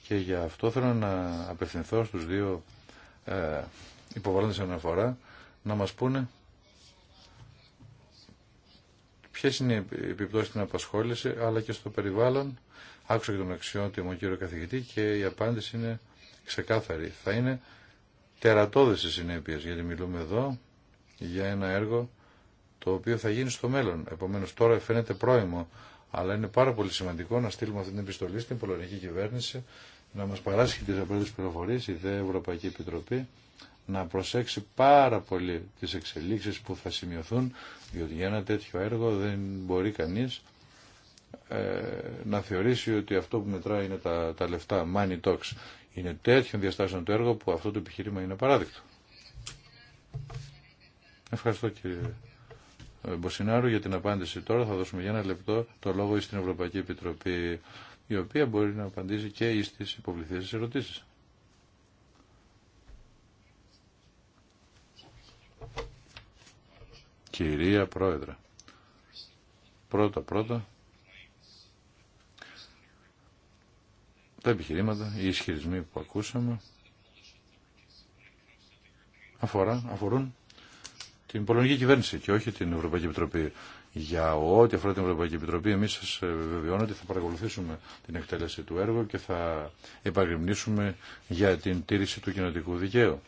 και για αυτό θέλω να απευθυνθώ στους δύο ε, υποβάλλοντες αναφορά να μας πούνε ποιες είναι οι επιπτώσεις στην απασχόληση αλλά και στο περιβάλλον άκουσα και τον αξιότιμο κύριο καθηγητή και η απάντηση είναι ξεκάθαρη θα είναι τερατώδες οι συνέπειες γιατί μιλούμε εδώ για ένα έργο το οποίο θα γίνει στο μέλλον. Επομένως τώρα φαίνεται πρόημο, αλλά είναι πάρα πολύ σημαντικό να στείλουμε αυτή την επιστολή στην πολωνική κυβέρνηση, να μας παράσχει τις απλές πληροφορίες, η ΔΕ Ευρωπαϊκή Επιτροπή, να προσέξει πάρα πολύ τις εξελίξεις που θα σημειωθούν, διότι για ένα τέτοιο έργο δεν μπορεί κανείς ε, να θεωρήσει ότι αυτό που μετράει είναι τα, τα λεφτά, money talks. Είναι τέτοιον διαστάσεων το έργο που αυτό το επιχείρημα είναι παράδεικτο. Ευχαριστώ κύριε Μποσινάρου για την απάντηση τώρα. Θα δώσουμε για ένα λεπτό το λόγο στην Ευρωπαϊκή Επιτροπή, η οποία μπορεί να απαντήσει και στι υποβληθείς ερωτήσεις. Κυρία Πρόεδρε, πρώτα πρώτα τα επιχειρήματα, οι ισχυρισμοί που ακούσαμε αφορά, αφορούν την πολωνική κυβέρνηση και όχι την Ευρωπαϊκή Επιτροπή. Για ό,τι αφορά την Ευρωπαϊκή Επιτροπή, εμεί σα βεβαιώνω ότι θα παρακολουθήσουμε την εκτέλεση του έργου και θα επαγρυμνήσουμε για την τήρηση του κοινοτικού δικαίου.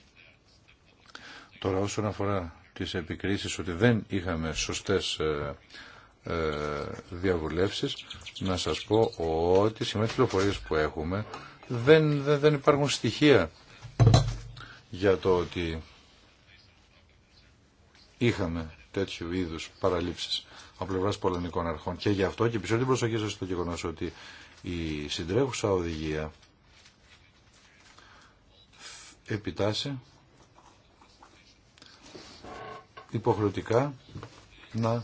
Τώρα, όσον αφορά τις επικρίσεις ότι δεν είχαμε σωστές ε, ε διαβουλεύσεις, να σας πω ότι σήμερα τις που έχουμε δεν, δεν υπάρχουν στοιχεία για το ότι είχαμε τέτοιου είδους παραλήψεις από πλευρά πολωνικών αρχών. Και γι' αυτό και πιστεύω την προσοχή στο γεγονό ότι η συντρέχουσα οδηγία επιτάσσει υποχρεωτικά να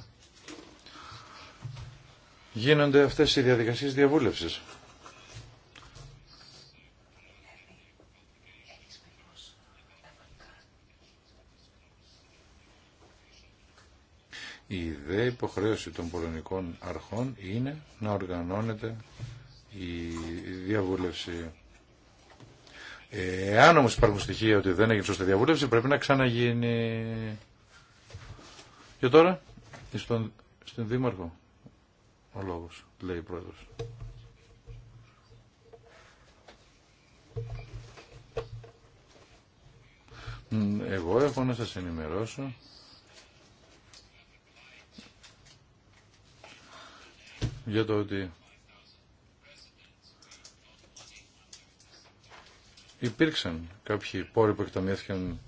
γίνονται αυτές οι διαδικασίες διαβούλευσης. δε υποχρέωση των πολωνικών αρχών είναι να οργανώνεται η διαβούλευση. Εάν όμως υπάρχουν στοιχεία ότι δεν έγινε σωστή διαβούλευση πρέπει να ξαναγίνει. Και τώρα στον, στον Δήμαρχο ο λόγος, λέει η Πρόεδρος. Εγώ έχω να σας ενημερώσω για το ότι υπήρξαν κάποιοι πόροι που εκταμιέθηκαν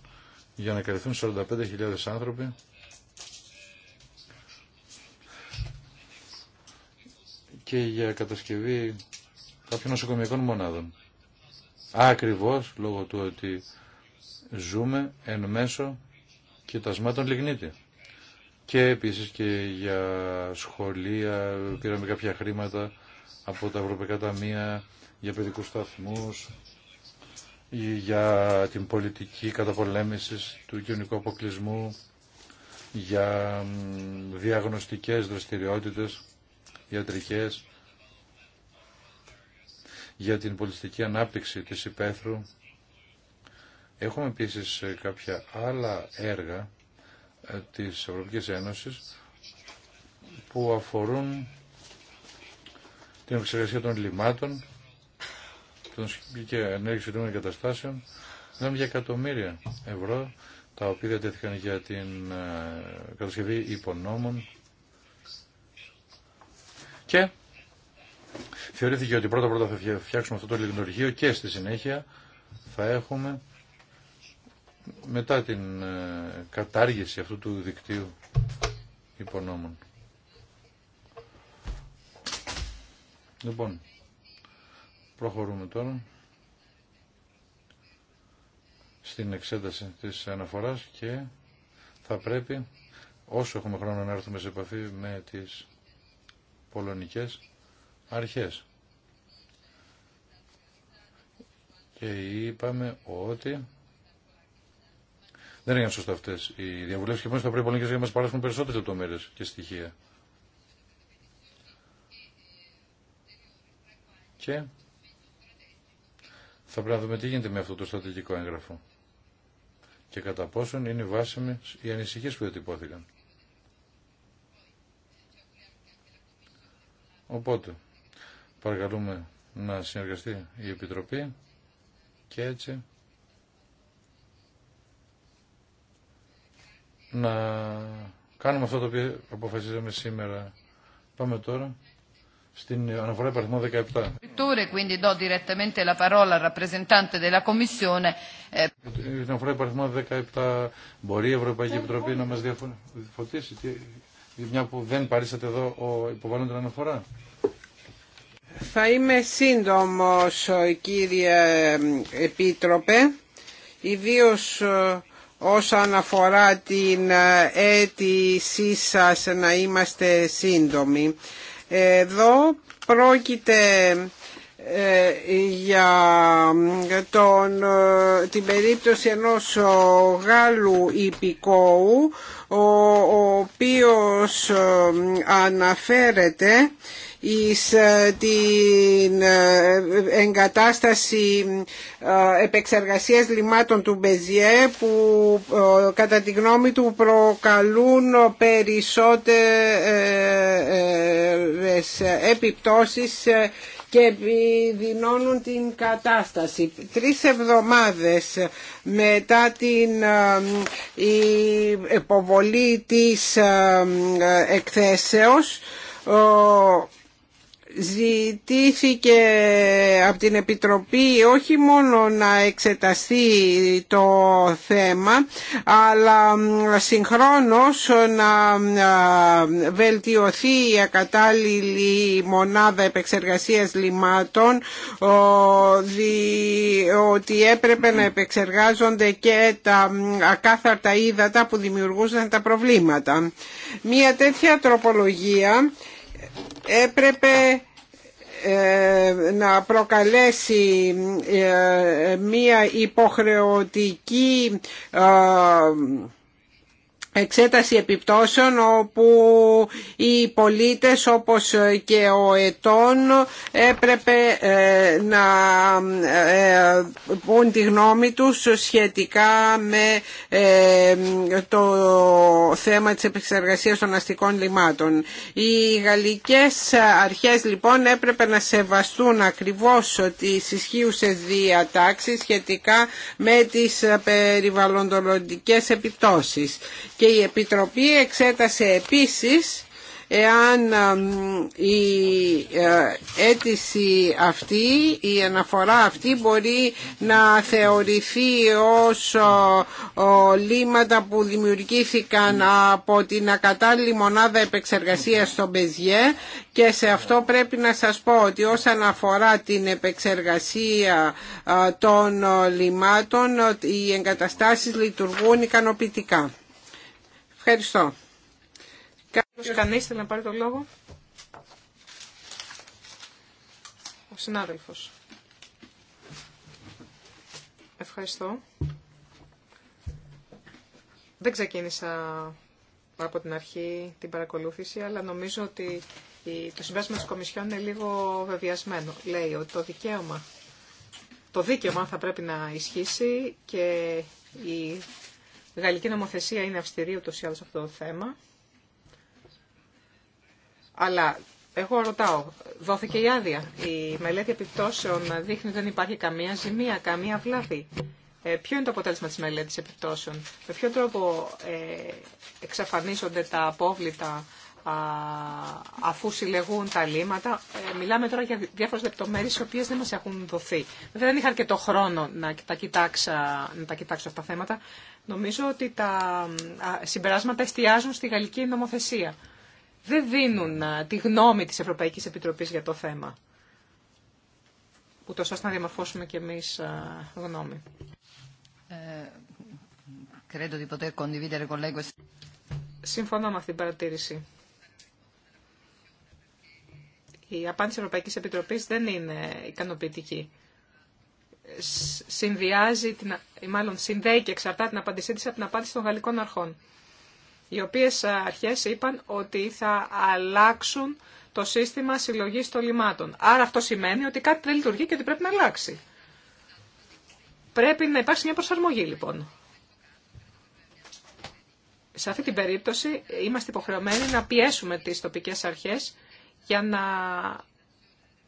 για να καλυφθούν 45.000 άνθρωποι και για κατασκευή κάποιων νοσοκομιακών μονάδων. Ακριβώς λόγω του ότι ζούμε εν μέσω κοιτασμάτων λιγνίτη και επίσης και για σχολεία πήραμε κάποια χρήματα από τα Ευρωπαϊκά Ταμεία για παιδικούς σταθμούς για την πολιτική καταπολέμησης του κοινωνικού αποκλεισμού για διαγνωστικές δραστηριότητες ιατρικές για την πολιτική ανάπτυξη της υπαίθρου Έχουμε επίσης ε, κάποια άλλα έργα της Ευρωπαϊκής Ένωσης που αφορούν την εξεργασία των λιμάτων και ενέργειες των εγκαταστάσεων. Μιλάμε για εκατομμύρια ευρώ τα οποία διατέθηκαν για την ε, κατασκευή υπονόμων και θεωρήθηκε ότι πρώτα πρώτα θα φτιάξουμε αυτό το λιγνωργείο και στη συνέχεια θα έχουμε μετά την ε, κατάργηση αυτού του δικτύου υπονόμων. Λοιπόν, προχωρούμε τώρα στην εξέταση της αναφοράς και θα πρέπει όσο έχουμε χρόνο να έρθουμε σε επαφή με τις πολωνικές αρχές. Και είπαμε ότι δεν έγιναν σωστά αυτέ οι διαβουλεύσει και μόλι θα πρέπει οι για να μα παράσχουν περισσότερε λεπτομέρειε και στοιχεία. Και θα πρέπει να δούμε τι γίνεται με αυτό το στρατηγικό έγγραφο και κατά πόσον είναι βάσιμε οι ανησυχίε που διατυπώθηκαν. Οπότε, παρακαλούμε να συνεργαστεί η Επιτροπή και έτσι να κάνουμε αυτό το οποίο αποφασίζαμε σήμερα. Πάμε τώρα στην αναφορά υπαριθμό 17. quindi do direttamente la parola al rappresentante della Commissione. Eh. Στην αναφορά υπαριθμό 17 μπορεί η Ευρωπαϊκή Επιτροπή να μας διαφωτίσει, μια που δεν παρήσατε εδώ ο υποβάλλοντας αναφορά. Θα είμαι σύντομος κύριε Επίτροπε, ιδίως ε, όσον αφορά την ε, αίτησή σας να είμαστε σύντομοι. Εδώ πρόκειται ε, για ε, τον, την περίπτωση ενός Γάλλου υπηκόου ο, ο οποίος αναφέρεται εις ε, την ε, εγκατάσταση ε, επεξεργασίας λιμάτων του Μπεζιέ που κατά τη γνώμη του προκαλούν περισσότερες επιπτώσεις και επιδεινώνουν την κατάσταση. Τρεις εβδομάδες μετά την υποβολή της εκθέσεως ζητήθηκε από την Επιτροπή όχι μόνο να εξεταστεί το θέμα αλλά συγχρόνως να βελτιωθεί η ακατάλληλη μονάδα επεξεργασίας λιμάτων ότι έπρεπε να επεξεργάζονται και τα ακάθαρτα ύδατα που δημιουργούσαν τα προβλήματα. Μία τέτοια τροπολογία έπρεπε ε, να προκαλέσει ε, μία υποχρεωτική ε, εξέταση επιπτώσεων όπου οι πολίτες όπως και ο ετών έπρεπε ε, να ε, πούν τη γνώμη τους σχετικά με ε, το θέμα της επεξεργασίας των αστικών λιμάτων. Οι γαλλικές αρχές λοιπόν έπρεπε να σεβαστούν ακριβώς τις ισχύουσες διατάξεις σχετικά με τις περιβαλλοντολογικές επιπτώσεις η Επιτροπή εξέτασε επίσης εάν η ε, αίτηση αυτή, η αναφορά αυτή μπορεί να θεωρηθεί ως λύματα που δημιουργήθηκαν από την ακατάλληλη μονάδα επεξεργασίας στο Μπεζιέ και σε αυτό πρέπει να σας πω ότι όσον αφορά την επεξεργασία των λυμάτων οι εγκαταστάσεις λειτουργούν ικανοποιητικά. Ευχαριστώ. Κάποιος κανείς θέλει να πάρει το λόγο. Ο συνάδελφος. Ευχαριστώ. Δεν ξεκίνησα από την αρχή την παρακολούθηση, αλλά νομίζω ότι το συμπέρασμα της Κομισιόν είναι λίγο βεβαιασμένο. Λέει ότι το δικαίωμα, το δικαίωμα θα πρέπει να ισχύσει και η η γαλλική νομοθεσία είναι αυστηρή ούτως ή άλλως αυτό το θέμα. Αλλά εγώ ρωτάω, δόθηκε η σε αυτο το θεμα αλλα εγω ρωταω δοθηκε Η μελέτη επιπτώσεων δείχνει ότι δεν υπάρχει καμία ζημία, καμία βλάβη. Ε, ποιο είναι το αποτέλεσμα της μελέτης επιπτώσεων. Με ποιο τρόπο ε, εξαφανίζονται τα απόβλητα αφού συλλεγούν τα λύματα. Ε, μιλάμε τώρα για διάφορε λεπτομέρειε οι οποίες δεν μα έχουν δοθεί. δεν είχα αρκετό χρόνο να τα, κοιτάξω, να τα κοιτάξω αυτά τα θέματα. Νομίζω ότι τα συμπεράσματα εστιάζουν στη γαλλική νομοθεσία. Δεν δίνουν τη γνώμη της Ευρωπαϊκής Επιτροπής για το θέμα. Ούτως ώστε να διαμορφώσουμε κι εμείς γνώμη. Ε, Συμφωνώ με αυτή την παρατήρηση η απάντηση Ευρωπαϊκής Επιτροπής δεν είναι ικανοποιητική. Συνδυάζει, την, μάλλον συνδέει και εξαρτάται την απάντησή της από την απάντηση των γαλλικών αρχών. Οι οποίες αρχές είπαν ότι θα αλλάξουν το σύστημα συλλογής λιμάτων. Άρα αυτό σημαίνει ότι κάτι δεν λειτουργεί και ότι πρέπει να αλλάξει. Πρέπει να υπάρξει μια προσαρμογή λοιπόν. Σε αυτή την περίπτωση είμαστε υποχρεωμένοι να πιέσουμε τις τοπικές αρχές για να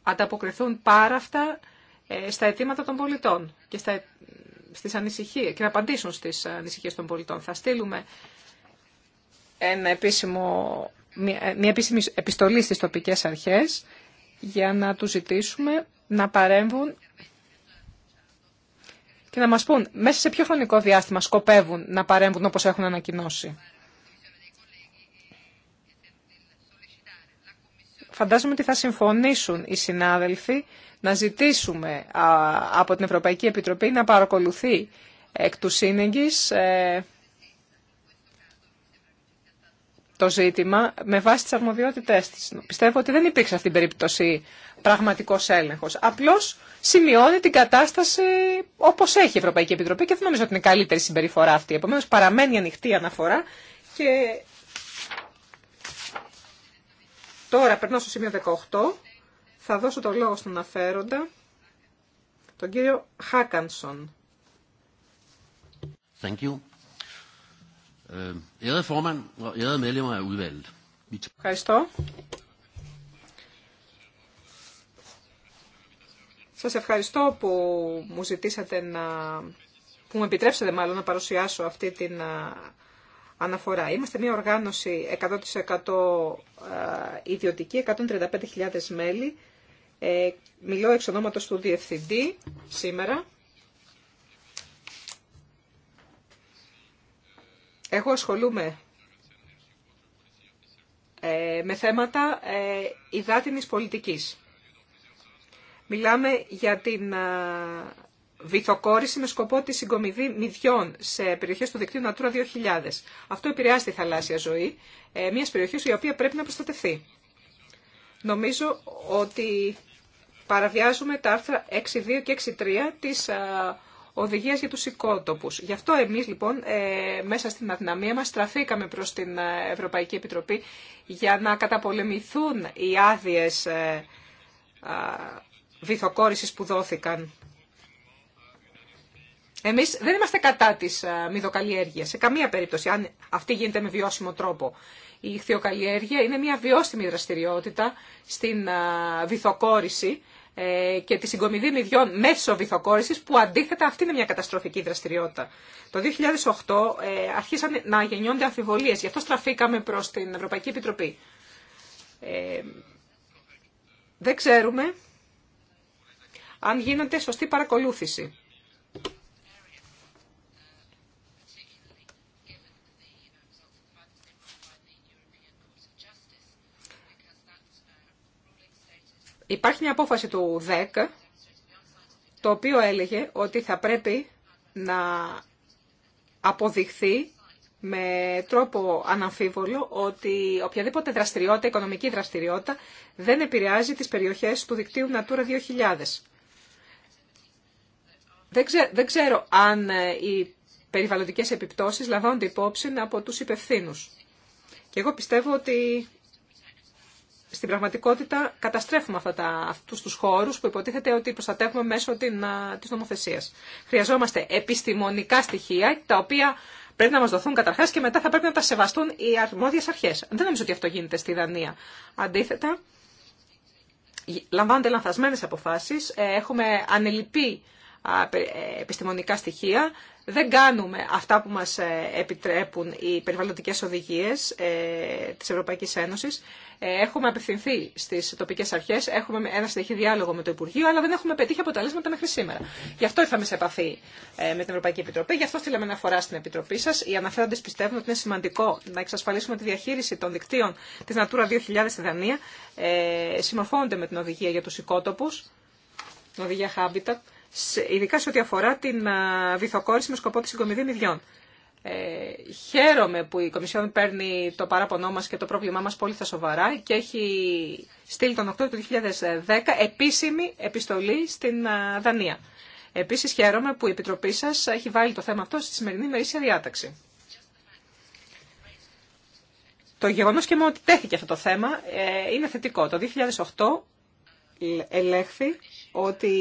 ανταποκριθούν πάρα αυτά ε, στα αιτήματα των πολιτών και στα, στις ανησυχίες, και να απαντήσουν στις ανησυχίες των πολιτών. Θα στείλουμε ένα επίσημο, μια, μια επίσημη επιστολή στις τοπικές αρχές για να τους ζητήσουμε να παρέμβουν και να μας πούν μέσα σε ποιο χρονικό διάστημα σκοπεύουν να παρέμβουν όπως έχουν ανακοινώσει. Φαντάζομαι ότι θα συμφωνήσουν οι συνάδελφοι να ζητήσουμε από την Ευρωπαϊκή Επιτροπή να παρακολουθεί εκ του σύνεγγυς ε, το ζήτημα με βάση τις αρμοδιότητές της. Πιστεύω ότι δεν υπήρξε αυτήν την περίπτωση πραγματικός έλεγχος. Απλώς σημειώνει την κατάσταση όπως έχει η Ευρωπαϊκή Επιτροπή και δεν νομίζω ότι είναι καλύτερη συμπεριφορά αυτή. Επομένως παραμένει ανοιχτή η αναφορά και Τώρα περνάω στο σημείο 18. Θα δώσω το λόγο στον αναφέροντα, τον κύριο Χάκανσον. Ευχαριστώ. Σας ευχαριστώ που μου ζητήσατε να... που μου επιτρέψατε μάλλον να παρουσιάσω αυτή την αναφορά. Είμαστε μια οργάνωση 100% ε, ιδιωτική, 135.000 μέλη. Ε, μιλώ εξ ονόματος του Διευθυντή σήμερα. Εγώ ασχολούμαι ε, με θέματα ε, υδάτινης πολιτικής. Μιλάμε για την ε, βυθοκόρηση με σκοπό τη συγκομιδή μυδιών σε περιοχέ του δικτύου Natura 2000. Αυτό επηρεάζει τη θαλάσσια ζωή ε, μια περιοχή η οποία πρέπει να προστατευτεί. Νομίζω ότι παραβιάζουμε τα άρθρα 6.2 και 6.3 της ε, οδηγίας για τους οικότοπους. Γι' αυτό εμείς λοιπόν ε, μέσα στην αδυναμία μας στραφήκαμε προς την ε, Ευρωπαϊκή Επιτροπή για να καταπολεμηθούν οι άδειε ε, που δόθηκαν Εμεί δεν είμαστε κατά τη μυδοκαλλιέργεια σε καμία περίπτωση, αν αυτή γίνεται με βιώσιμο τρόπο. Η χθιοκαλλιέργεια είναι μια βιώσιμη δραστηριότητα στην βυθοκόρηση ε, και τη συγκομιδή μυδιών μέσω βυθοκόρηση, που αντίθετα αυτή είναι μια καταστροφική δραστηριότητα. Το 2008 ε, αρχίσαν να γεννιόνται αμφιβολίε, γι' αυτό στραφήκαμε προ την Ευρωπαϊκή Επιτροπή. Ε, δεν ξέρουμε αν γίνεται σωστή παρακολούθηση Υπάρχει μια απόφαση του ΔΕΚ, το οποίο έλεγε ότι θα πρέπει να αποδειχθεί με τρόπο αναμφίβολο ότι οποιαδήποτε δραστηριότητα, οικονομική δραστηριότητα, δεν επηρεάζει τις περιοχές του δικτύου Natura 2000. Δεν, ξέρω αν ε, οι περιβαλλοντικές επιπτώσεις λαμβάνονται υπόψη από τους υπευθύνους. Και εγώ πιστεύω ότι στην πραγματικότητα καταστρέφουμε αυτά τα, αυτούς τους χώρους που υποτίθεται ότι προστατεύουμε μέσω την, α, της νομοθεσίας. Χρειαζόμαστε επιστημονικά στοιχεία τα οποία πρέπει να μας δοθούν καταρχάς και μετά θα πρέπει να τα σεβαστούν οι αρμόδιες αρχές. Δεν νομίζω ότι αυτό γίνεται στη Δανία. Αντίθετα, λαμβάνονται λανθασμένες αποφάσεις, ε, έχουμε ανελειπή ε, επιστημονικά στοιχεία, δεν κάνουμε αυτά που μας ε, επιτρέπουν οι περιβαλλοντικές οδηγίες ε, της Ευρωπαϊκής Ένωσης. Έχουμε απευθυνθεί στις τοπικές αρχές, έχουμε ένα συνεχή διάλογο με το Υπουργείο, αλλά δεν έχουμε πετύχει αποτελέσματα μέχρι σήμερα. Γι' αυτό ήρθαμε σε επαφή με την Ευρωπαϊκή Επιτροπή, γι' αυτό στείλαμε ένα φορά στην Επιτροπή σας. Οι αναφέροντες πιστεύουν ότι είναι σημαντικό να εξασφαλίσουμε τη διαχείριση των δικτύων της Natura 2000 στη Δανία, συμμορφώνονται με την οδηγία για τους οικότοπους, την οδηγία Habitat, ειδικά σε ό,τι αφορά την βυθοκόρηση με σκοπό τη συγκομιδή ιδιών. Ε, χαίρομαι που η Κομισιόν παίρνει το παράπονό μας και το πρόβλημά μας πολύ θα σοβαρά και έχει στείλει τον Οκτώβριο του 2010 επίσημη επιστολή στην Δανία. Επίσης χαίρομαι που η Επιτροπή σας έχει βάλει το θέμα αυτό στη σημερινή μερίσια διάταξη. Το γεγονός και μόνο ότι τέθηκε αυτό το θέμα ε, είναι θετικό. Το 2008 ελέγχθη ότι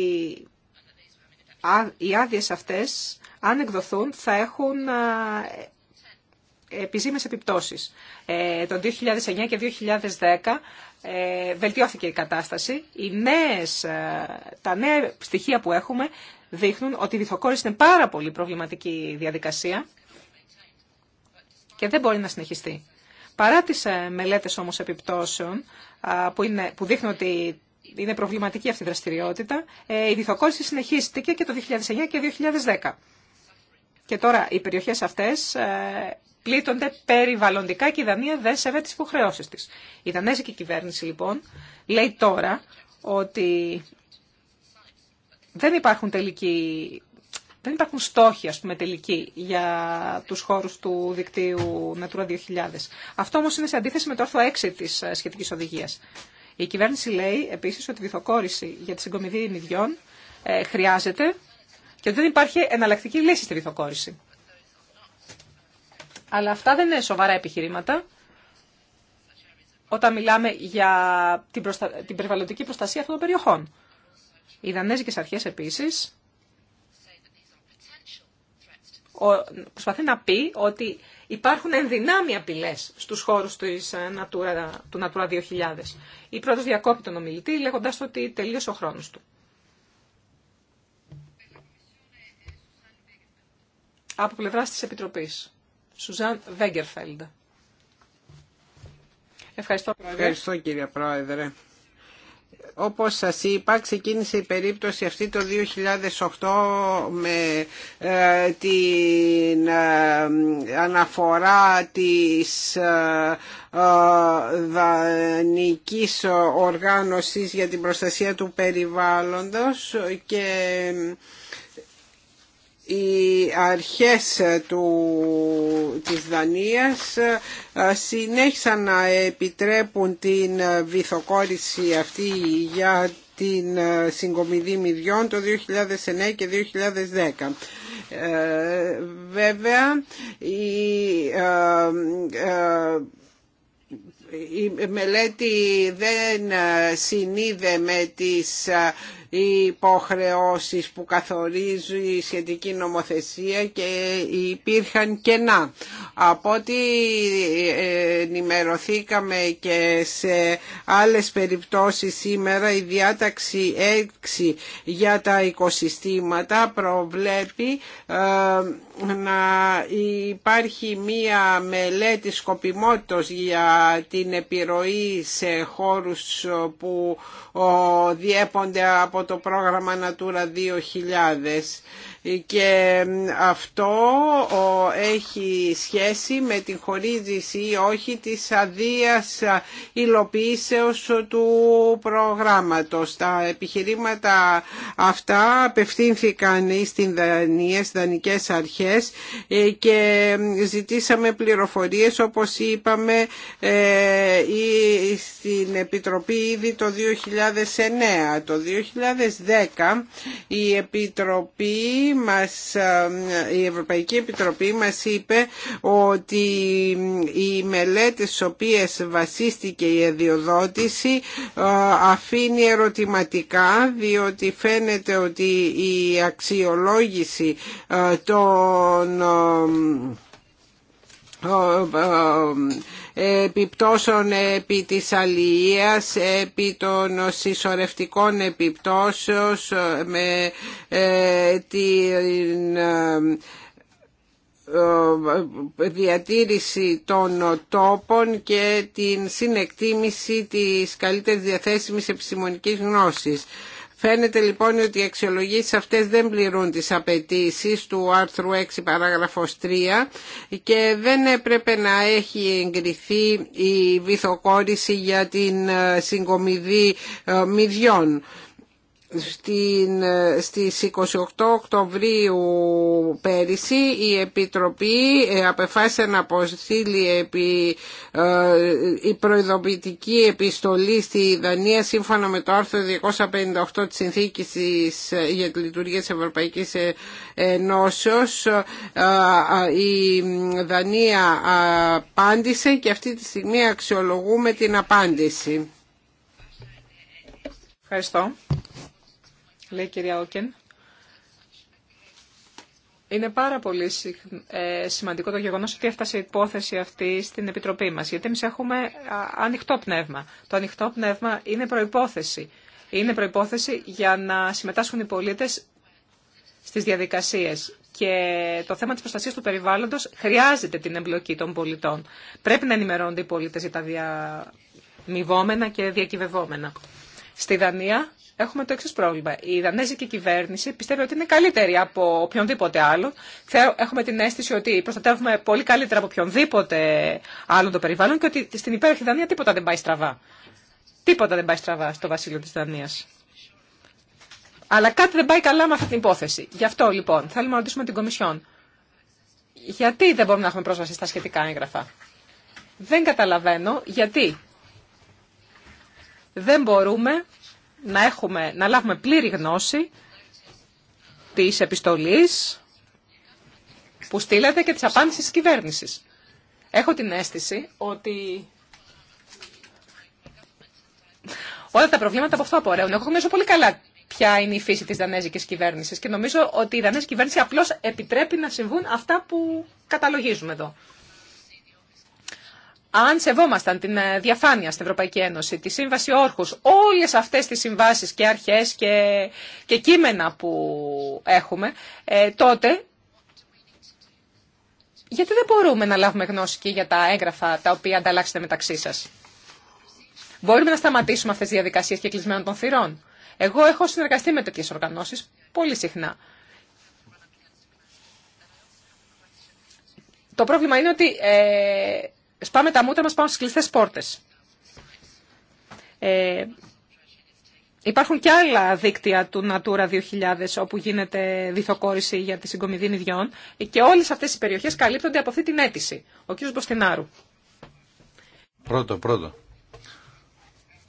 οι άδειε αυτές, αν εκδοθούν, θα έχουν ε, επιζήμες επιπτώσεις. Ε, το 2009 και 2010 ε, βελτιώθηκε η κατάσταση. Οι νέες, ε, τα νέα στοιχεία που έχουμε δείχνουν ότι η διθοκόρηση είναι πάρα πολύ προβληματική διαδικασία και δεν μπορεί να συνεχιστεί. Παρά τις μελέτες όμως επιπτώσεων που, είναι, που δείχνουν ότι είναι προβληματική αυτή η δραστηριότητα. Ε, η βυθοκόρηση συνεχίστηκε και το 2009 και 2010. Και τώρα οι περιοχές αυτές ε, πλήττονται περιβαλλοντικά και η Δανία δεν σέβεται τις υποχρεώσεις της. Η Δανέζικη κυβέρνηση λοιπόν λέει τώρα ότι δεν υπάρχουν τελικοί δεν υπάρχουν στόχοι, ας πούμε, τελικοί για τους χώρους του δικτύου Natura 2000. Αυτό όμως είναι σε αντίθεση με το άρθρο 6 της ε, σχετικής οδηγίας. Η κυβέρνηση λέει επίσης ότι η βυθοκόρηση για τη συγκομιδή ημιδιών ε, χρειάζεται και ότι δεν υπάρχει εναλλακτική λύση στη βυθοκόρηση. Αλλά αυτά δεν είναι σοβαρά επιχειρήματα όταν μιλάμε για την, προστα... περιβαλλοντική προστασία αυτών των περιοχών. Οι Δανέζικες αρχές επίσης προσπαθεί να πει ότι Υπάρχουν ενδυνάμει απειλέ στου χώρου ε, του Natura 2000. Η πρώτο διακόπτει τον ομιλητή λέγοντα ότι τελείωσε ο χρόνο του. Από πλευρά τη Επιτροπή. Σουζάν Βέγκερφελντ. Ευχαριστώ, Πρόεδρε. Ευχαριστώ, κύριε Πρόεδρε όπως σας είπα ξεκίνησε η περίπτωση αυτή το 2008 με ε, την ε, αναφορά της ε, Δανικής οργάνωσης για την προστασία του περιβάλλοντος και οι αρχές του, της Δανίας ε, συνέχισαν να επιτρέπουν την βυθοκόρηση αυτή για την ε, συγκομιδή μηδιών το 2009 και 2010. Ε, βέβαια, η, ε, ε, η μελέτη δεν συνείδε με τις ε, οι υποχρεώσεις που καθορίζει η σχετική νομοθεσία και υπήρχαν κενά. Από ό,τι ε, ενημερωθήκαμε και σε άλλες περιπτώσεις σήμερα η διάταξη 6 για τα οικοσυστήματα προβλέπει ε, να υπάρχει μία μελέτη σκοπιμότητος για την επιρροή σε χώρους που διέπονται από το πρόγραμμα Natura 2000 και αυτό έχει σχέση με την χωρίζηση ή όχι της αδείας υλοποιήσεως του προγράμματος. Τα επιχειρήματα αυτά απευθύνθηκαν στην Δανία, στις δανεικές αρχές ε, και ζητήσαμε πληροφορίες όπως είπαμε ε, ή στην Επιτροπή ήδη το 2009. Το 2010 η Επιτροπή μας, η Ευρωπαϊκή Επιτροπή μας είπε ότι οι μελέτες στις οποίες βασίστηκε η αδειοδότηση ε, αφήνει ερωτηματικά διότι φαίνεται ότι η αξιολόγηση ε, των επιπτώσεων επί της αλληλείας, επί των συσσωρευτικών επιπτώσεων με ε, την ε, διατήρηση των τόπων και την συνεκτίμηση της καλύτερης διαθέσιμης επιστημονικής γνώσης. Φαίνεται λοιπόν ότι οι αξιολογήσεις αυτές δεν πληρούν τις απαιτήσει του άρθρου 6 παράγραφος 3 και δεν έπρεπε να έχει εγκριθεί η βυθοκόρηση για την ε, συγκομιδή ε, μηδιών στην, ε, στις 28 Οκτωβρίου πέρυσι η Επιτροπή ε, απεφάσισε να αποστείλει ε, η προειδοποιητική επιστολή στη Δανία σύμφωνα με το άρθρο 258 της Συνθήκης της, για τη λειτουργία της Ευρωπαϊκής Ενώσεως η Δανία απάντησε και αυτή τη στιγμή αξιολογούμε την απάντηση. Ευχαριστώ λέει η κυρία Όκεν. Είναι πάρα πολύ ε, σημαντικό το γεγονός ότι έφτασε η υπόθεση αυτή στην Επιτροπή μας, γιατί εμείς έχουμε ανοιχτό πνεύμα. Το ανοιχτό πνεύμα είναι προϋπόθεση. Είναι προϋπόθεση για να συμμετάσχουν οι πολίτες στις διαδικασίες. Και το θέμα της προστασίας του περιβάλλοντος χρειάζεται την εμπλοκή των πολιτών. Πρέπει να ενημερώνονται οι πολίτες για τα διαμοιβόμενα και διακυβευόμενα. Στη Δανία έχουμε το εξή πρόβλημα. Η δανέζικη κυβέρνηση πιστεύει ότι είναι καλύτερη από οποιονδήποτε άλλο. Έχουμε την αίσθηση ότι προστατεύουμε πολύ καλύτερα από οποιονδήποτε άλλο το περιβάλλον και ότι στην υπέροχη Δανία τίποτα δεν πάει στραβά. Τίποτα δεν πάει στραβά στο βασίλειο τη Δανία. Αλλά κάτι δεν πάει καλά με αυτή την υπόθεση. Γι' αυτό λοιπόν θέλουμε να ρωτήσουμε την Κομισιόν. Γιατί δεν μπορούμε να έχουμε πρόσβαση στα σχετικά έγγραφα. Δεν καταλαβαίνω γιατί δεν μπορούμε να, έχουμε, να λάβουμε πλήρη γνώση της επιστολής που στείλατε και της απάντησης της κυβέρνησης. Έχω την αίσθηση ότι όλα τα προβλήματα από αυτό απορρέουν. Εγώ γνωρίζω πολύ καλά ποια είναι η φύση της δανέζικης κυβέρνησης και νομίζω ότι η δανέζικη κυβέρνηση απλώς επιτρέπει να συμβούν αυτά που καταλογίζουμε εδώ αν σεβόμασταν την ε, διαφάνεια στην Ευρωπαϊκή Ένωση, τη Σύμβαση Όρχους, όλες αυτές τις συμβάσεις και αρχές και, και κείμενα που έχουμε, ε, τότε γιατί δεν μπορούμε να λάβουμε γνώση και για τα έγγραφα τα οποία ανταλλάξετε μεταξύ σας. Μπορούμε να σταματήσουμε αυτές τις διαδικασίες και κλεισμένων των θυρών. Εγώ έχω συνεργαστεί με τέτοιες οργανώσεις πολύ συχνά. Το πρόβλημα είναι ότι ε, σπάμε τα μούτρα μας πάνω στις κλειστές πόρτες. Ε, υπάρχουν και άλλα δίκτυα του Natura 2000 όπου γίνεται διθοκόρηση για τη συγκομιδή ιδιών και όλες αυτές οι περιοχές καλύπτονται από αυτή την αίτηση. Ο κ. Μποστινάρου. Πρώτο, πρώτο.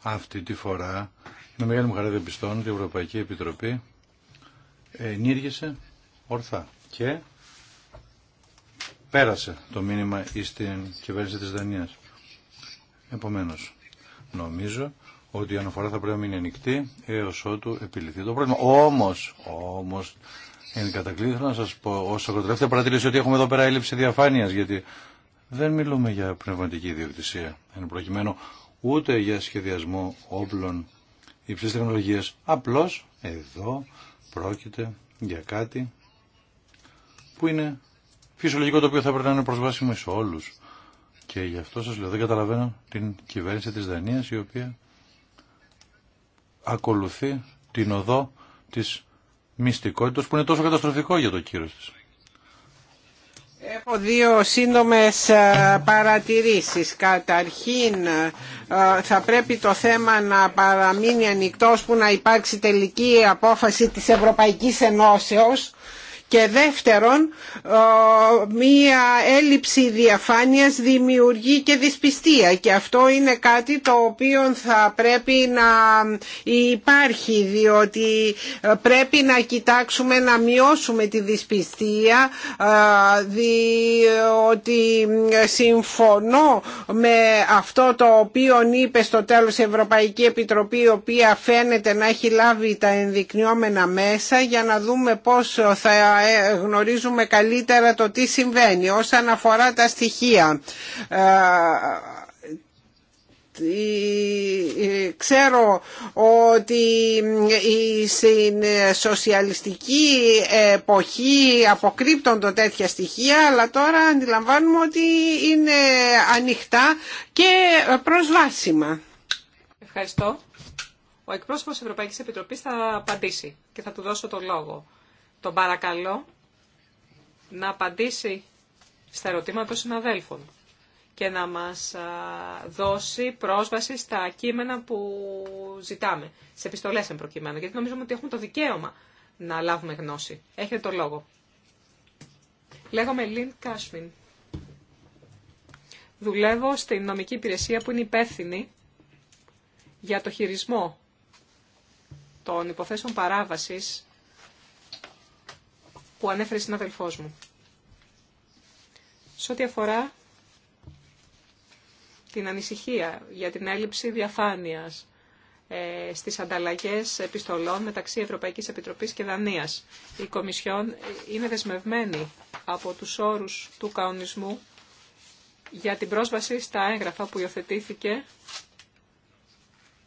Αυτή τη φορά με μεγάλη μου χαρά διαπιστώνω ότι η Ευρωπαϊκή Επιτροπή ενήργησε ορθά και πέρασε το μήνυμα στην κυβέρνηση της Δανίας. Επομένως, νομίζω ότι η αναφορά θα πρέπει να μείνει ανοιχτή έως ότου επιληθεί το πρόβλημα. Όμως, όμως, εν κατακλείδη να σας πω ως ακροτρέφτε παρατηρήσει ότι έχουμε εδώ πέρα έλλειψη διαφάνειας γιατί δεν μιλούμε για πνευματική ιδιοκτησία εν προκειμένου ούτε για σχεδιασμό όπλων υψηλής τεχνολογίας. Απλώς εδώ πρόκειται για κάτι που είναι φυσιολογικό το οποίο θα πρέπει να είναι προσβάσιμο σε όλους. Και γι' αυτό σας λέω, δεν καταλαβαίνω την κυβέρνηση της Δανίας η οποία ακολουθεί την οδό της μυστικότητας που είναι τόσο καταστροφικό για το κύρος της. Έχω δύο σύντομες ε, παρατηρήσεις. Καταρχήν ε, θα πρέπει το θέμα να παραμείνει ανοιχτό που να υπάρξει τελική απόφαση της Ευρωπαϊκής Ενώσεως και δεύτερον, μία έλλειψη διαφάνειας δημιουργεί και δυσπιστία και αυτό είναι κάτι το οποίο θα πρέπει να υπάρχει διότι ε, πρέπει να κοιτάξουμε να μειώσουμε τη δυσπιστία ε, διότι ε, συμφωνώ με αυτό το οποίο είπε στο τέλος η Ευρωπαϊκή Επιτροπή η οποία φαίνεται να έχει λάβει τα ενδεικνυόμενα μέσα για να δούμε πώς θα ε, γνωρίζουμε καλύτερα το τι συμβαίνει όσον αφορά τα στοιχεία ε, ξέρω ότι στην σοσιαλιστική εποχή αποκρύπτονται τέτοια στοιχεία αλλά τώρα αντιλαμβάνουμε ότι είναι ανοιχτά και προσβάσιμα. Ευχαριστώ. Ο εκπρόσωπος Ευρωπαϊκής Επιτροπής θα απαντήσει και θα του δώσω το λόγο. Τον παρακαλώ να απαντήσει στα ερωτήματα των συναδέλφων και να μας δώσει πρόσβαση στα κείμενα που ζητάμε, σε επιστολές εν προκειμένου, γιατί νομίζουμε ότι έχουμε το δικαίωμα να λάβουμε γνώση. Έχετε το λόγο. Λέγομαι Λίν Κάσμιν. Δουλεύω στην νομική υπηρεσία που είναι υπεύθυνη για το χειρισμό των υποθέσεων παράβασης που ανέφερε στην αδελφό μου. Σε ό,τι αφορά την ανησυχία για την έλλειψη διαφάνειας ε, στις ανταλλαγές επιστολών μεταξύ Ευρωπαϊκής Επιτροπής και Δανίας. Η Κομισιόν ε, είναι δεσμευμένη από τους όρους του καονισμού για την πρόσβαση στα έγγραφα που υιοθετήθηκε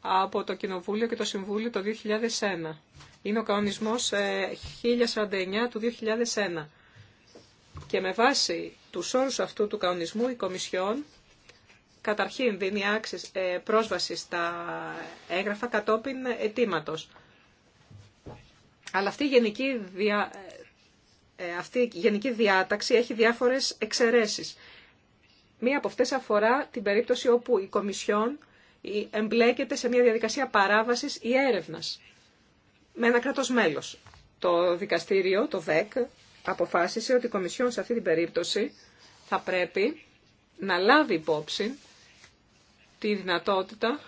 από το Κοινοβούλιο και το Συμβούλιο το 2001 είναι ο κανονισμός 1049 ε, του 2001. Και με βάση τους όρους αυτού του κανονισμού η Κομισιόν καταρχήν δίνει άξις, ε, πρόσβαση στα έγγραφα κατόπιν αιτήματος. Αλλά αυτή η γενική, ε, αυτή η γενική διάταξη έχει διάφορες εξαιρέσεις. Μία από αυτές αφορά την περίπτωση όπου η Κομισιόν εμπλέκεται σε μια διαδικασία παράβασης ή έρευνας με ένα κράτος μέλος. Το δικαστήριο, το ΒΕΚ, αποφάσισε ότι η Κομισιόν σε αυτή την περίπτωση θα πρέπει να λάβει υπόψη τη δυνατότητα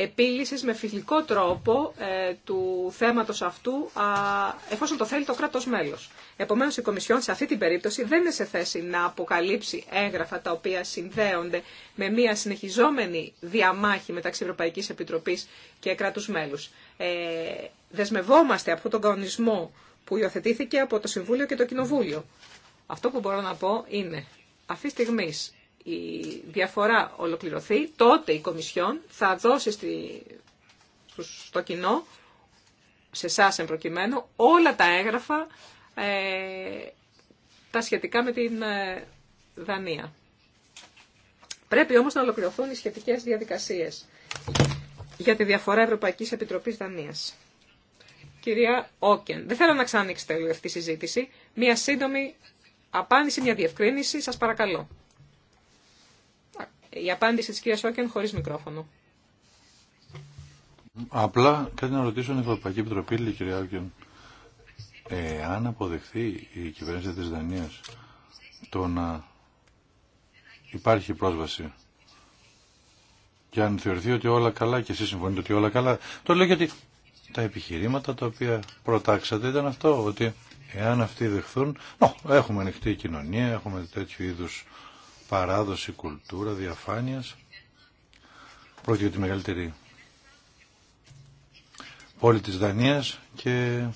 επίλυσης με φιλικό τρόπο ε, του θέματος αυτού, α, εφόσον το θέλει το κράτος μέλος. Επομένως, η Κομισιόν σε αυτή την περίπτωση δεν είναι σε θέση να αποκαλύψει έγγραφα τα οποία συνδέονται με μια συνεχιζόμενη διαμάχη μεταξύ Ευρωπαϊκής Επιτροπής και κράτους μέλους. Ε, δεσμευόμαστε από τον κανονισμό που υιοθετήθηκε από το Συμβούλιο και το Κοινοβούλιο. Αυτό που μπορώ να πω είναι, αυτή τη στιγμή η διαφορά ολοκληρωθεί, τότε η Κομισιόν θα δώσει στο κοινό, σε εσά εμπροκειμένου, όλα τα έγγραφα ε, τα σχετικά με την ε, Δανία. Πρέπει όμως να ολοκληρωθούν οι σχετικές διαδικασίες για τη διαφορά Ευρωπαϊκής Επιτροπής Δανίας. Κυρία Όκεν, δεν θέλω να ανοίξετε αυτή τη συζήτηση. Μία σύντομη απάντηση, μια διευκρίνηση, σας παρακαλώ. Η απάντηση της κυρίας Όκεν χωρίς μικρόφωνο. Απλά κάτι να ρωτήσω την Ευρωπαϊκή Επιτροπή, λέει κυρία Όκεν. Εάν αποδεχθεί η κυβέρνηση της Δανίας το να υπάρχει πρόσβαση και αν θεωρηθεί ότι όλα καλά και εσείς συμφωνείτε ότι όλα καλά, το λέω γιατί τα επιχειρήματα τα οποία προτάξατε ήταν αυτό, ότι εάν αυτοί δεχθούν, νο, έχουμε ανοιχτή κοινωνία, έχουμε τέτοιου είδους παράδοση, κουλτούρα, διαφάνειας. Πρόκειται για τη μεγαλύτερη πόλη της Δανίας και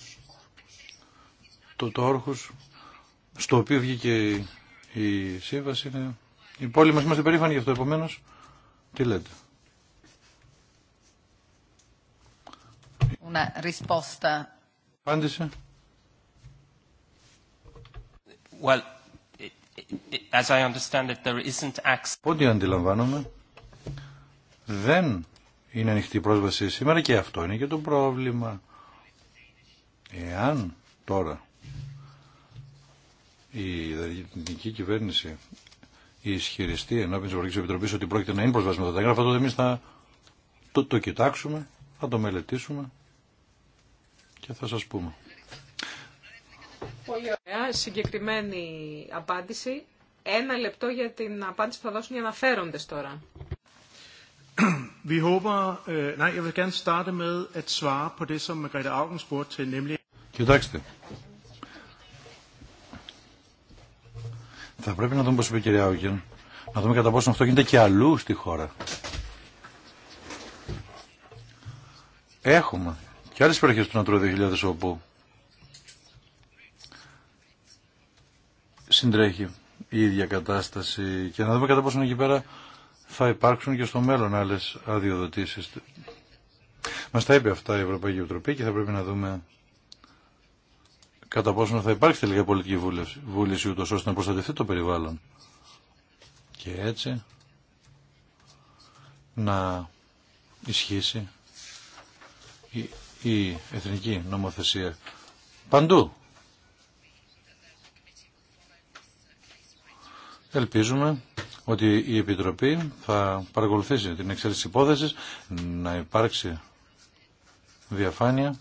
το, το όρχος στο οποίο βγήκε η σύμβαση είναι η πόλη μας είμαστε περήφανοι γι' αυτό επομένως τι λέτε Una risposta. Ό,τι αντιλαμβάνομαι, δεν είναι ανοιχτή πρόσβαση σήμερα και αυτό είναι και το πρόβλημα. Εάν τώρα η δανεική κυβέρνηση ισχυριστεί ενώπιον τη Ευρωπαϊκή Επιτροπή ότι πρόκειται να είναι πρόσβαση, τα έγγραφα, τότε εμεί θα το, το κοιτάξουμε, θα το μελετήσουμε και θα σα πούμε. Πολύ ωραία, συγκεκριμένη απάντηση. Ένα λεπτό για την απάντηση που θα δώσουν οι αναφέροντε τώρα. Κοιτάξτε. Θα πρέπει να δούμε πώς είπε η κυρία Άουγεν. Να δούμε κατά πόσο αυτό γίνεται και αλλού στη χώρα. Έχουμε και άλλες περιοχές του Natura 2000 όπου συντρέχει η ίδια κατάσταση και να δούμε κατά πόσο εκεί πέρα θα υπάρξουν και στο μέλλον άλλες αδειοδοτήσεις. Μας τα είπε αυτά η Ευρωπαϊκή Επιτροπή και θα πρέπει να δούμε κατά πόσο θα υπάρξει τελικά πολιτική βούληση, βούληση ώστε να προστατευτεί το περιβάλλον. Και έτσι να ισχύσει η, η εθνική νομοθεσία παντού Ελπίζουμε ότι η Επιτροπή θα παρακολουθήσει την εξέλιξη υπόθεσης, να υπάρξει διαφάνεια,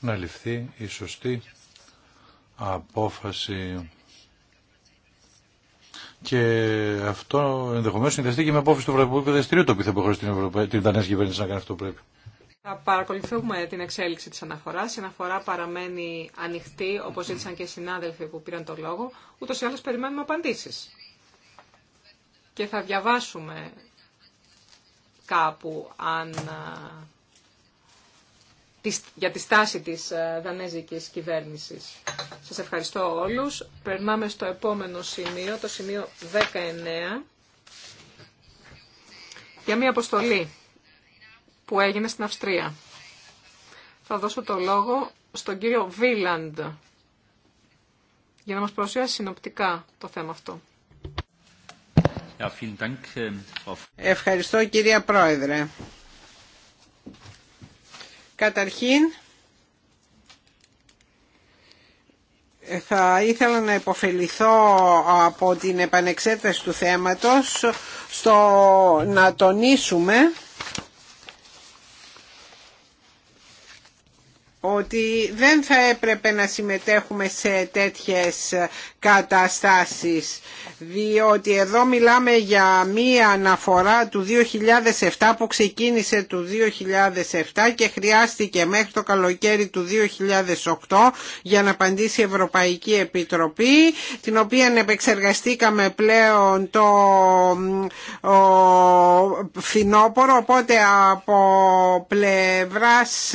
να ληφθεί η σωστή απόφαση. Και αυτό ενδεχομένως συνδεστεί και με απόφαση του Ευρωπαϊκού Επιδεστηρίου το οποίο θα υποχρεώσει την, Ευρωπαϊκή την Δανέζικη κυβέρνηση να κάνει αυτό που πρέπει. Θα παρακολουθούμε την εξέλιξη της αναφοράς. Η αναφορά παραμένει ανοιχτή, όπως ζήτησαν και οι συνάδελφοι που πήραν το λόγο. Ούτως ή άλλως περιμένουμε απαντήσεις. Και θα διαβάσουμε κάπου αν, για τη στάση της δανέζικης κυβέρνησης. Σας ευχαριστώ όλους. Περνάμε στο επόμενο σημείο, το σημείο 19, για μια αποστολή που έγινε στην Αυστρία. Θα δώσω το λόγο στον κύριο Βίλαντ για να μας παρουσιάσει συνοπτικά το θέμα αυτό. Ε, Ευχαριστώ κυρία Πρόεδρε. Καταρχήν θα ήθελα να υποφεληθώ από την επανεξέταση του θέματος στο να τονίσουμε ότι δεν θα έπρεπε να συμμετέχουμε σε τέτοιες καταστάσεις διότι εδώ μιλάμε για μία αναφορά του 2007 που ξεκίνησε του 2007 και χρειάστηκε μέχρι το καλοκαίρι του 2008 για να απαντήσει η Ευρωπαϊκή Επιτροπή την οποία επεξεργαστήκαμε πλέον το φινόπορο οπότε από πλευράς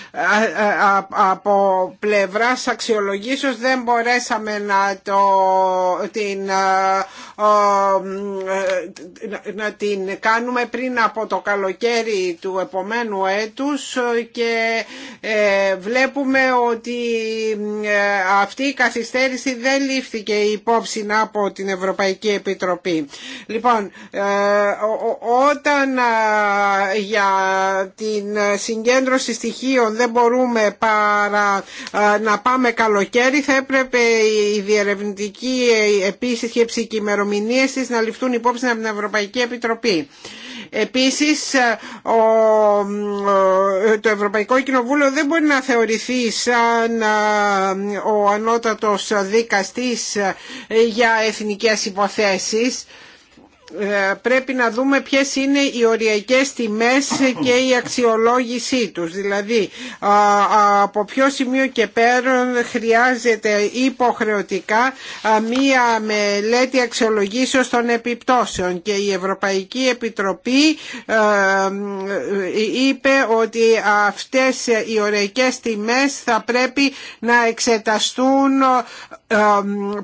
Ε, από πλευράς αξιολογήσεως δεν μπορέσαμε να, το, την, ε, ε, να την κάνουμε πριν από το καλοκαίρι του επομένου έτους και βλέπουμε ότι αυτή η καθυστέρηση δεν λήφθηκε υπόψη από την Ευρωπαϊκή Επιτροπή. Λοιπόν, όταν για την συγκέντρωση στοιχείων δεν μπορούμε παρά να πάμε καλοκαίρι θα έπρεπε η διερευνητική ε, επίσης και οι της να ληφθούν υπόψη από την Ευρωπαϊκή Επιτροπή. Επίσης ε, ε, το Ευρωπαϊκό Κοινοβούλιο δεν μπορεί να θεωρηθεί σαν ο ανώτατος δικαστής για εθνικές υποθέσεις ε, πρέπει να δούμε ποιες είναι οι οριακές τιμές και η αξιολόγησή τους. Δηλαδή, από ποιο σημείο και πέρα χρειάζεται υποχρεωτικά μία μελέτη αξιολογήσεως των επιπτώσεων και η Ευρωπαϊκή Επιτροπή ε, είπε ότι αυτές οι οριακές τιμές θα πρέπει να εξεταστούν ε,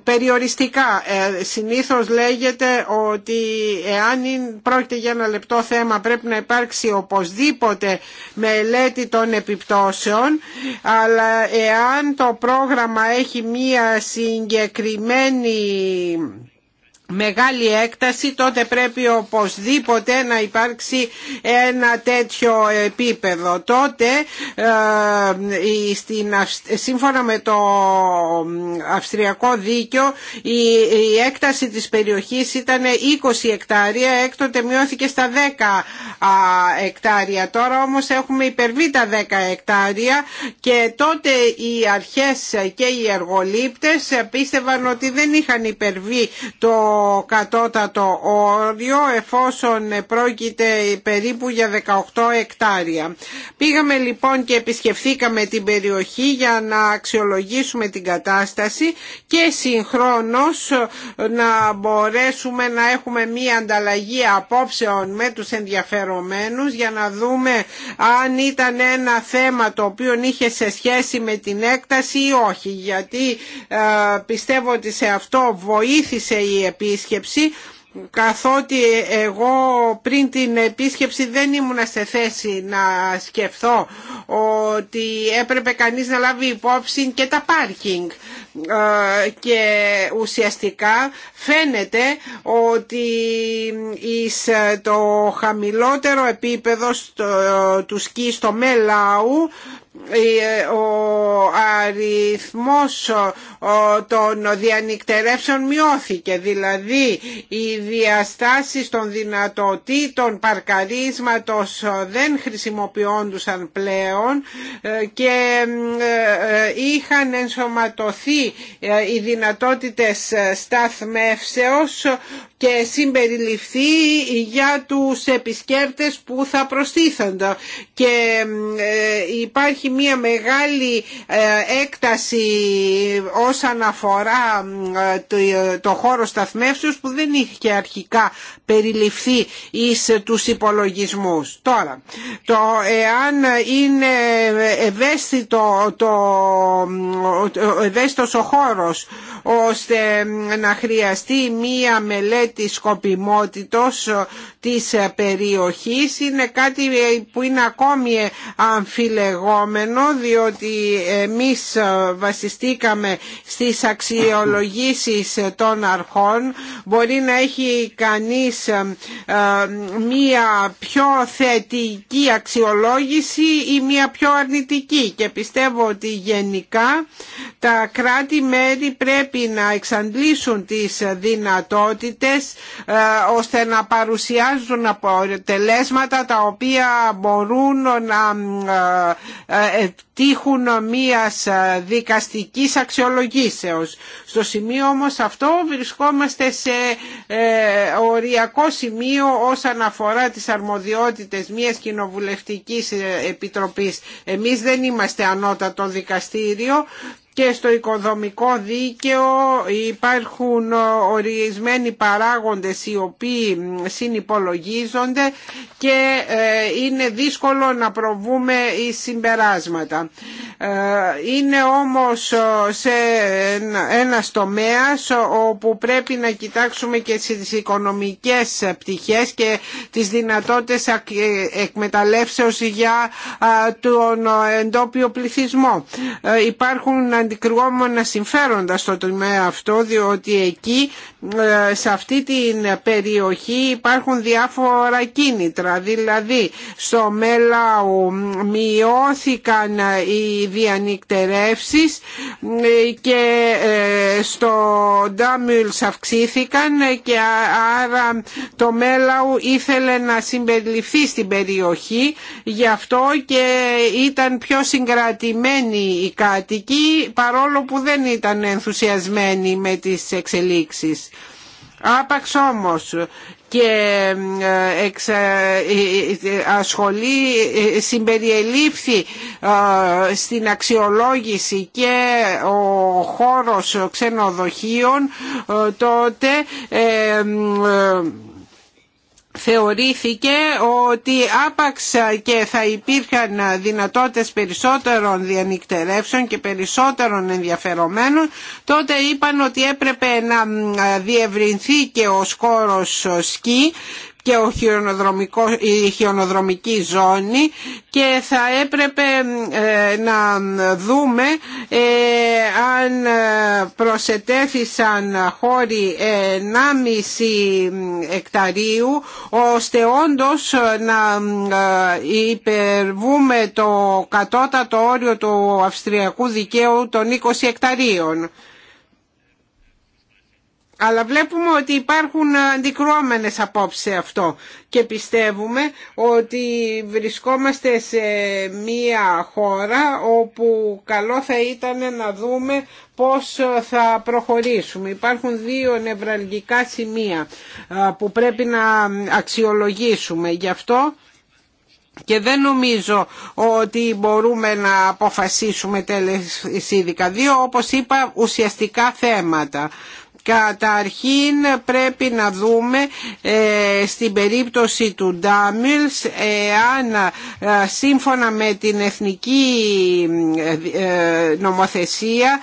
περιοριστικά. Συνήθως λέγεται ότι εάν πρόκειται για ένα λεπτό θέμα πρέπει να υπάρξει οπωσδήποτε μελέτη των επιπτώσεων αλλά εάν το πρόγραμμα έχει μία συγκεκριμένη μεγάλη έκταση τότε πρέπει οπωσδήποτε να υπάρξει ένα τέτοιο επίπεδο. Τότε ε, σύμφωνα με το αυστριακό δίκαιο η έκταση της περιοχής ήταν 20 εκτάρια έκτοτε μειώθηκε στα 10 εκτάρια. Τώρα όμως έχουμε υπερβεί τα 10 εκτάρια και τότε οι αρχές και οι εργολήπτες πίστευαν ότι δεν είχαν υπερβεί το κατώτατο όριο εφόσον πρόκειται περίπου για 18 εκτάρια. Πήγαμε λοιπόν και επισκεφθήκαμε την περιοχή για να αξιολογήσουμε την κατάσταση και συγχρόνως να μπορέσουμε να έχουμε μία ανταλλαγή απόψεων με τους ενδιαφερομένους για να δούμε αν ήταν ένα θέμα το οποίο είχε σε σχέση με την έκταση ή όχι γιατί ε, πιστεύω ότι σε αυτό βοήθησε η οχι γιατι πιστευω οτι σε αυτο βοηθησε η επίσκεψη καθότι εγώ πριν την επίσκεψη δεν ήμουνα σε θέση να σκεφτώ ότι έπρεπε κανείς να λάβει υπόψη και τα πάρκινγκ ε, και ουσιαστικά φαίνεται ότι εις ε, το χαμηλότερο επίπεδο ε, του σκι στο Μελάου ε, ο αριθμός των διανυκτερεύσεων μειώθηκε δηλαδή οι διαστάσεις των δυνατοτήτων παρκαρίσματος ε, δεν χρησιμοποιόντουσαν πλέον ε, και είχαν ενσωματωθεί οι δυνατότητες σταθμεύσεως και συμπεριληφθεί για τους επισκέπτες που θα προστίθεντα και ε, υπάρχει μια μεγάλη ε, έκταση όσον αφορά ε, το χώρο σταθμεύσεως που δεν είχε αρχικά περιληφθεί εις τους υπολογισμούς. Τώρα, το εάν είναι ευαίσθητο το, ευαίσθητος ο χώρος ώστε να χρειαστεί μία μελέτη Τη της σκοπιμότητος της περιοχής είναι κάτι που είναι ακόμη αμφιλεγόμενο διότι εμείς βασιστήκαμε στις αξιολογήσεις των αρχών μπορεί να έχει κανείς ε, μία πιο θετική αξιολόγηση ή μία πιο αρνητική και πιστεύω ότι γενικά τα κράτη-μέρη πρέπει να εξαντλήσουν τις δυνατότητες όστε ώστε να παρουσιάζουν αποτελέσματα τα οποία μπορούν να ε, ε, τύχουν μίας δικαστικής αξιολογήσεως. Στο σημείο όμως αυτό βρισκόμαστε σε ε, οριακό σημείο όσον αφορά τις αρμοδιότητες μιας κοινοβουλευτικής επιτροπής. Εμείς δεν είμαστε ανώτατο δικαστήριο και στο οικοδομικό δίκαιο υπάρχουν ορισμένοι παράγοντες οι οποίοι συνυπολογίζονται και ε, είναι δύσκολο να προβούμε οι συμπεράσματα. Ε, είναι όμως ε, σε ένα τομέα όπου πρέπει να κοιτάξουμε και στις οικονομικές πτυχές και τις δυνατότητες εκμεταλλεύσεως για τον εντόπιο πληθυσμό. Υπάρχουν αντικρουόμενα συμφέροντα στο τομέα αυτό διότι εκεί ε, σε αυτή την περιοχή υπάρχουν διάφορα κίνητρα δηλαδή στο Μέλαου μειώθηκαν οι διανυκτερεύσεις ε, και ε, στο Ντάμιλς αυξήθηκαν και άρα το Μέλαου ήθελε να συμπεριληφθεί στην περιοχή γι' αυτό και ήταν πιο συγκρατημένοι οι κάτοικοι παρόλο που δεν ήταν ενθουσιασμένοι με τις εξελίξεις. Άπαξ όμως και ε, ε, ε, ασχολεί, συμπεριελήφθη στην αξιολόγηση και ο χώρος ξενοδοχείων τότε θεωρήθηκε ότι άπαξ και θα υπήρχαν δυνατότητες περισσότερων διανυκτερεύσεων και περισσότερων ενδιαφερομένων τότε είπαν ότι έπρεπε να διευρυνθεί και ο σκόρος σκι και ο η χιονοδρομική ζώνη και θα έπρεπε ε, να δούμε ε, αν ε, προσετέθησαν χώροι 1,5 εκταρίου ώστε όντως να υπερβούμε το κατώτατο όριο του αυστριακού δικαίου των 20 εκταρίων. Αλλά βλέπουμε ότι υπάρχουν ε, αντικρώμενες σε αυτό και πιστεύουμε ότι βρισκόμαστε σε μία χώρα όπου καλό θα ήταν να δούμε πώς ε, θα προχωρήσουμε. Υπάρχουν δύο νευραλγικά σημεία ε, που πρέπει να αξιολογήσουμε. Γι' αυτό και δεν νομίζω ότι μπορούμε να αποφασίσουμε τελεσίδικα δύο, όπως είπα, ουσιαστικά θέματα. Καταρχήν πρέπει να δούμε ε, στην περίπτωση του Ντάμιλς αν ε, σύμφωνα με την εθνική ε, νομοθεσία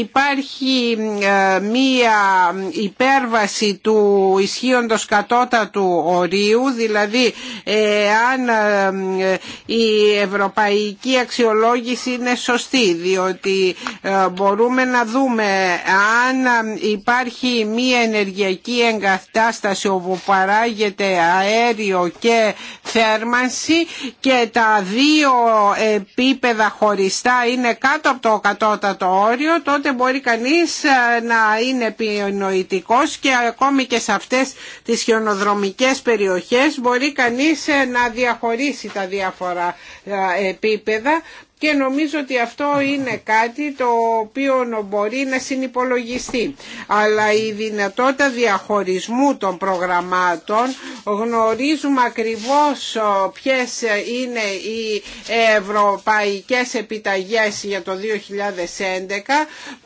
υπάρχει μία υπέρβαση του ισχύοντος κατώτατου ορίου δηλαδή αν η ευρωπαϊκή αξιολόγηση είναι σωστή διότι μπορούμε να δούμε αν υπάρχει μία ενεργειακή εγκατάσταση όπου παράγεται αέριο και θέρμανση και τα δύο επίπεδα χωριστά είναι κάτω από το κατώτατο όριο τότε μπορεί κανείς ε, να είναι επινοητικός και ακόμη και σε αυτές τις χιονοδρομικές περιοχές μπορεί κανείς ε, να διαχωρίσει τα διάφορα ε, επίπεδα και νομίζω ότι αυτό είναι κάτι το οποίο μπορεί να συνυπολογιστεί. Αλλά η δυνατότητα διαχωρισμού των προγραμμάτων γνωρίζουμε ακριβώς ε, ποιες είναι οι ευρωπαϊκές επιταγές για το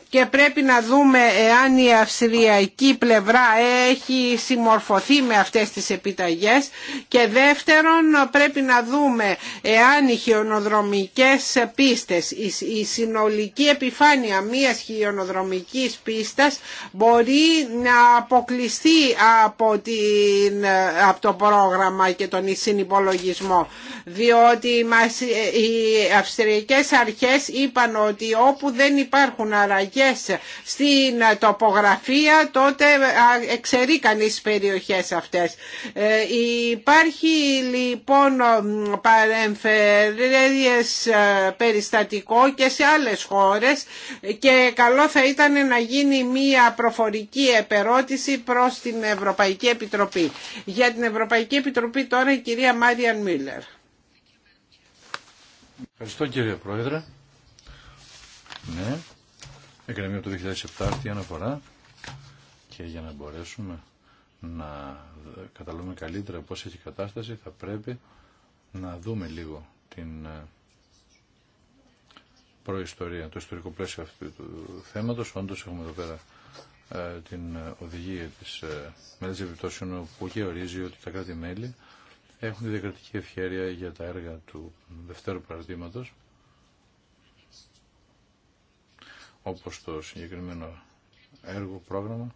2011 και πρέπει να δούμε εάν η αυστριακή πλευρά έχει συμμορφωθεί με αυτές τις επιταγές και δεύτερον πρέπει να δούμε εάν οι χιονοδρομικές πίστες, η συνολική επιφάνεια μιας χιονοδρομικής πίστας μπορεί να αποκλειστεί από, την, από το πρόγραμμα και τον συνυπολογισμό διότι οι αυστριακές αρχές είπαν ότι όπου δεν υπάρχουν αραγές στην τοπογραφία τότε ε, εξαιρεί περιοχές αυτές. Ε, υπάρχει λοιπόν παρεμφερές ε, περιστατικό και σε άλλες χώρες και καλό θα ήταν να γίνει μία προφορική επερώτηση προς την Ευρωπαϊκή Επιτροπή. Για την Ευρωπαϊκή Επιτροπή τώρα η κυρία Μάριαν Μίλλερ. Ευχαριστώ κύριε Πρόεδρε. Ναι. Έκανε από το 2007 αυτή αναφορά και για να μπορέσουμε να καταλούμε καλύτερα πώς έχει η κατάσταση θα πρέπει να δούμε λίγο την ε, προϊστορία, το ιστορικό πλαίσιο αυτού του θέματος. Όντως έχουμε εδώ πέρα ε, την οδηγία της ε, Μέλης επιπτώσεων που και ορίζει ότι τα κράτη-μέλη έχουν τη διακρατική ευχαίρεια για τα έργα του δευτέρου παραδείγματος όπως το συγκεκριμένο έργο, πρόγραμμα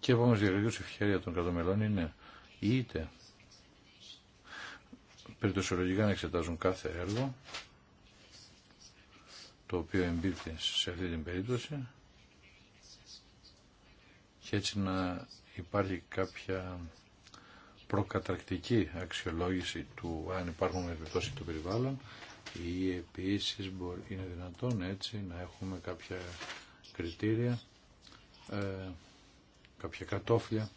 και επομένως διακριτήριος ευχαίρεια των κατομελών είναι είτε περιτοσιολογικά να εξετάζουν κάθε έργο το οποίο εμπίπτει σε αυτή την περίπτωση και έτσι να υπάρχει κάποια προκαταρκτική αξιολόγηση του αν υπάρχουν επιπτώσεις του περιβάλλον ή επίσης μπορεί, είναι δυνατόν έτσι να έχουμε κάποια κριτήρια, ε, κάποια κατόφλια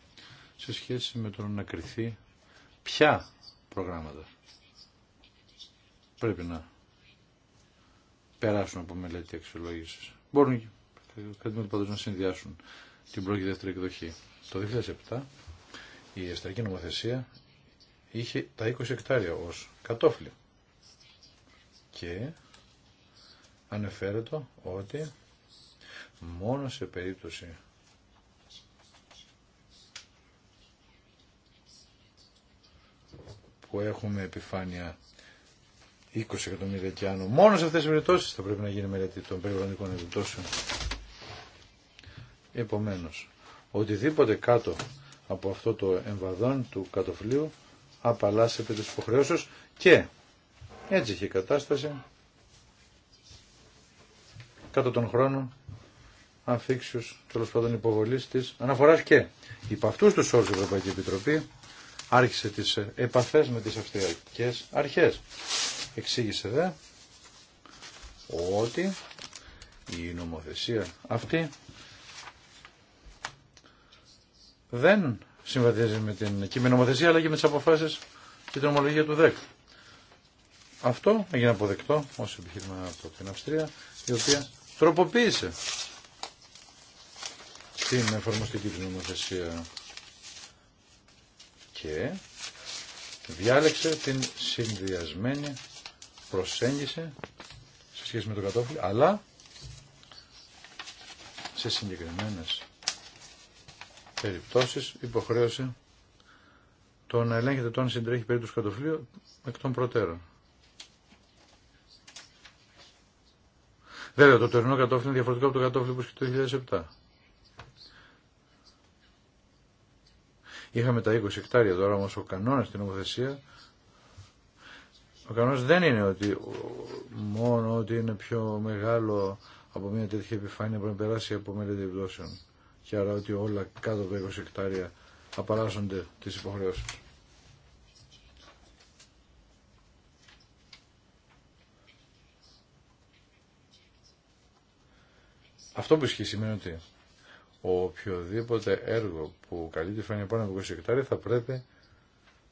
σε σχέση με το να κριθεί ποια προγράμματα πρέπει να περάσουν από μελέτη αξιολόγηση. Μπορούν το πάντως να συνδυάσουν την πρώτη και δεύτερη εκδοχή. Το 2007 η αστρική νομοθεσία είχε τα 20 εκτάρια ως κατόφλια και ανεφέρετο ότι μόνο σε περίπτωση που έχουμε επιφάνεια 20 εκατομμύρια και άνω. Μόνο σε αυτές τις περιπτώσεις θα πρέπει να γίνει μελέτη των περιβαλλοντικών επιπτώσεων. Επομένως, οτιδήποτε κάτω από αυτό το εμβαδόν του κατοφλίου απαλλάσσεται τις υποχρεώσεις και έτσι είχε η κατάσταση. Κάτω των χρόνων αφήξεως τέλο πάντων υποβολή τη αναφοράς και υπ' αυτού του όρου η Ευρωπαϊκή Επιτροπή άρχισε τις ε, επαφέ με τις αυστριακέ αρχές. Εξήγησε δε ότι η νομοθεσία αυτή δεν συμβαδίζει με την κείμενη νομοθεσία αλλά και με τις αποφάσεις και την ομολογία του ΔΕΚ. Αυτό έγινε αποδεκτό ως επιχείρημα από την Αυστρία, η οποία τροποποίησε την εφαρμοστική της νομοθεσία και διάλεξε την συνδυασμένη προσέγγιση σε σχέση με το κατόφλι, αλλά σε συγκεκριμένες περιπτώσεις υποχρέωσε το να ελέγχεται το αν συντρέχει περίπτωση κατοφλίου εκ των προτέρων. Βέβαια, το τωρινό κατόφλι είναι διαφορετικό από το κατόφλι που είχε το 2007. Είχαμε τα 20 εκτάρια τώρα, όμως ο κανόνας στην νομοθεσία, ο κανόνας δεν είναι ότι μόνο ότι είναι πιο μεγάλο από μια τέτοια επιφάνεια που να περάσει από μελέτη επιπτώσεων. Και άρα ότι όλα κάτω από 20 εκτάρια απαράσσονται τις υποχρεώσεις. Αυτό που ισχύει σημαίνει ότι οποιοδήποτε έργο που καλύπτει φάνη πάνω από 20 εκτάρια θα πρέπει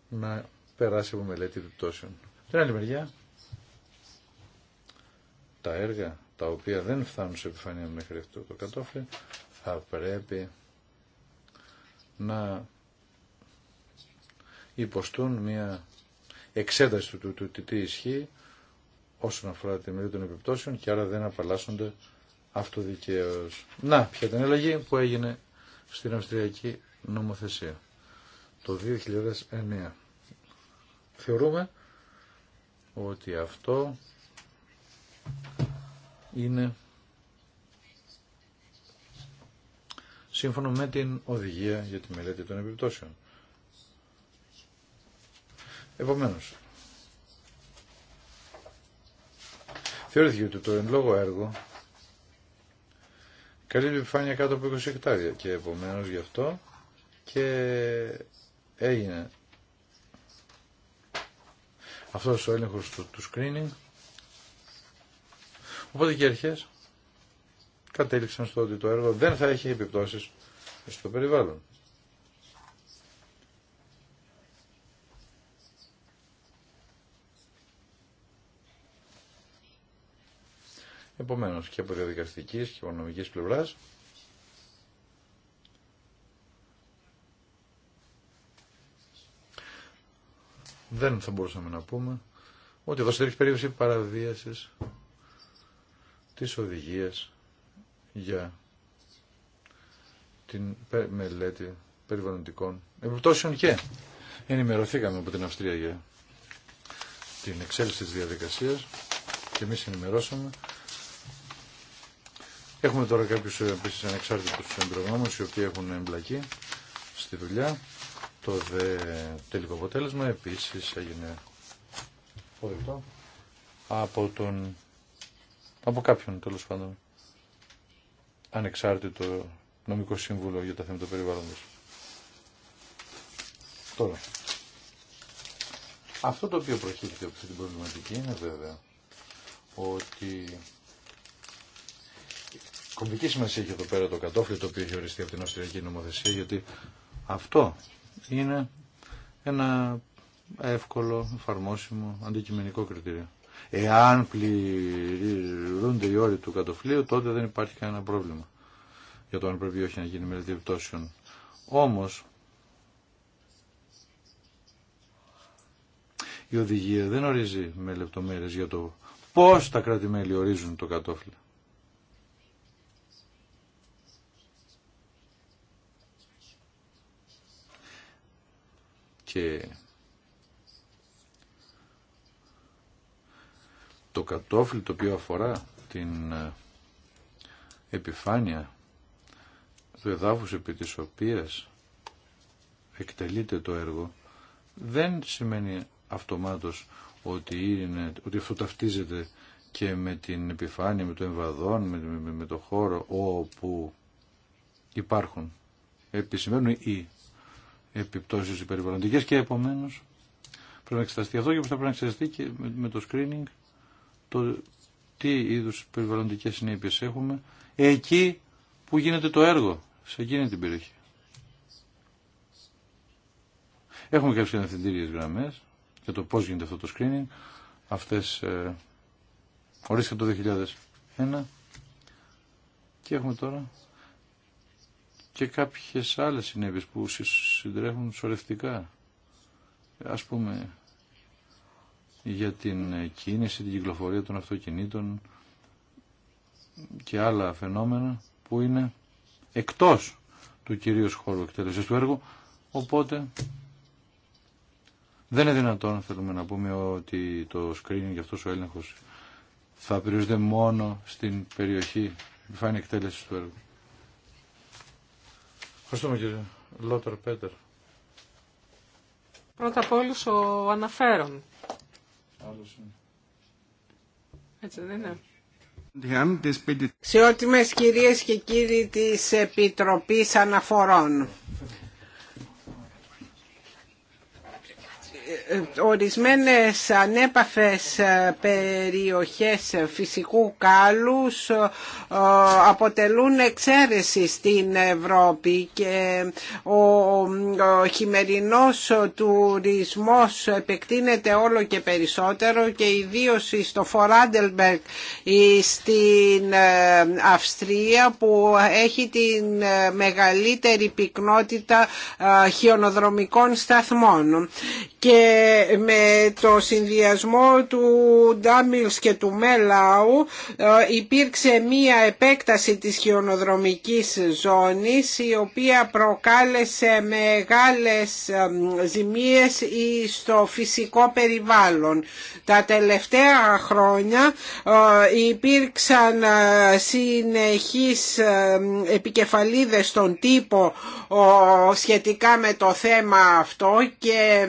να περάσει από μελέτη επιπτώσεων. Την άλλη μεριά, τα έργα τα οποία δεν φτάνουν σε επιφάνεια μέχρι αυτό το κατόφλι θα πρέπει να υποστούν μια εξέταση του, του τι ισχύει όσον αφορά τη μελέτη των επιπτώσεων και άρα δεν απαλλάσσονται αυτοδικαίως. Να, ποια ήταν η αλλαγή που έγινε στην Αυστριακή νομοθεσία το 2009. Θεωρούμε ότι αυτό είναι σύμφωνο με την οδηγία για τη μελέτη των επιπτώσεων. Επομένως, θεωρήθηκε ότι το εν λόγω έργο Καλή επιφάνεια κάτω από 20 εκτάρια και επομένως γι' αυτό και έγινε αυτό ο έλεγχο του, του screening. Οπότε και οι κατέληξαν στο ότι το έργο δεν θα έχει επιπτώσεις στο περιβάλλον. επομένω και από διαδικαστική και οικονομικής πλευρά δεν θα μπορούσαμε να πούμε ότι εδώ στηρίξει περίπτωση παραβίασης της οδηγίας για την μελέτη περιβαλλοντικών επιπτώσεων και ενημερωθήκαμε από την Αυστρία για την εξέλιξη της διαδικασίας και εμείς ενημερώσαμε Έχουμε τώρα κάποιους ε, επίσης ανεξάρτητους εμπειρογνώμους οι οποίοι έχουν εμπλακεί στη δουλειά. Το δε τελικό αποτέλεσμα επίσης έγινε αποδεκτό από τον από κάποιον τέλος πάντων ανεξάρτητο νομικό σύμβουλο για τα θέματα περιβάλλοντος. Τώρα, αυτό το οποίο προκύπτει από αυτή την προβληματική είναι βέβαια ότι κομβική σημασία έχει εδώ πέρα το κατόφλι το οποίο έχει οριστεί από την Αυστριακή νομοθεσία γιατί αυτό είναι ένα εύκολο, εφαρμόσιμο, αντικειμενικό κριτήριο. Εάν πληρούνται οι όροι του κατοφλίου, τότε δεν υπάρχει κανένα πρόβλημα για το αν πρέπει ή όχι να γίνει μελέτη επιπτώσεων. Όμως, οδηγία δεν ορίζει με λεπτομέρειες για το πώς τα κράτη-μέλη ορίζουν το κατόφλι. και το κατόφλι το οποίο αφορά την ε, επιφάνεια του εδάφους επί της οποίας εκτελείται το έργο δεν σημαίνει αυτομάτως ότι, είναι, ότι αυτό ταυτίζεται και με την επιφάνεια, με το εμβαδόν, με, με, με το χώρο όπου υπάρχουν επισημαίνουν οι επιπτώσεις οι περιβαλλοντικές και επομένως πρέπει να εξεταστεί αυτό και όπως θα πρέπει να εξεταστεί και με το screening το τι είδους περιβαλλοντικές συνέπειες έχουμε εκεί που γίνεται το έργο, σε εκείνη την περιοχή. Έχουμε κάποιες αναθεντήριες γραμμές για το πώς γίνεται αυτό το screening. Αυτές ε, το 2001 και έχουμε τώρα και κάποιες άλλες συνέπειες που συντρέχουν σωρευτικά. Ας πούμε για την κίνηση, την κυκλοφορία των αυτοκινήτων και άλλα φαινόμενα που είναι εκτός του κυρίως χώρου εκτέλεσης του έργου, οπότε δεν είναι δυνατόν θέλουμε να πούμε ότι το screening και αυτός ο έλεγχος θα περιορίζεται μόνο στην περιοχή επιφάνεια εκτέλεσης του έργου. Ευχαριστούμε κύριε Λότερ Πέτερ. Πρώτα απ' όλους ο αναφέρον. Άλλος είναι. Έτσι δεν είναι. Σε ότιμες κυρίες και κύριοι της Επιτροπής Αναφορών ορισμένες ανέπαφες ε, περιοχές φυσικού κάλους ε, αποτελούν εξαίρεση στην Ευρώπη και ο χειμερινός τουρισμός επεκτείνεται όλο και περισσότερο και ιδίως στο Φοράντελμπερκ στην ε, Αυστρία που έχει την μεγαλύτερη πυκνότητα χιονοδρομικών σταθμών και με το συνδυασμό του Ντάμιλς και του Μέλαου ε, υπήρξε μία επέκταση της χιονοδρομικής ζώνης η οποία προκάλεσε μεγάλες ζημίες στο φυσικό περιβάλλον. Τα τελευταία χρόνια ε, υπήρξαν ε, συνεχείς επικεφαλίδες στον τύπο σχετικά με το θέμα αυτό και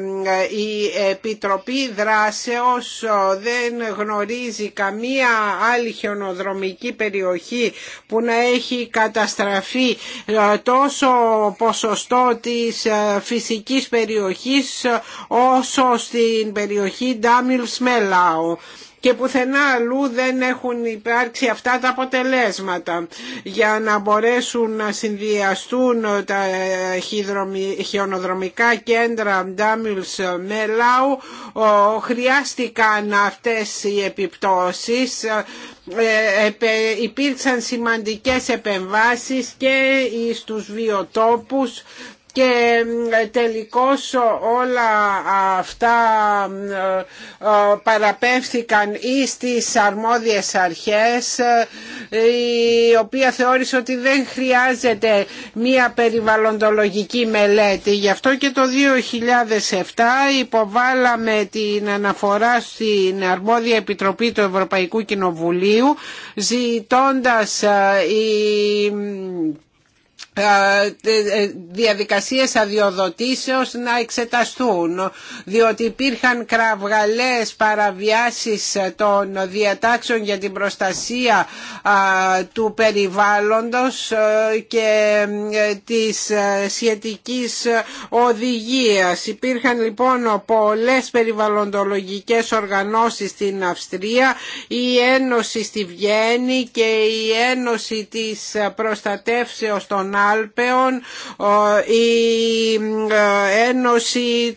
η Επιτροπή Δράσεως δεν γνωρίζει καμία άλλη χιονοδρομική περιοχή που να έχει καταστραφεί ε, τόσο ποσοστό της ε, φυσικής περιοχής ε, όσο στην περιοχή Ντάμιλ Σμέλαου και πουθενά αλλού δεν έχουν υπάρξει αυτά τα αποτελέσματα για να μπορέσουν να συνδυαστούν τα χιονοδρομικά κέντρα Ντάμιλς Ντάμιλς-Μέλαου χρειάστηκαν αυτές οι επιπτώσεις ε, υπήρξαν σημαντικές επεμβάσεις και στους βιοτόπους και ε, τελικώς όλα αυτά ε, ε, παραπέμφθηκαν ή στις αρμόδιες αρχές η οποία θεώρησε ότι δεν χρειάζεται μία περιβαλλοντολογική μελέτη. Γι' αυτό και το 2007 υποβάλαμε την αναφορά στην αρμόδια επιτροπή του Ευρωπαϊκού Κοινοβουλίου ζητώντας ε, ε, ε, διαδικασίες αδειοδοτήσεως να εξεταστούν διότι υπήρχαν κραυγαλές παραβιάσεις των διατάξεων για την προστασία του περιβάλλοντος και της σχετικής οδηγίας. Υπήρχαν λοιπόν πολλές περιβαλλοντολογικές οργανώσεις στην Αυστρία, η Ένωση στη Βιέννη και η Ένωση της Προστατεύσεως των η ε, Ένωση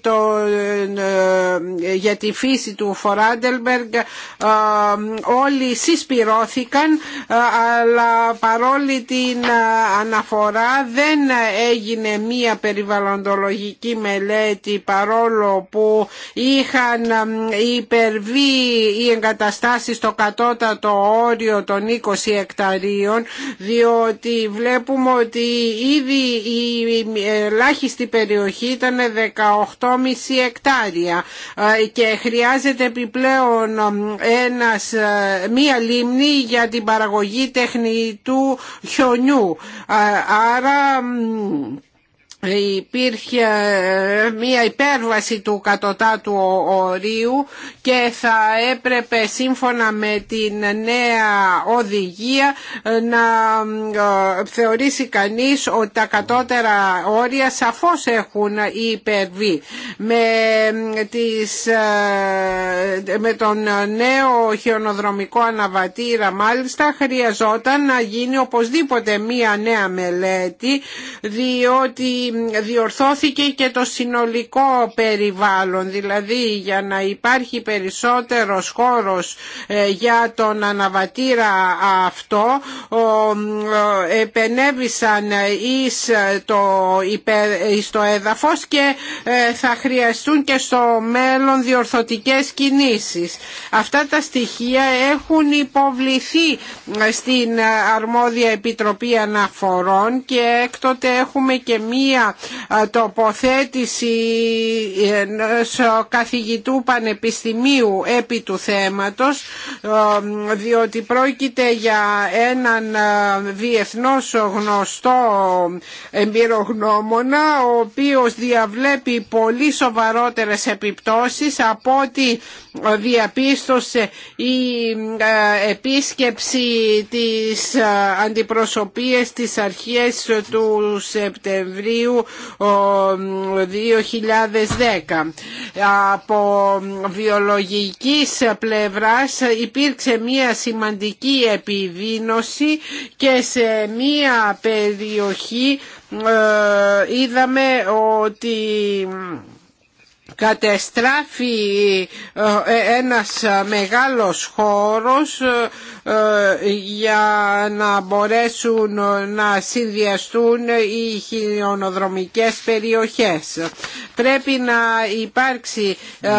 ε, για τη φύση του Φοράντελμπεργκ ε, όλοι συσπυρώθηκαν αλλά παρόλη την αναφορά δεν έγινε μία περιβαλλοντολογική μελέτη παρόλο που είχαν υπερβεί οι εγκαταστάσεις στο κατώτατο όριο των 20 εκταρίων διότι βλέπουμε ότι ήδη η ελάχιστη περιοχή ήταν 18,5 εκτάρια ε, και χρειάζεται επιπλέον ε, ένας, ε, μία λίμνη για την παραγωγή τεχνητού χιονιού. Άρα υπήρχε ε, μια υπέρβαση του κατωτάτου ορίου και θα έπρεπε σύμφωνα με την νέα οδηγία ε, να ε, θεωρήσει κανείς ότι τα κατώτερα όρια σαφώς έχουν υπερβεί. Με, τις, με τον νέο χιονοδρομικό αναβατήρα μάλιστα χρειαζόταν να γίνει οπωσδήποτε μια νέα μελέτη διότι διορθώθηκε και το συνολικό περιβάλλον, δηλαδή για να υπάρχει περισσότερος χώρος ε, για τον αναβατήρα αυτό ε, επενέβησαν εις ε, το, εις έδαφος και θα χρειαστούν και στο μέλλον διορθωτικές κινήσεις. Αυτά τα στοιχεία έχουν υποβληθεί στην αρμόδια Επιτροπή Αναφορών και έκτοτε έχουμε και μία τοποθέτηση ενός καθηγητού πανεπιστημίου επί του θέματος διότι πρόκειται για έναν ε, διεθνώς γνωστό εμπειρογνώμονα ο οποίος διαβλέπει πολύ σοβαρότερες επιπτώσεις από ό,τι διαπίστωσε η ε, επίσκεψη της ε, αντιπροσωπείας της αρχές του Σεπτεμβρίου το 2010. Από βιολογικής πλευράς υπήρξε μια σημαντική επιδίνωση και σε μια περιοχή ε, είδαμε ότι κατεστράφει ε, ένας μεγάλος χώρος ε, για να μπορέσουν να συνδυαστούν οι χιονοδρομικές περιοχές. Πρέπει να υπάρξει ε,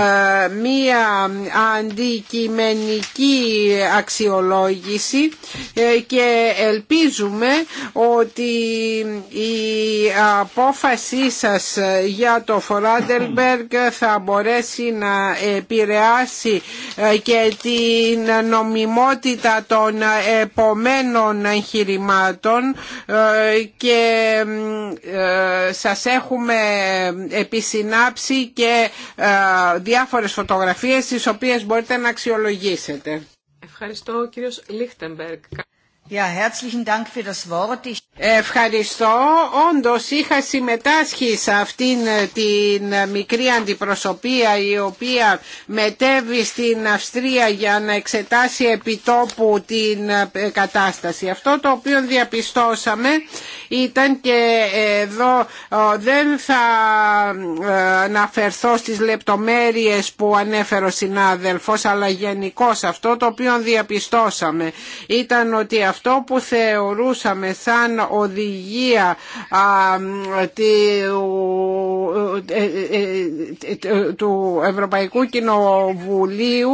μία αντικειμενική αξιολόγηση και ελπίζουμε ότι η απόφασή σας για το Φοράντελμπεργκ θα μπορέσει να επηρεάσει ε, και την νομιμότητα των επομένων εγχειρημάτων ε, και ε, σας έχουμε επισυνάψει και διάφορες φωτογραφίες τις οποίες μπορείτε να αξιολογήσετε. Ευχαριστώ κύριος Λίχτεμπεργκ. Ευχαριστώ. Όντω είχα συμμετάσχει σε αυτήν ε, την ε, μικρή αντιπροσωπεία η οποία μετέβη στην Αυστρία για να εξετάσει επιτόπου την ε, κατάσταση. Αυτό το οποίο διαπιστώσαμε ήταν και εδώ δεν θα αναφερθώ στις λεπτομέρειες που ανέφερε ο συνάδελφος αλλά γενικώ αυτό το οποίο διαπιστώσαμε ήταν ότι αυτό που θεωρούσαμε σαν οδηγία ε, ε, ε, του Ευρωπαϊκού Κοινοβουλίου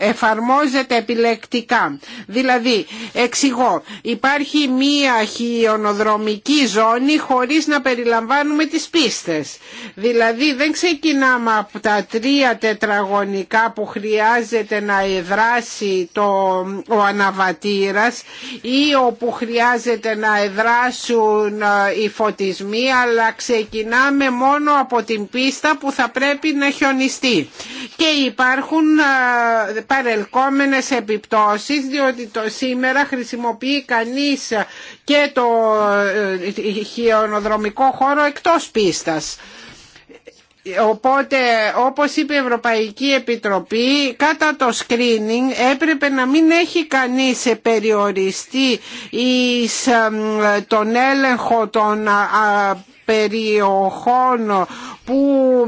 εφαρμόζεται επιλεκτικά. Δηλαδή, εξηγώ, υπάρχει μία χιονοδρομική ζώνη χωρίς να περιλαμβάνουμε τις πίστες. Δηλαδή, δεν ξεκινάμε από τα τρία τετραγωνικά που χρειάζεται να εδράσει το, ο αναβατήρας ή όπου χρειάζεται να εδράσουν ε, οι φωτισμοί, αλλά ξεκινάμε μόνο από την πίστα που θα πρέπει να χιονιστεί. Και υπάρχουν ε, παρελκόμενες επιπτώσεις διότι το σήμερα χρησιμοποιεί κανείς και το ε, χιονοδρομικό χώρο εκτός πίστας. Οπότε, όπως είπε η Ευρωπαϊκή Επιτροπή, κατά το screening έπρεπε να μην έχει κανείς περιοριστεί εις τον έλεγχο των περιοχών που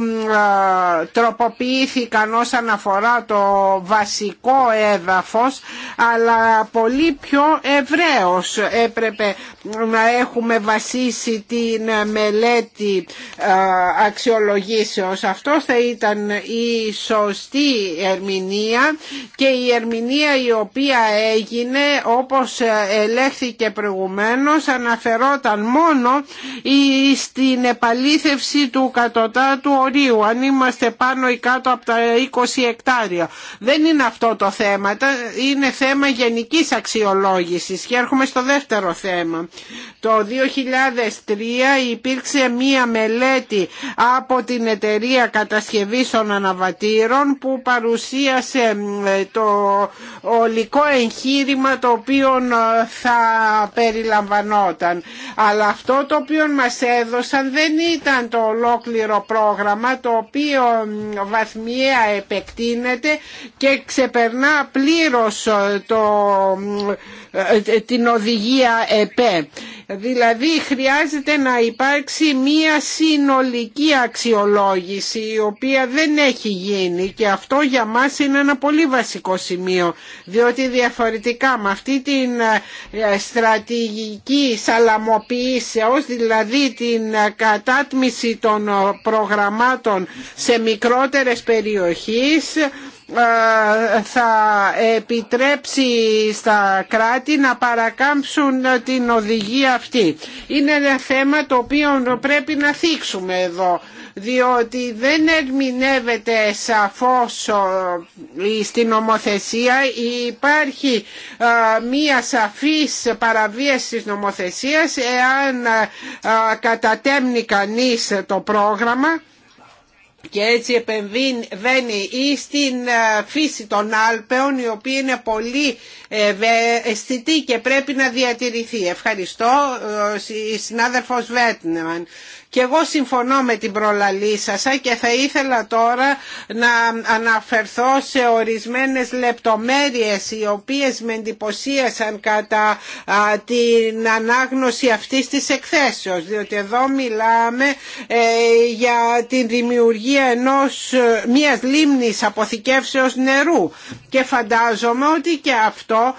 τροποποιήθηκαν όσον αφορά το βασικό έδαφος αλλά πολύ πιο ευρέως έπρεπε να έχουμε βασίσει την μελέτη αξιολογήσεως. Αυτό θα ήταν η σωστή ερμηνεία και η ερμηνεία η οποία έγινε όπως ελέγχθηκε προηγουμένως αναφερόταν μόνο στην επαλήθευση του κατωτέρου τα του ορίου, αν είμαστε πάνω ή κάτω από τα 20 εκτάρια. Δεν είναι αυτό το θέμα, είναι θέμα γενικής αξιολόγησης και έρχομαι στο δεύτερο θέμα. Το 2003 υπήρξε μία μελέτη από την εταιρεία κατασκευή των αναβατήρων που παρουσίασε το ολικό εγχείρημα το οποίο ε, θα περιλαμβανόταν. Αλλά αυτό το οποίο μας έδωσαν δεν ήταν το ολόκληρο πρόγραμμα το οποίο βαθμιαία επεκτείνεται και ξεπερνά πλήρως ε, το ε, ε, την οδηγία ΕΠΕ. Δηλαδή χρειάζεται να υπάρξει μία συνολική αξιολόγηση η οποία δεν έχει γίνει και αυτό για μας είναι ένα πολύ βασικό σημείο διότι διαφορετικά με αυτή την ε, στρατηγική σαλαμοποίησεως δηλαδή την κατάτμιση των προγραμμάτων σε μικρότερες περιοχές ε, θα επιτρέψει στα κράτη να παρακάμψουν την οδηγία αυτή. Είναι ένα θέμα το οποίο πρέπει να θίξουμε εδώ διότι δεν ερμηνεύεται σαφώς ε, στην νομοθεσία υπάρχει ε, μία σαφής παραβίαση της νομοθεσίας εάν κατατέμνει κανείς το πρόγραμμα και έτσι επεμβαίνει ή στην ε, φύση των Άλπαιων η οποία είναι πολύ ε, αισθητή και πρέπει να διατηρηθεί. Ευχαριστώ η ε, συνάδελφος Βέτνεμαν. Και εγώ συμφωνώ με την προλαλή σας και θα ήθελα τώρα να αναφερθώ σε ορισμένες λεπτομέρειες οι οποίες με εντυπωσίασαν κατά την ανάγνωση αυτής της εκθέσεως διότι εδώ μιλάμε ε, για την δημιουργία ενός, ε, μιας λίμνης αποθηκεύσεως νερού και φαντάζομαι ότι και αυτό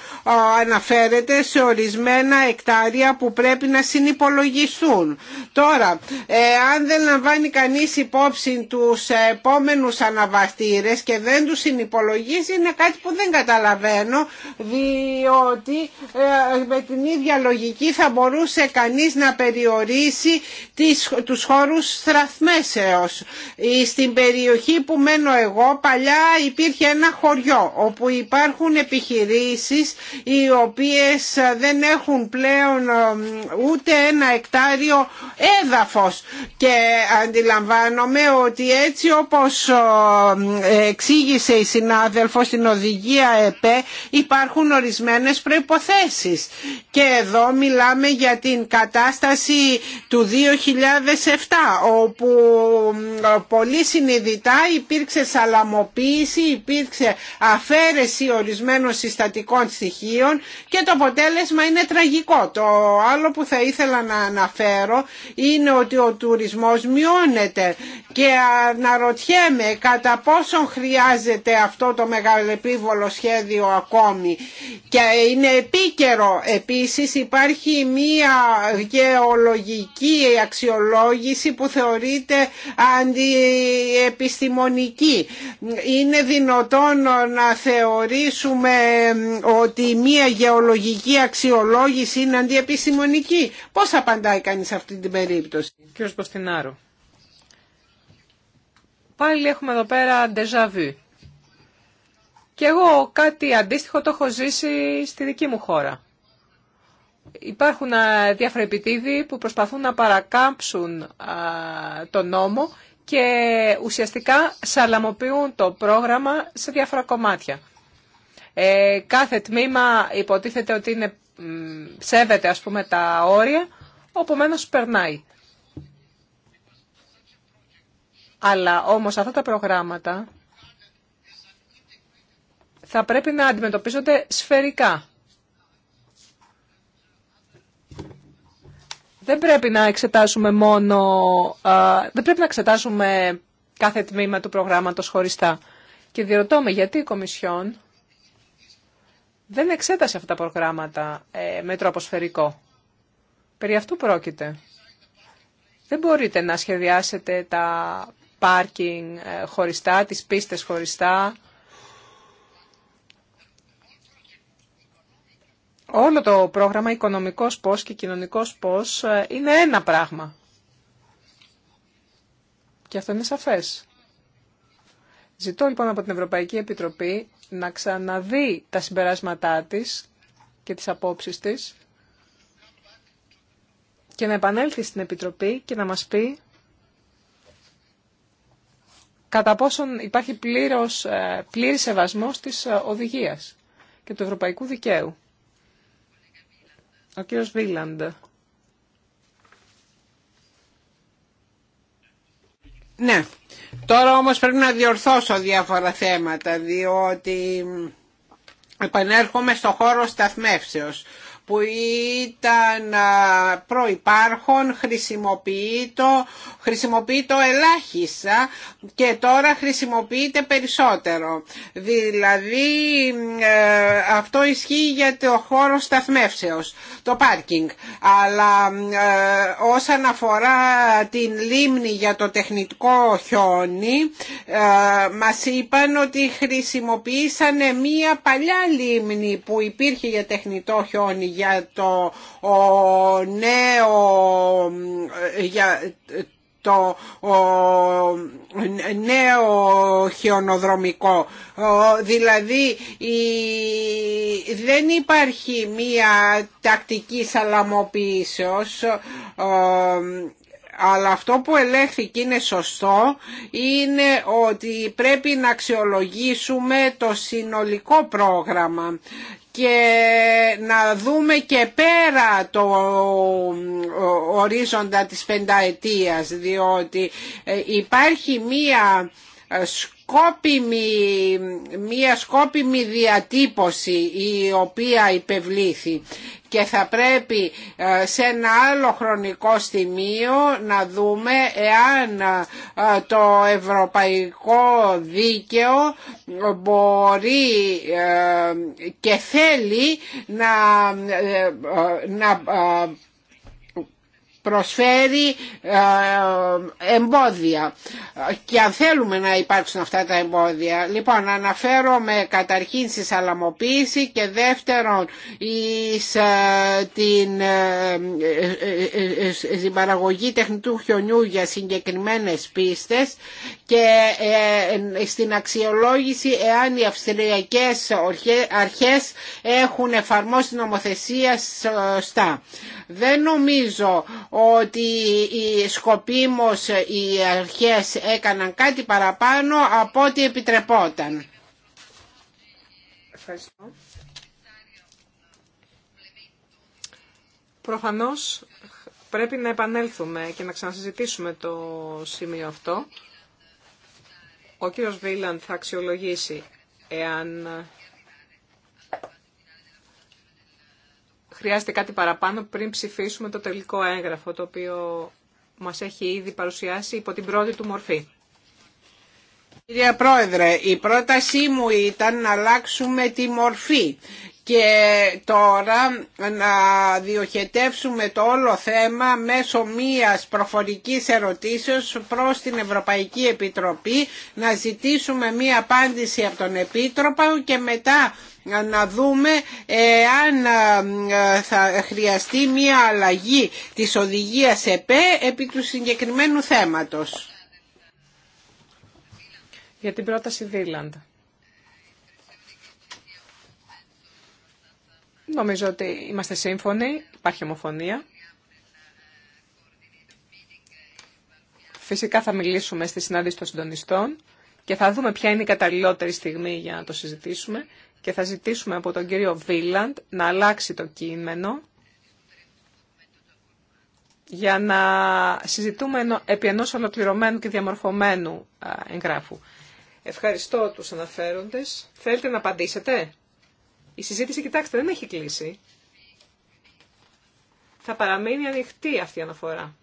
αναφέρεται σε ορισμένα εκτάρια που πρέπει να συνυπολογιστούν. Τώρα, ε, αν δεν λαμβάνει κανείς υπόψη τους επόμενους αναβαστήρες και δεν τους συνυπολογίζει είναι κάτι που δεν καταλαβαίνω διότι ε, με την ίδια λογική θα μπορούσε κανείς να περιορίσει τις, τους χώρους στραθμέσεως. Ε, στην περιοχή που μένω εγώ παλιά υπήρχε ένα χωριό όπου υπάρχουν επιχειρήσεις οι οποίες δεν έχουν πλέον ούτε ένα εκτάριο έδαφος και αντιλαμβάνομαι ότι έτσι όπως ε, εξήγησε η συνάδελφος στην οδηγία ΕΠΕ υπάρχουν ορισμένες προϋποθέσεις και εδώ μιλάμε για την κατάσταση του 2007 όπου πολύ συνειδητά υπήρξε σαλαμοποίηση, υπήρξε αφαίρεση ορισμένων συστατικών στοιχείων και το αποτέλεσμα είναι τραγικό. Το άλλο που θα ήθελα να αναφέρω είναι ότι ο τουρισμός μειώνεται και αναρωτιέμαι κατά πόσον χρειάζεται αυτό το μεγαλεπίβολο σχέδιο ακόμη και είναι επίκαιρο επίσης υπάρχει μία γεωλογική αξιολόγηση που θεωρείται αντιεπιστημονική είναι δυνατόν να θεωρήσουμε ότι μία γεωλογική αξιολόγηση είναι αντιεπιστημονική πώς απαντάει κανείς σε αυτή την περίπτωση Κύριο Ποστινάρου, Πάλι έχουμε εδώ πέρα déjà vu. Και εγώ κάτι αντίστοιχο το έχω ζήσει στη δική μου χώρα. Υπάρχουν διάφορα επιτίδη που προσπαθούν να παρακάμψουν το νόμο και ουσιαστικά σαλαμοποιούν το πρόγραμμα σε διάφορα κομμάτια. Ε, κάθε τμήμα υποτίθεται ότι είναι, σέβεται ας πούμε τα όρια, οπομένως περνάει. Αλλά όμως αυτά τα προγράμματα θα πρέπει να αντιμετωπίζονται σφαιρικά. Δεν πρέπει να εξετάσουμε μόνο, δεν πρέπει να εξετάσουμε κάθε τμήμα του προγράμματος χωριστά. Και διερωτώ με γιατί η Κομισιόν δεν εξέτασε αυτά τα προγράμματα ε, με τρόπο σφαιρικό. Περί αυτού πρόκειται. Δεν μπορείτε να σχεδιάσετε τα πάρκινγκ ε, χωριστά, τις πίστες χωριστά. Όλο το πρόγραμμα οικονομικός πώς και κοινωνικός πώς ε, είναι ένα πράγμα. Και αυτό είναι σαφές. Ζητώ λοιπόν από την Ευρωπαϊκή Επιτροπή να ξαναδεί τα συμπεράσματά της και τις απόψεις της και να επανέλθει στην Επιτροπή και να μας πει κατά πόσον υπάρχει πλήρως, ε, πλήρη σεβασμός της ε, οδηγίας και του ευρωπαϊκού δικαίου. Ο κύριος Βίλαντ. Ναι. Τώρα όμως πρέπει να διορθώσω διάφορα θέματα, διότι επανέρχομαι στο χώρο σταθμεύσεως που ήταν προϋπάρχον χρησιμοποιείτο, χρησιμοποιείτο ελάχιστα και τώρα χρησιμοποιείται περισσότερο. Δηλαδή ε, αυτό ισχύει για το χώρο σταθμεύσεως, το πάρκινγκ. Αλλά ε, όσον αφορά την λίμνη για το τεχνητικό χιόνι, ε, μας είπαν ότι χρησιμοποιήσανε μία παλιά λίμνη που υπήρχε για τεχνητό χιόνι για το νέο για το νέο χιονοδρομικό. Δηλαδή δεν υπάρχει μία τακτική σαλαμοποίησεως αλλά αυτό που ελέγχθηκε είναι σωστό είναι ότι πρέπει να αξιολογήσουμε το συνολικό πρόγραμμα και να δούμε και πέρα το ορίζοντα της πενταετίας διότι ε, υπάρχει μία σκόπιμη, μια σκόπιμη διατύπωση η οποία υπευλήθη και θα πρέπει ε, σε ένα άλλο χρονικό σημείο να δούμε εάν ε, το ευρωπαϊκό δίκαιο μπορεί ε, και θέλει να προσφέρει ε, εμπόδια και αν θέλουμε να υπάρξουν αυτά τα εμπόδια. Λοιπόν, αναφέρομαι καταρχήν στη σαλαμοποίηση και δεύτερον εις, ε, την, ε, στην παραγωγή τεχνητού χιονιού για συγκεκριμένες πίστες και στην αξιολόγηση εάν οι αυστριακές αρχές έχουν εφαρμόσει νομοθεσία σωστά. Δεν νομίζω ότι οι σκοπίμως οι αρχές έκαναν κάτι παραπάνω από ό,τι επιτρεπόταν. Ευχαριστώ. Προφανώς πρέπει να επανέλθουμε και να ξανασυζητήσουμε το σημείο αυτό. Ο κύριος Βίλαντ θα αξιολογήσει εάν χρειάζεται κάτι παραπάνω πριν ψηφίσουμε το τελικό έγγραφο, το οποίο μας έχει ήδη παρουσιάσει υπό την πρώτη του μορφή. Κυρία Πρόεδρε, η πρότασή μου ήταν να αλλάξουμε τη μορφή και τώρα να διοχετεύσουμε το όλο θέμα μέσω μίας προφορικής ερωτήσεως προς την Ευρωπαϊκή Επιτροπή να ζητήσουμε μία απάντηση από τον Επίτροπο και μετά να δούμε αν ε, θα χρειαστεί μία αλλαγή της οδηγίας ΕΠΕ επί του συγκεκριμένου θέματος. Για την πρόταση Δίλαντα. Νομίζω ότι είμαστε σύμφωνοι, υπάρχει ομοφωνία. Φυσικά θα μιλήσουμε στη συνάντηση των συντονιστών και θα δούμε ποια είναι η καταλληλότερη στιγμή για να το συζητήσουμε και θα ζητήσουμε από τον κύριο Βίλαντ να αλλάξει το κείμενο για να συζητούμε επί ενός ολοκληρωμένου και διαμορφωμένου εγγράφου. Ευχαριστώ τους αναφέροντες. Θέλετε να απαντήσετε. Η συζήτηση, κοιτάξτε, δεν έχει κλείσει. Θα παραμείνει ανοιχτή αυτή η αναφορά.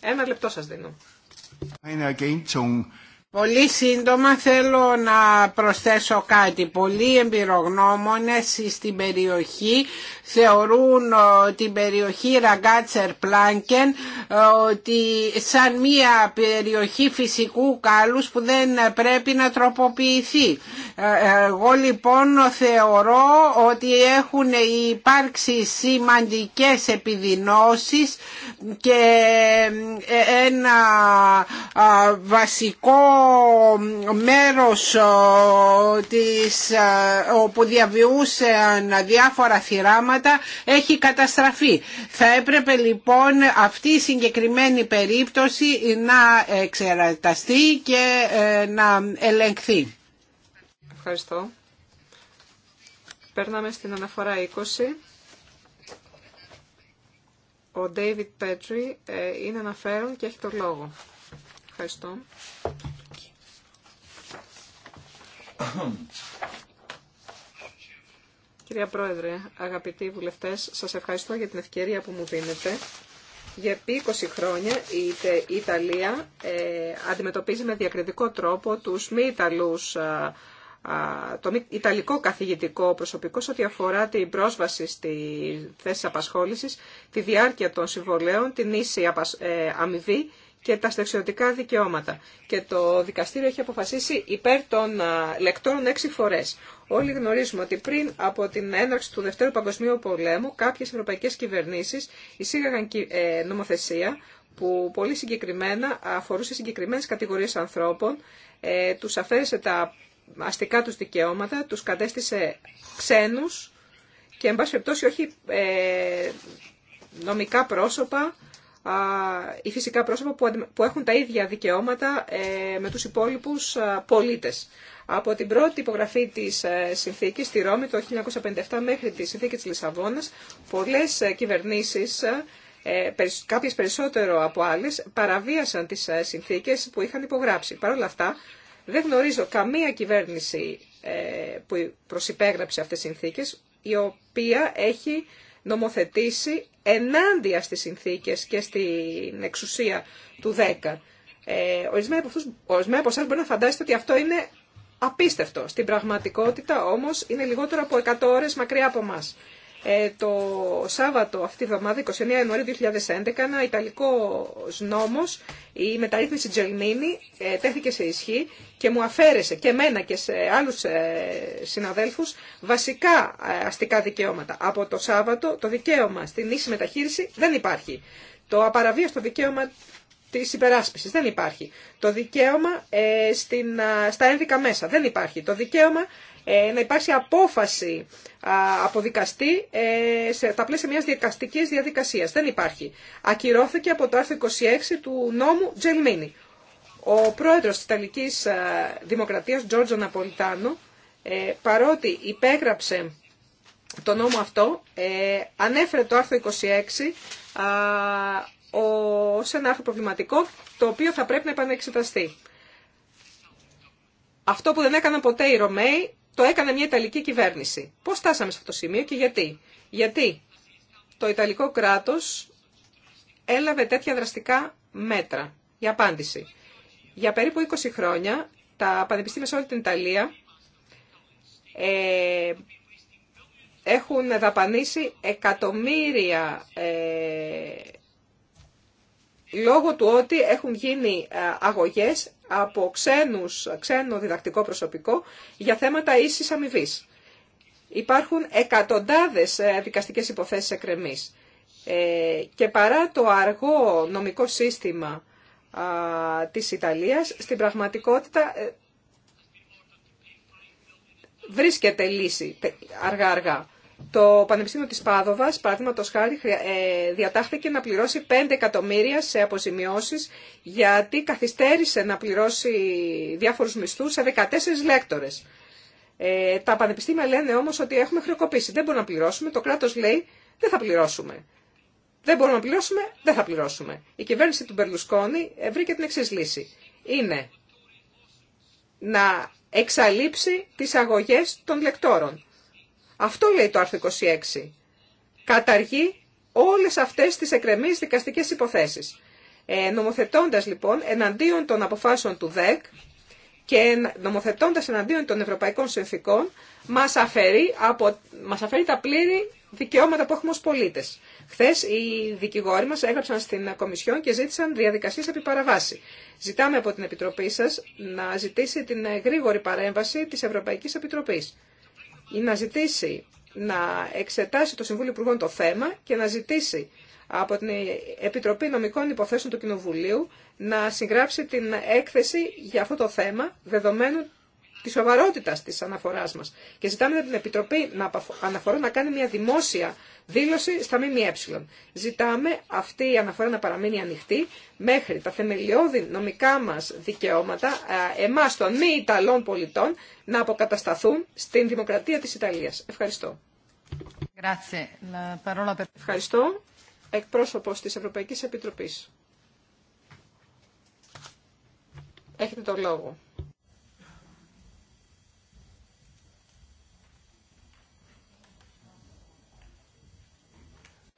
Ένα λεπτό σας δίνω. Πολύ σύντομα θέλω να προσθέσω κάτι. Πολλοί εμπειρογνώμονες στην περιοχή θεωρούν ε, την περιοχή Ραγκάτσερ Πλάνκεν ε, ότι σαν μια περιοχή φυσικού κάλους που δεν πρέπει να τροποποιηθεί. Ε, εγώ λοιπόν θεωρώ ότι έχουν υπάρξει σημαντικές επιδεινώσεις και ένα βασικό μέρος της, όπου διαβιούσαν διάφορα θυράματα έχει καταστραφεί. Θα έπρεπε λοιπόν αυτή η συγκεκριμένη περίπτωση να εξεραταστεί και ε, να ελεγχθεί. Ευχαριστώ. Παίρναμε στην αναφορά 20. Ο David Petri ε, είναι αναφέρον και έχει το λόγο. Ευχαριστώ. Κυρία Πρόεδρε, αγαπητοί βουλευτές, σας ευχαριστώ για την ευκαιρία που μου δίνετε. Για επί 20 χρόνια η Ιταλία ε, αντιμετωπίζει με διακριτικό τρόπο τους μη Ιταλούς το Ιταλικό καθηγητικό προσωπικό σε ό,τι αφορά την πρόσβαση στη θέση απασχόλησης, τη διάρκεια των συμβολέων, την ίση ε, αμοιβή και τα στεξιωτικά δικαιώματα. Και το δικαστήριο έχει αποφασίσει υπέρ των λεκτών έξι φορέ. Όλοι γνωρίζουμε ότι πριν από την έναρξη του Δευτέρου Παγκοσμίου Πολέμου κάποιες ευρωπαϊκές κυβερνήσεις εισήγαγαν ε, νομοθεσία που πολύ συγκεκριμένα αφορούσε συγκεκριμένες κατηγορίες ανθρώπων, ε, τους αφαίρεσε τα αστικά του δικαιώματα, του κατέστησε ξένου και εν πάση περιπτώσει όχι ε, νομικά πρόσωπα, οι φυσικά πρόσωπα που έχουν τα ίδια δικαιώματα ε, με τους υπόλοιπους ε, πολίτες. Από την πρώτη υπογραφή της ε, συνθήκης στη Ρώμη το 1957 μέχρι τη συνθήκη της Λισαβόνας, πολλές κυβερνήσεις, κάποιες περισσότερο από άλλες, παραβίασαν τις συνθήκες που είχαν υπογράψει. Παρ' όλα αυτά, δεν γνωρίζω καμία κυβέρνηση που προσυπέγραψε αυτές τις συνθήκες, η οποία έχει νομοθετήσει ενάντια στις συνθήκες και στην εξουσία του 10. Ε, ορισμένοι από, εσάς μπορεί να φαντάσετε ότι αυτό είναι απίστευτο. Στην πραγματικότητα όμως είναι λιγότερο από 100 ώρες μακριά από μας. Ε, το Σάββατο αυτή τη βδομάδα, 29 Ιανουαρίου 2011, ένα ιταλικό νόμο, η μεταρρύθμιση Τζελμίνη, ε, τέθηκε σε ισχύ και μου αφαίρεσε και εμένα και σε άλλου ε, συναδέλφου βασικά αστικά δικαιώματα. Από το Σάββατο το δικαίωμα στην ίση μεταχείριση δεν υπάρχει. Το απαραβίαστο δικαίωμα τη υπεράσπιση. Δεν υπάρχει. Το δικαίωμα στην, στα ένδικα μέσα. Δεν υπάρχει. Το δικαίωμα ε, να υπάρξει απόφαση από δικαστή ε, σε τα πλαίσια μιας δικαστικής διαδικασίας. Δεν υπάρχει. Ακυρώθηκε από το άρθρο 26 του νόμου Τζελμίνη. Ο πρόεδρος της Ιταλικής Δημοκρατίας, Τζόρτζο Ναπολιτάνο, ε, παρότι υπέγραψε το νόμο αυτό, ανέφερε το άρθρο 26 ως ένα άρθρο προβληματικό, το οποίο θα πρέπει να επανεξεταστεί. Αυτό που δεν έκαναν ποτέ οι Ρωμαίοι, το έκανε μια Ιταλική κυβέρνηση. Πώς στάσαμε σε αυτό το σημείο και γιατί. Γιατί το Ιταλικό κράτος έλαβε τέτοια δραστικά μέτρα. Η απάντηση. Για περίπου 20 χρόνια τα πανεπιστήμια σε όλη την Ιταλία ε, έχουν δαπανίσει εκατομμύρια ε, λόγω του ότι έχουν γίνει ε, αγωγές από ξένους, ξένο διδακτικό προσωπικό για θέματα ίσης αμοιβή. Υπάρχουν εκατοντάδες ε, δικαστικές υποθέσεις εκκρεμής. Ε, και παρά το αργό νομικό σύστημα της Ιταλίας, στην πραγματικότητα βρίσκεται λύση αργά-αργά. Το Πανεπιστήμιο της Πάδοβας, παραδείγματο χάρη, ε, διατάχθηκε να πληρώσει 5 εκατομμύρια σε αποζημιώσεις γιατί καθυστέρησε να πληρώσει διάφορους μισθούς σε 14 λέκτορες. Ε, τα πανεπιστήμια λένε όμως ότι έχουμε χρεοκοπήσει, δεν μπορούμε να πληρώσουμε, το κράτος λέει δεν θα πληρώσουμε. Δεν μπορούμε να πληρώσουμε, δεν θα πληρώσουμε. Η κυβέρνηση του Μπερλουσκόνη ε, βρήκε την εξή λύση. Είναι να εξαλείψει τις αγωγές των λεκτόρων. Αυτό λέει το άρθρο 26. Καταργεί όλες αυτές τις εκρεμείς δικαστικές υποθέσεις. Ε, νομοθετώντας λοιπόν εναντίον των αποφάσεων του ΔΕΚ και νομοθετώντας εναντίον των ευρωπαϊκών συνθήκων μας αφαιρεί, τα πλήρη δικαιώματα που έχουμε ως πολίτες. Χθες οι δικηγόροι μας έγραψαν στην Κομισιόν και ζήτησαν διαδικασίες επί παραβάση. Ζητάμε από την Επιτροπή σας να ζητήσει την γρήγορη παρέμβαση της Ευρωπαϊκής Επιτροπής να ζητήσει να εξετάσει το Συμβούλιο Υπουργών το θέμα και να ζητήσει από την Επιτροπή Νομικών Υποθέσεων του Κοινοβουλίου να συγγράψει την έκθεση για αυτό το θέμα, δεδομένου τη σοβαρότητα τη αναφορά μα. Και ζητάμε από την Επιτροπή να αναφορά να κάνει μια δημόσια δήλωση στα ΜΜΕ. Ζητάμε αυτή η αναφορά να παραμείνει ανοιχτή μέχρι τα θεμελιώδη νομικά μα δικαιώματα, ε, εμά των μη Ιταλών πολιτών, να αποκατασταθούν στην δημοκρατία τη Ιταλία. Ευχαριστώ. Ευχαριστώ. εκπρόσωπο τη Ευρωπαϊκή Επιτροπή. Έχετε το λόγο.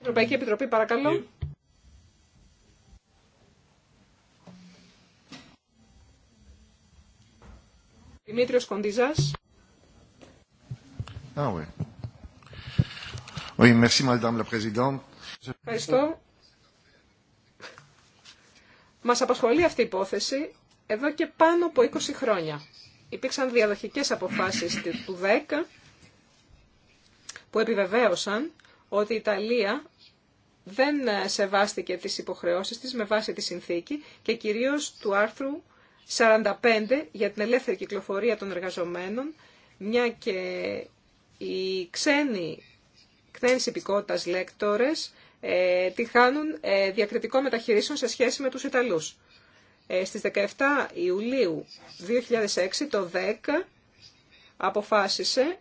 Ευρωπαϊκή Επιτροπή, παρακαλώ. Ε, Δημήτριος Κοντιζάς. Ah, oui. merci, Madame la Présidente. Ευχαριστώ. Μας απασχολεί αυτή η υπόθεση εδώ και πάνω από 20 χρόνια. Υπήρξαν διαδοχικές αποφάσεις του 10 που επιβεβαίωσαν ότι η Ιταλία δεν σεβάστηκε τις υποχρεώσεις της με βάση τη συνθήκη και κυρίως του άρθρου 45 για την ελεύθερη κυκλοφορία των εργαζομένων, μια και οι ξένοι κθένης υπηκότητας λέκτορες ε, τη χάνουν ε, μεταχειρήσεων σε σχέση με τους Ιταλούς. Ε, στις 17 Ιουλίου 2006 το 10 αποφάσισε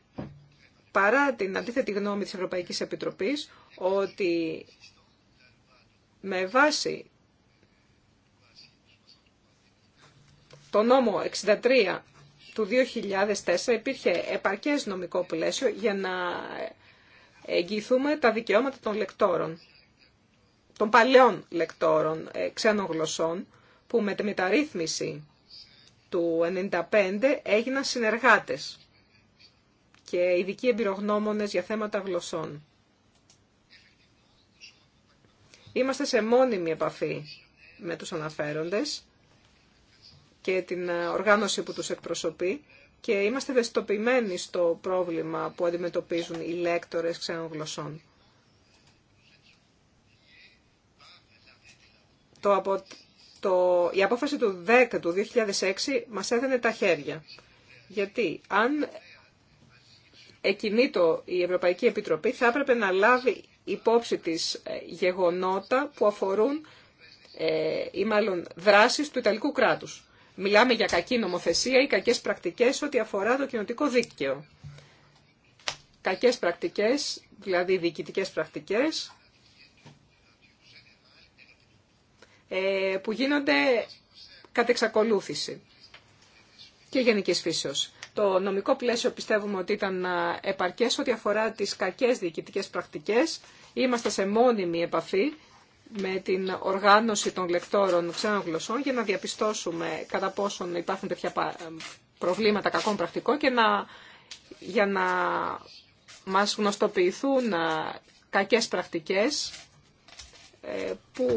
παρά την αντίθετη γνώμη της Ευρωπαϊκής Επιτροπής ότι με βάση το νόμο 63 του 2004 υπήρχε επαρκές νομικό πλαίσιο για να εγγυηθούμε τα δικαιώματα των λεκτόρων, των παλαιών λεκτόρων ε, ξένων γλωσσών, που με τη μεταρρύθμιση του 1995 έγιναν συνεργάτες και ειδικοί εμπειρογνώμονες για θέματα γλωσσών. Είμαστε σε μόνιμη επαφή με τους αναφέροντες και την ε, οργάνωση που τους εκπροσωπεί και είμαστε δεστοποιημένοι στο πρόβλημα που αντιμετωπίζουν οι λέκτορες ξένων γλωσσών. Το, το... Η απόφαση του 10 του 2006 μας έδαινε τα χέρια. Γιατί αν εκινήτω η Ευρωπαϊκή Επιτροπή θα έπρεπε να λάβει υπόψη της ε, γεγονότα που αφορούν ε, ή μάλλον δράσεις του Ιταλικού κράτους. Μιλάμε για κακή νομοθεσία ή κακές πρακτικές ό,τι αφορά το κοινοτικό δίκαιο. Κακές πρακτικές, δηλαδή διοικητικές πρακτικές, ε, που γίνονται κατ' εξακολούθηση και γενικής φύσεως. Το νομικό πλαίσιο πιστεύουμε ότι ήταν επαρκές ό,τι αφορά τις κακές διοικητικές πρακτικές. Είμαστε σε μόνιμη επαφή με την οργάνωση των λεκτόρων ξένων γλωσσών για να διαπιστώσουμε κατά πόσον υπάρχουν τέτοια προβλήματα κακών πρακτικών και να, για να μας γνωστοποιηθούν κακές πρακτικές ε, που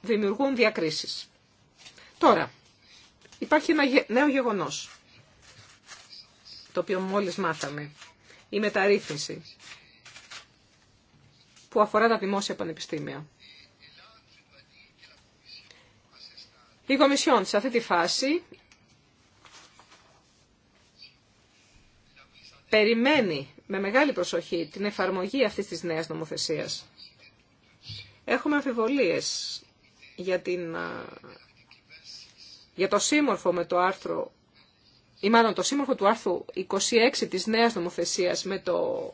δημιουργούν διακρίσεις. Τώρα, υπάρχει ένα νέο γεγονός το οποίο μόλις μάθαμε, η μεταρρύθμιση που αφορά τα δημόσια πανεπιστήμια. Η Κομισιόν σε αυτή τη φάση περιμένει με μεγάλη προσοχή την εφαρμογή αυτής της νέας νομοθεσίας. Έχουμε αμφιβολίες για, την, για το σύμμορφο με το άρθρο ή μάλλον το σύμμορφο του άρθρου 26 της νέας νομοθεσίας με το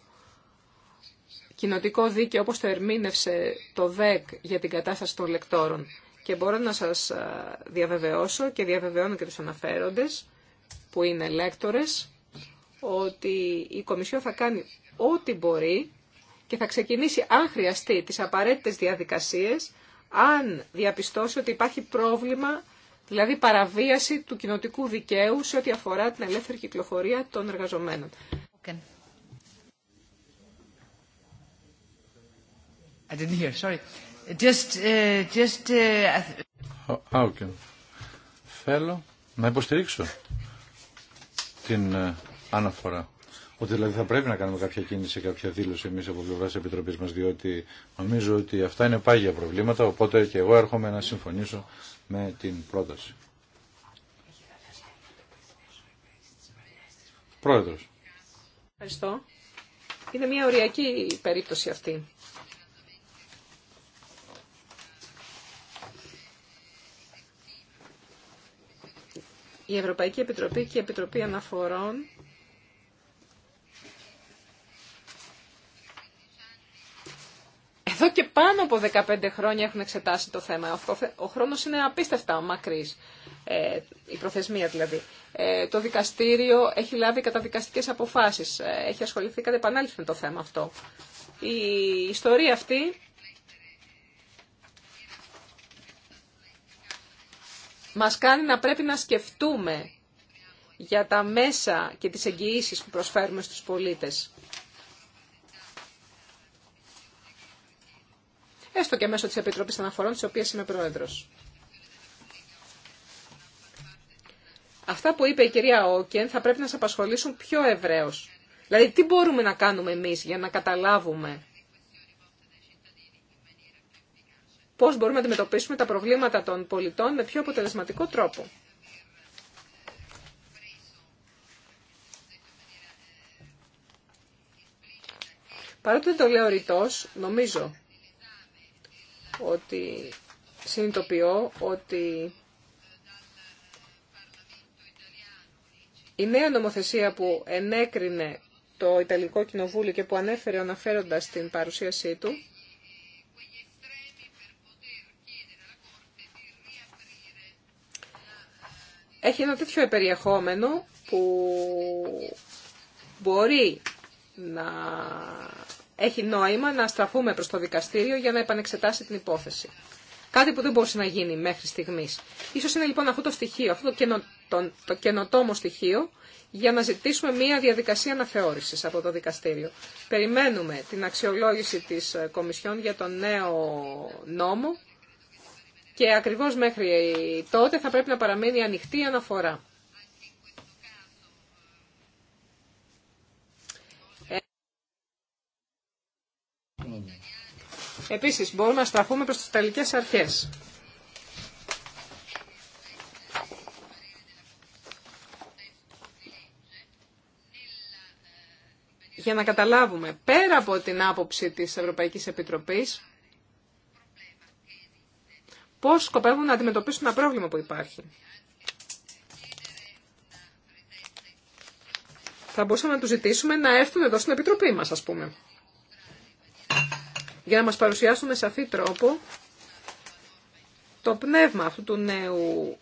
κοινοτικό δίκαιο όπως το ερμήνευσε το ΔΕΚ για την κατάσταση των λεκτόρων. Και μπορώ να σας διαβεβαιώσω και διαβεβαιώνω και τους αναφέροντες που είναι λέκτορες ότι η Κομισιό θα κάνει ό,τι μπορεί και θα ξεκινήσει αν χρειαστεί τις απαραίτητες διαδικασίες αν διαπιστώσει ότι υπάρχει πρόβλημα δηλαδή παραβίαση του κοινοτικού δικαίου σε ό,τι αφορά την ελεύθερη κυκλοφορία των εργαζομένων. sorry. Just, uh, just, uh, Θέλω να υποστηρίξω την ε, αναφορά. Ότι δηλαδή θα πρέπει να κάνουμε κάποια κίνηση, κάποια δήλωση εμεί από πλευρά τη Επιτροπή μα, διότι νομίζω ότι αυτά είναι πάγια προβλήματα. Οπότε και εγώ έρχομαι να συμφωνήσω με την πρόταση. Πρόεδρος. Ευχαριστώ. Είναι μια οριακή περίπτωση αυτή. Η Ευρωπαϊκή Επιτροπή και η Επιτροπή Αναφορών Εδώ και πάνω από 15 χρόνια έχουν εξετάσει το θέμα. Ο χρόνος είναι απίστευτα μακρύς, ε, η προθεσμία δηλαδή. Ε, το δικαστήριο έχει λάβει καταδικαστικές αποφάσεις. Ε, έχει ασχοληθεί κατά επανάληψη με το θέμα αυτό. Η ιστορία αυτή μας κάνει να πρέπει να σκεφτούμε για τα μέσα και τις εγγυήσεις που προσφέρουμε στους πολίτες. έστω και μέσω της Επιτροπής Αναφορών, της οποίας είμαι πρόεδρος. Αυτά που είπε η κυρία Όκεν θα πρέπει να σε απασχολήσουν πιο ευρέως. Δηλαδή, τι μπορούμε να κάνουμε εμείς για να καταλάβουμε πώς μπορούμε να αντιμετωπίσουμε τα προβλήματα των πολιτών με πιο αποτελεσματικό τρόπο. Παρότι δεν το λέω ρητός, νομίζω ότι συνειδητοποιώ ότι η νέα νομοθεσία που ενέκρινε το Ιταλικό Κοινοβούλιο και που ανέφερε αναφέροντας την παρουσίασή του, έχει ένα τέτοιο περιεχόμενο που μπορεί να έχει νόημα να στραφούμε προς το δικαστήριο για να επανεξετάσει την υπόθεση. Κάτι που δεν μπορούσε να γίνει μέχρι στιγμή. σω είναι λοιπόν αυτό το στοιχείο, αυτό το, καινο, το, το καινοτόμο στοιχείο, για να ζητήσουμε μία διαδικασία αναθεώρηση από το δικαστήριο. Περιμένουμε την αξιολόγηση τη ε, Κομισιόν για τον νέο νόμο και ακριβώ μέχρι ε, τότε θα πρέπει να παραμείνει ανοιχτή η αναφορά. Επίσης, μπορούμε να στραφούμε προς τις τελικές αρχές. Για να καταλάβουμε, πέρα από την άποψη της Ευρωπαϊκής Επιτροπής, πώς σκοπεύουν να αντιμετωπίσουν ένα πρόβλημα που υπάρχει. Θα μπορούσαμε να τους ζητήσουμε να έρθουν εδώ στην Επιτροπή μας, ας πούμε για να μας παρουσιάσουν με σαφή τρόπο το πνεύμα αυτού του νέου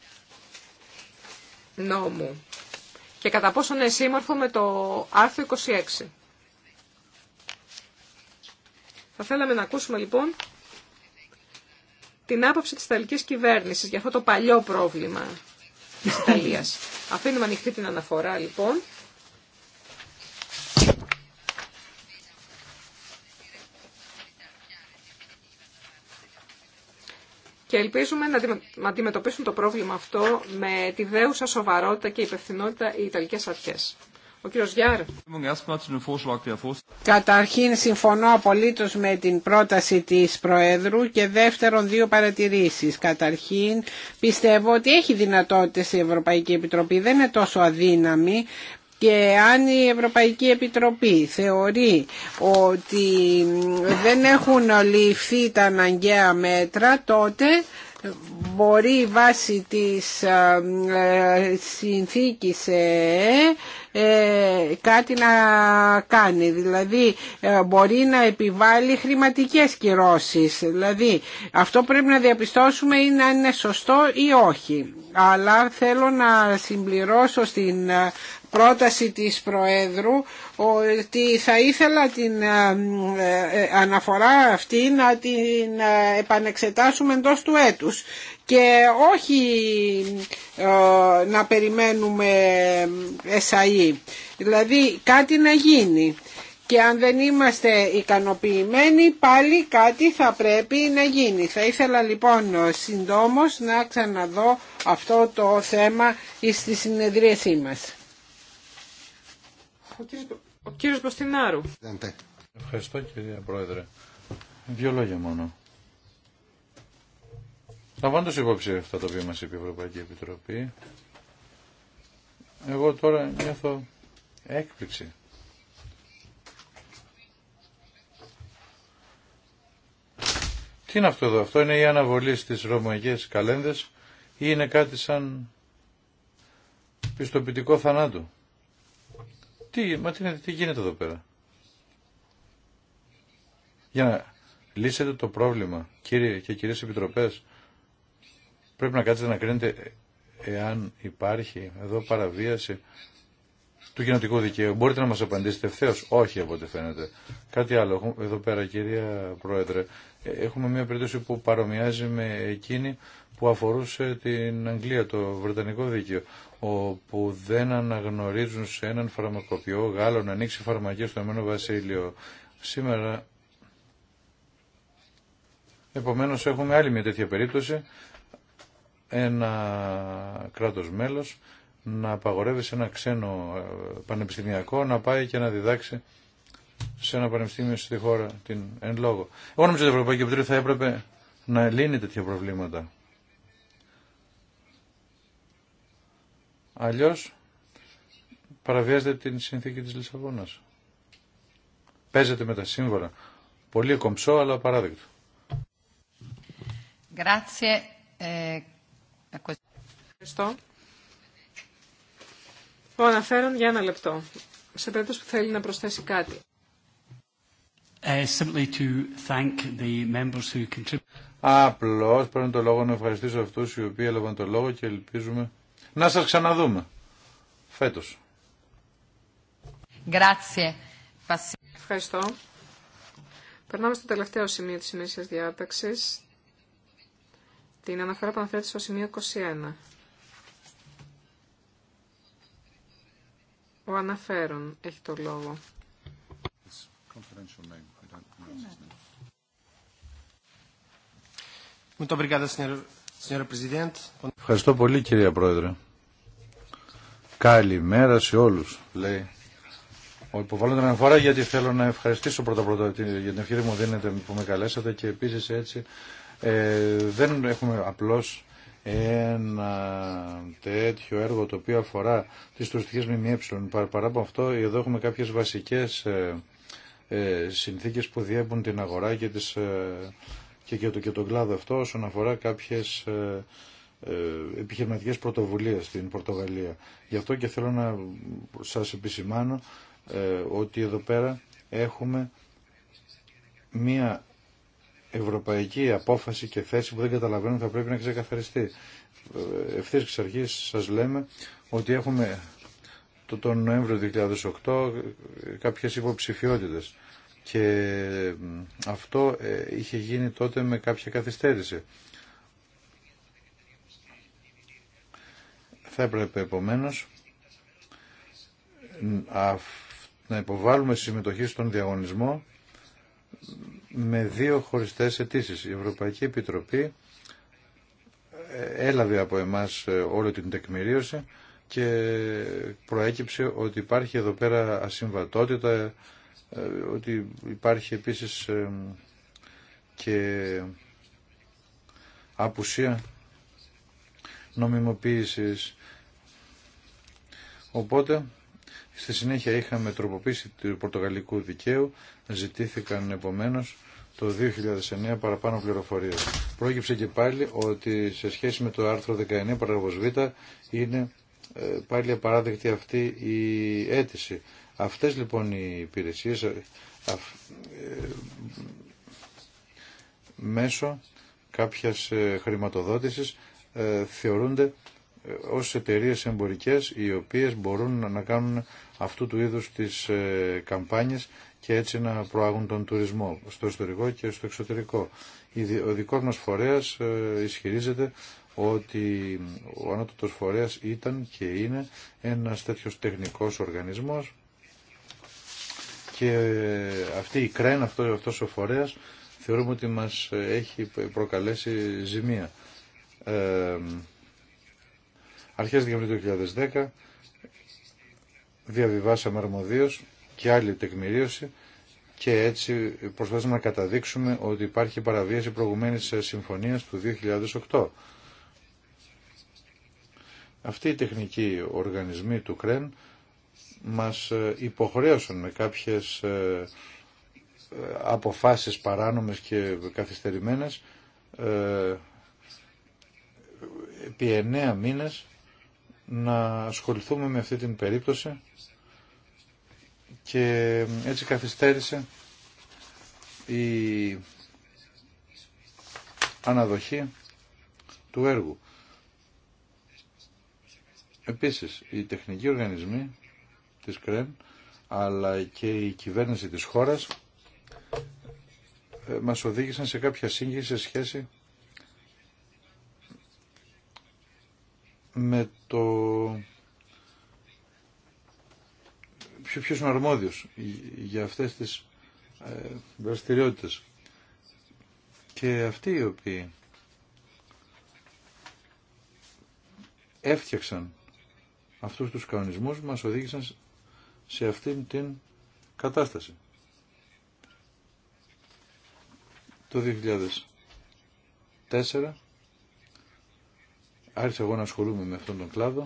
νόμου και κατά πόσο είναι σύμμορφο με το άρθρο 26. Θα θέλαμε να ακούσουμε λοιπόν την άποψη της Ιταλικής κυβέρνησης για αυτό το παλιό πρόβλημα της Ιταλίας. Αφήνουμε ανοιχτή την αναφορά λοιπόν και ελπίζουμε να αντιμετωπίσουν το πρόβλημα αυτό με τη δέουσα σοβαρότητα και υπευθυνότητα οι Ιταλικές αρχές. Ο κύριος Γιάρ. Καταρχήν συμφωνώ απολύτως με την πρόταση της Προέδρου και δεύτερον δύο παρατηρήσεις. Καταρχήν πιστεύω ότι έχει δυνατότητες η Ευρωπαϊκή Επιτροπή, δεν είναι τόσο αδύναμη και αν η Ευρωπαϊκή Επιτροπή θεωρεί ότι δεν έχουν ληφθεί τα αναγκαία μέτρα, τότε μπορεί βάσει της ε, συνθήκης ε, ε, κάτι να κάνει. Δηλαδή μπορεί να επιβάλλει χρηματικές κυρώσεις. Δηλαδή αυτό πρέπει να διαπιστώσουμε είναι αν είναι σωστό ή όχι. Αλλά θέλω να συμπληρώσω στην πρόταση της Προέδρου ότι θα ήθελα την ε, ε, ε, αναφορά αυτή να την επανεξετάσουμε εντός του έτους και όχι να περιμένουμε εσαΐ. E. Δηλαδή κάτι να γίνει και αν δεν είμαστε ικανοποιημένοι πάλι κάτι θα πρέπει να γίνει. Θα ήθελα λοιπόν συντόμως να ξαναδώ αυτό το θέμα στη συνεδρίασή μας. Ο κύριος, Μποστινάρου. Ευχαριστώ κυρία Πρόεδρε. Δύο λόγια μόνο. Λαμβάνοντας υπόψη αυτά τα οποία μας είπε η Ευρωπαϊκή Επιτροπή, εγώ τώρα νιώθω έκπληξη. Τι είναι αυτό εδώ, αυτό είναι η αναβολή στις ρωμαϊκές καλένδες ή είναι κάτι σαν πιστοποιητικό θανάτου. Τι, μα τι, τι γίνεται εδώ πέρα. Για να λύσετε το πρόβλημα, κύριε και κυρίες επιτροπές, πρέπει να κάτσετε να κρίνετε εάν υπάρχει εδώ παραβίαση του κοινοτικού δικαίου. Μπορείτε να μας απαντήσετε ευθέω. Όχι από ό,τι φαίνεται. Κάτι άλλο. Εδώ πέρα κυρία Πρόεδρε, ε, έχουμε μια περίπτωση που παρομοιάζει με εκείνη που αφορούσε την Αγγλία, το Βρετανικό Δίκαιο, όπου δεν αναγνωρίζουν σε έναν φαρμακοποιό Γάλλο να ανοίξει φαρμακείο στο Εμένο Βασίλειο. Σήμερα, επομένως, έχουμε άλλη μια τέτοια περίπτωση, ένα κράτος μέλος να απαγορεύει σε ένα ξένο ε, πανεπιστημιακό να πάει και να διδάξει σε ένα πανεπιστήμιο στη χώρα την εν λόγω. Εγώ νομίζω ότι η Ευρωπαϊκή Επιτροπή θα έπρεπε να λύνει τέτοια προβλήματα. Αλλιώς παραβιάζεται την συνθήκη της Λισαβόνας. Παίζεται με τα σύμβολα. Πολύ κομψό, αλλά παράδειγμα. Ε, Ευχαριστώ. Ο αναφέρον για ένα λεπτό. Σε περίπτωση που θέλει να προσθέσει κάτι. Ε, Απλώς πρέπει το λόγο να ευχαριστήσω αυτούς οι οποίοι έλαβαν το λόγο και ελπίζουμε να σας ξαναδούμε φέτος. Ευχαριστώ. Περνάμε στο τελευταίο σημείο της ημερήσιας διάταξης, την αναφορά που αναφέρεται στο σημείο 21. Ο αναφέρον έχει το λόγο. Muito Ευχαριστώ πολύ κυρία Πρόεδρε. Καλημέρα σε όλους, λέει. Ο υποβάλλοντα την αναφορά γιατί θέλω να ευχαριστήσω πρώτα πρώτα για την ευκαιρία μου δίνετε που με καλέσατε και επίσης έτσι ε, δεν έχουμε απλώς ένα τέτοιο έργο το οποίο αφορά τις τουριστικές ΜΜΕ. Παρά από αυτό εδώ έχουμε κάποιες βασικές ε, ε συνθήκες που διέπουν την αγορά και τις ε, και, το, και τον κλάδο αυτό όσον αφορά κάποιες ε, ε, επιχειρηματικές πρωτοβουλίες στην Πορτογαλία. Γι' αυτό και θέλω να σας επισημάνω ε, ότι εδώ πέρα έχουμε μία ευρωπαϊκή απόφαση και θέση που δεν καταλαβαίνω θα πρέπει να ξεκαθαριστεί. Ε, ευθύς εξ αρχής σας λέμε ότι έχουμε το, τον Νοέμβριο 2008 κάποιες υποψηφιότητες και αυτό ε, είχε γίνει τότε με κάποια καθυστέρηση. Θα έπρεπε επομένως να υποβάλουμε συμμετοχή στον διαγωνισμό με δύο χωριστές αιτήσει. Η Ευρωπαϊκή Επιτροπή ε, έλαβε από εμάς ε, όλη την τεκμηρίωση και προέκυψε ότι υπάρχει εδώ πέρα ασυμβατότητα ε, ότι υπάρχει επίσης και απουσία νομιμοποίησης. Οπότε, στη συνέχεια είχαμε τροποποίηση του πορτογαλικού δικαίου, ζητήθηκαν επομένως το 2009 παραπάνω πληροφορίες. Πρόκειψε και πάλι ότι σε σχέση με το άρθρο 19 παραγωγός Β είναι ε, πάλι απαράδεκτη αυτή η αίτηση. Αυτές λοιπόν οι υπηρεσίες ε, ε, μέσω κάποιας ε, χρηματοδότησης θεωρούνται ως εταιρείε εμπορικές οι οποίες μπορούν να κάνουν αυτού του είδους τις καμπάνιες και έτσι να προάγουν τον τουρισμό στο ιστορικό και στο εξωτερικό. Ο δικό μας φορέας ισχυρίζεται ότι ο ανώτατος φορέας ήταν και είναι ένας τέτοιος τεχνικός οργανισμός και αυτή η κρέν, αυτό, αυτός ο φορέας, θεωρούμε ότι μας έχει προκαλέσει ζημία. Ε, αρχές Δεκεμβρίου 2010 διαβιβάσαμε αρμοδίως και άλλη τεκμηρίωση και έτσι προσπαθούμε να καταδείξουμε ότι υπάρχει παραβίαση προηγουμένης συμφωνίας του 2008. Αυτή η τεχνική οργανισμή του ΚΡΕΝ μας ε, υποχρέωσαν με κάποιες ε, αποφάσεις παράνομες και καθυστερημένες ε, επί εννέα μήνες να ασχοληθούμε με αυτή την περίπτωση και έτσι καθυστέρησε η αναδοχή του έργου. Επίσης, οι τεχνικοί οργανισμοί της ΚΡΕΝ αλλά και η κυβέρνηση της χώρας ε, μας οδήγησαν σε κάποια σύγχυση σε σχέση με το ποιο, είναι αρμόδιος για αυτές τις ε, Και αυτοί οι οποίοι έφτιαξαν αυτούς τους κανονισμούς μας οδήγησαν σε αυτήν την κατάσταση. Το 2004 άρχισα εγώ να ασχολούμαι με αυτόν τον κλάδο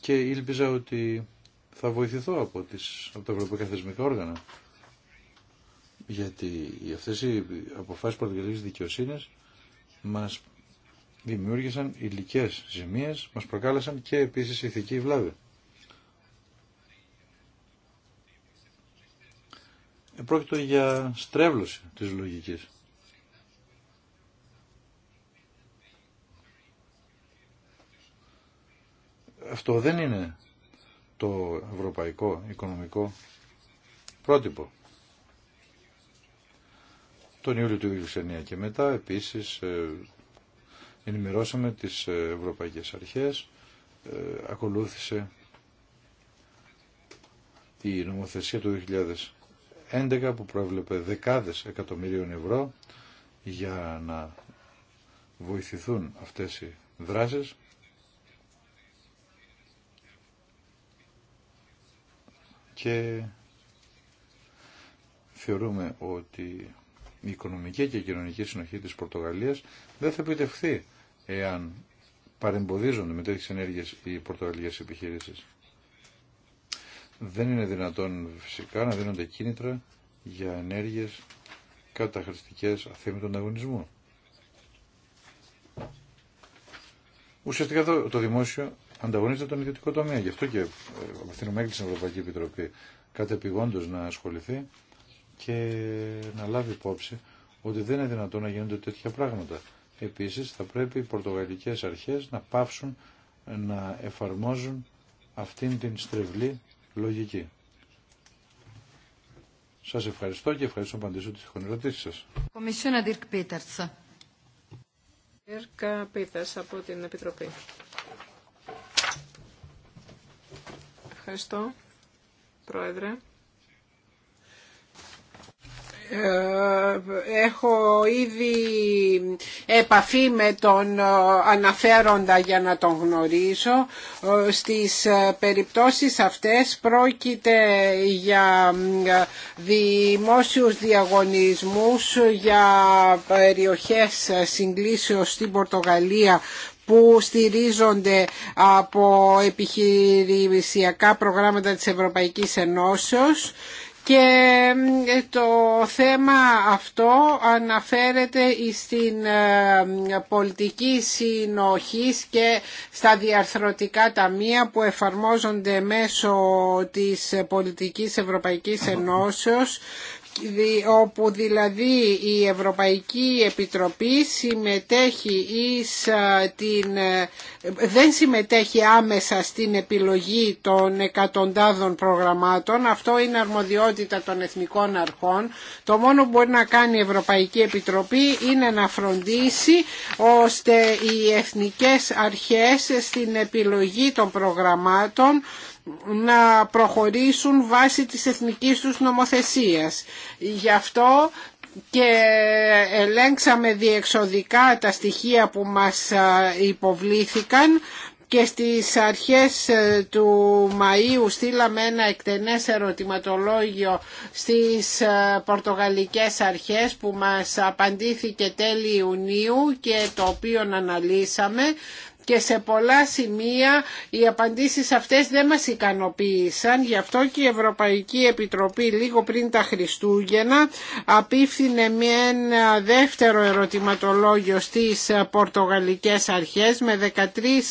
και ήλπιζα ότι θα βοηθηθώ από, τις, από τα ευρωπαϊκά θεσμικά όργανα. Γιατί αυτές οι αποφάσεις πρωτογενής δικαιοσύνης μας δημιούργησαν υλικές ζημίες, μας προκάλεσαν και επίσης ηθική βλάβη. πρόκειται για στρέβλωση της λογικής. Αυτό δεν είναι το ευρωπαϊκό οικονομικό πρότυπο. Τον Ιούλιο του 2009 και μετά επίσης ε, ενημερώσαμε τις ευρωπαϊκές αρχές, ε, ακολούθησε η νομοθεσία του 2011 που προέβλεπε δεκάδες εκατομμυρίων ευρώ για να βοηθηθούν αυτές οι δράσεις. Και θεωρούμε ότι η οικονομική και η κοινωνική συνοχή της Πορτογαλίας δεν θα επιτευχθεί εάν παρεμποδίζονται με τέτοιες ενέργειες οι πορτογαλικές επιχειρήσεις δεν είναι δυνατόν φυσικά να δίνονται κίνητρα για ενέργειες καταχρηστικές αθέμητων ανταγωνισμού. Ουσιαστικά το, το δημόσιο ανταγωνίζεται τον ιδιωτικό τομέα. Γι' αυτό και ε, απευθύνουμε έκκληση στην Ευρωπαϊκή Επιτροπή κατεπηγόντω να ασχοληθεί και να λάβει υπόψη ότι δεν είναι δυνατόν να γίνονται τέτοια πράγματα. Επίσης θα πρέπει οι πορτογαλικές αρχές να πάψουν να εφαρμόζουν αυτήν την στρεβλή λογική. Σας ευχαριστώ και ευχαριστώ που απαντήσω τις ερωτήσεις σας. Κομισιόνα Dirk Peters. Dirk Peters από την Επιτροπή. Ευχαριστώ, Πρόεδρε. Ε, έχω ήδη επαφή με τον ε, αναφέροντα για να τον γνωρίζω. Ε, στις περιπτώσεις αυτές πρόκειται για δημόσιους διαγωνισμούς για περιοχές συγκλήσεως στην Πορτογαλία που στηρίζονται από επιχειρησιακά προγράμματα της Ευρωπαϊκής Ενώσεως και το θέμα αυτό αναφέρεται στην ε, πολιτική συνοχής και στα διαρθρωτικά ταμεία που εφαρμόζονται μέσω της πολιτικής Ευρωπαϊκής Ενώσεως όπου δηλαδή η Ευρωπαϊκή Επιτροπή συμμετέχει εις, ε, δεν συμμετέχει άμεσα στην επιλογή των εκατοντάδων προγραμμάτων. Αυτό είναι αρμοδιότητα των εθνικών αρχών. Το μόνο που μπορεί να κάνει η Ευρωπαϊκή Επιτροπή είναι να φροντίσει ώστε οι εθνικές αρχές στην επιλογή των προγραμμάτων να προχωρήσουν βάσει της εθνικής τους νομοθεσίας. Γι' αυτό και ελέγξαμε διεξοδικά τα στοιχεία που μας ε, υποβλήθηκαν και στις αρχές ε, του Μαΐου στείλαμε ένα εκτενές ερωτηματολόγιο στις ε, πορτογαλικές αρχές που μας απαντήθηκε τέλη Ιουνίου και το οποίο αναλύσαμε και σε πολλά σημεία οι απαντήσεις αυτές δεν μας ικανοποίησαν. Γι' αυτό και η Ευρωπαϊκή Επιτροπή λίγο πριν τα Χριστούγεννα απίφθινε με ένα δεύτερο ερωτηματολόγιο στις πορτογαλικές αρχές με 13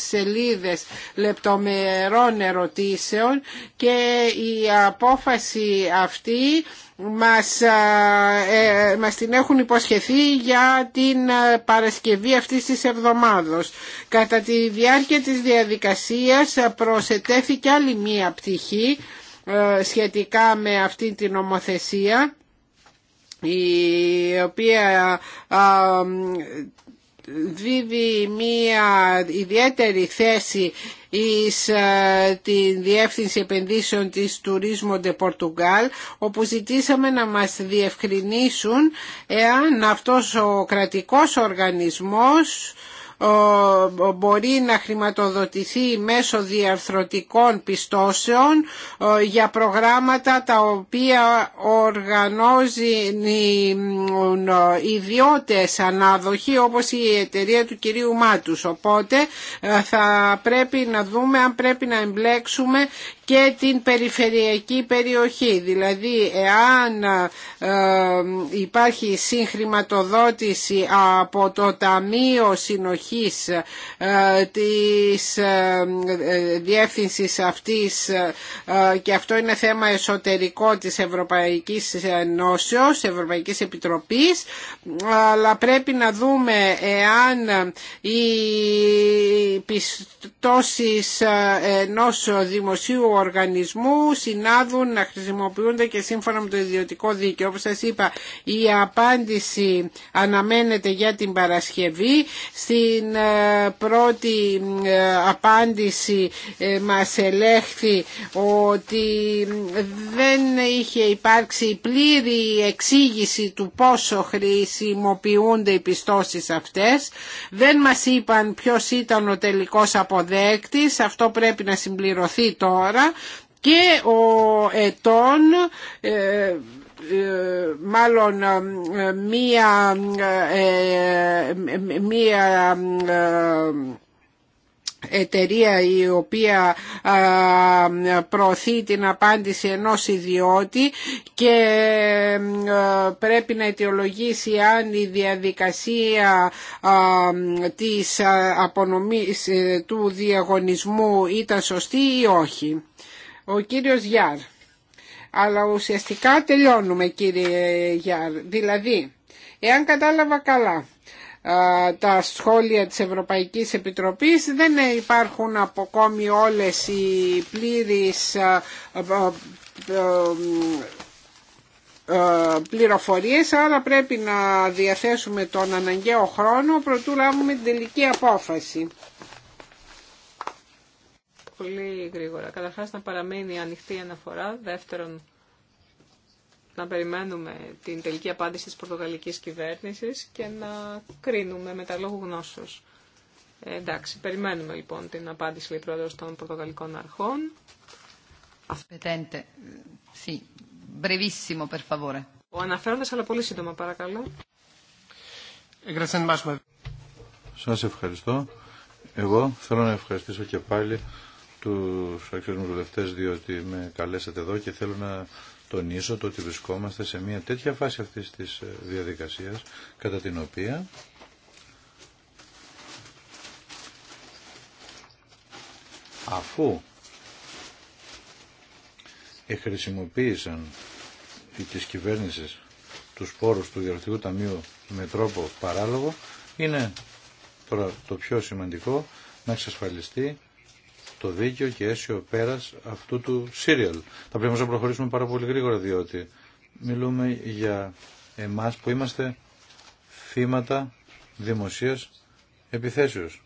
σελίδες λεπτομερών ερωτήσεων και η απόφαση αυτή μας, ε, μας την έχουν υποσχεθεί για την Παρασκευή αυτής της εβδομάδος. Κατά τη διάρκεια της διαδικασίας προσετέθηκε άλλη μία πτυχή ε, σχετικά με αυτή την νομοθεσία η οποία δίδει μία ιδιαίτερη θέση εις ε, την Διεύθυνση Επενδύσεων της Τουρίσμο de Portugal όπου ζητήσαμε να μας διευκρινίσουν εάν αυτός ο κρατικός οργανισμός μπορεί να χρηματοδοτηθεί μέσω διαρθρωτικών πιστώσεων για προγράμματα τα οποία οργανώζουν ιδιώτες αναδοχή όπως η εταιρεία του κυρίου Μάτους. Οπότε ε, θα πρέπει να δούμε αν πρέπει να εμπλέξουμε και την περιφερειακή περιοχή. Δηλαδή εάν ε, υπάρχει συγχρηματοδότηση από το Ταμείο Συνοχής ε, της ε, διεύθυνσης αυτής και αυτό είναι θέμα εσωτερικό της Ευρωπαϊκής Ενώσεως, Ευρωπαϊκής Επιτροπής αλλά πρέπει να δούμε εάν οι πιστώσεις ενός δημοσίου οργανισμού συνάδουν να χρησιμοποιούνται και σύμφωνα με το ιδιωτικό δίκαιο. Όπως σας είπα, η απάντηση αναμένεται για την Παρασκευή. Στην ε, πρώτη ε, απάντηση ε, μας ελέγχθη ότι δεν είχε υπάρξει πλήρη εξήγηση του πόσο χρησιμοποιούνται οι πιστώσεις αυτές. Δεν μας είπαν ποιος ήταν ο τελικός αποδέκτης. Αυτό πρέπει να συμπληρωθεί τώρα και ο ετών ε, ε, μάλλον ε, μία μία εταιρεία η οποία προωθεί την απάντηση ενός ιδιώτη και πρέπει να αιτιολογήσει αν η διαδικασία της απονομής του διαγωνισμού ήταν σωστή ή όχι ο κύριος Γιάρ. Αλλά ουσιαστικά τελειώνουμε κύριε Γιάρ. Δηλαδή, εάν κατάλαβα καλά, τα σχόλια της Ευρωπαϊκής Επιτροπής δεν υπάρχουν ακόμη όλες οι πλήρεις πληροφορίες άρα πρέπει να διαθέσουμε τον αναγκαίο χρόνο προτού λάβουμε την τελική απόφαση πολύ γρήγορα. Καταρχάς να παραμείνει ανοιχτή η αναφορά. Δεύτερον, να περιμένουμε την τελική απάντηση της πορτογαλικής κυβέρνησης και να κρίνουμε με τα λόγου γνώσεως. Ε, εντάξει, περιμένουμε λοιπόν την απάντηση λέει πρόεδρος των πορτογαλικών αρχών. Ο αναφέροντας, αλλά πολύ σύντομα παρακαλώ. Σας ευχαριστώ. Εγώ θέλω να ευχαριστήσω και πάλι τους αξιούς βουλευτές διότι με καλέσατε εδώ και θέλω να τονίσω το ότι βρισκόμαστε σε μια τέτοια φάση αυτής της ε, διαδικασίας κατά την οποία αφού εχρησιμοποίησαν της κυβέρνησης τους πόρους του Διαρκτικού Ταμείου με τρόπο παράλογο είναι τώρα το πιο σημαντικό να εξασφαλιστεί το δίκαιο και αίσιο πέρας αυτού του σύριαλ. Θα πρέπει να προχωρήσουμε πάρα πολύ γρήγορα διότι μιλούμε για εμάς που είμαστε θύματα δημοσίας επιθέσεως.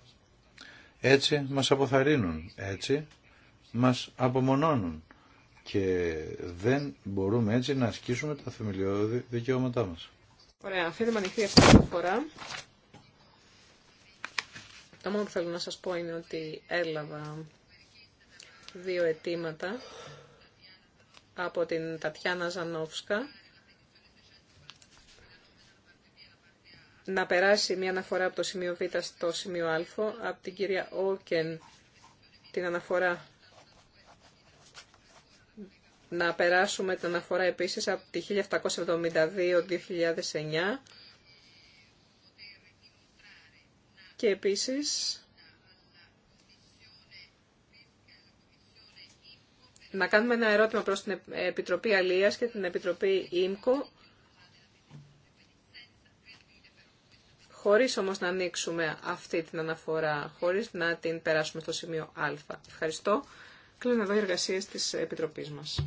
Έτσι μας αποθαρρύνουν, έτσι μας απομονώνουν και δεν μπορούμε έτσι να ασκήσουμε τα θεμελιώδη δικαιώματά μας. Ωραία, αφήνουμε ανοιχτή αυτή τη φορά. Το μόνο που θέλω να σας πω είναι ότι έλαβα δύο αιτήματα από την Τατιάνα Ζανόφσκα να περάσει μια αναφορά από το σημείο Β στο σημείο Α, από την κυρία Όκεν την αναφορά να περάσουμε την αναφορά επίσης από τη 1772-2009 και επίσης να κάνουμε ένα ερώτημα προς την Επιτροπή Αλίας και την Επιτροπή ΙΜΚΟ, χωρίς όμως να ανοίξουμε αυτή την αναφορά, χωρίς να την περάσουμε στο σημείο Α. Ευχαριστώ. Κλείνω εδώ οι εργασίες της Επιτροπής μας.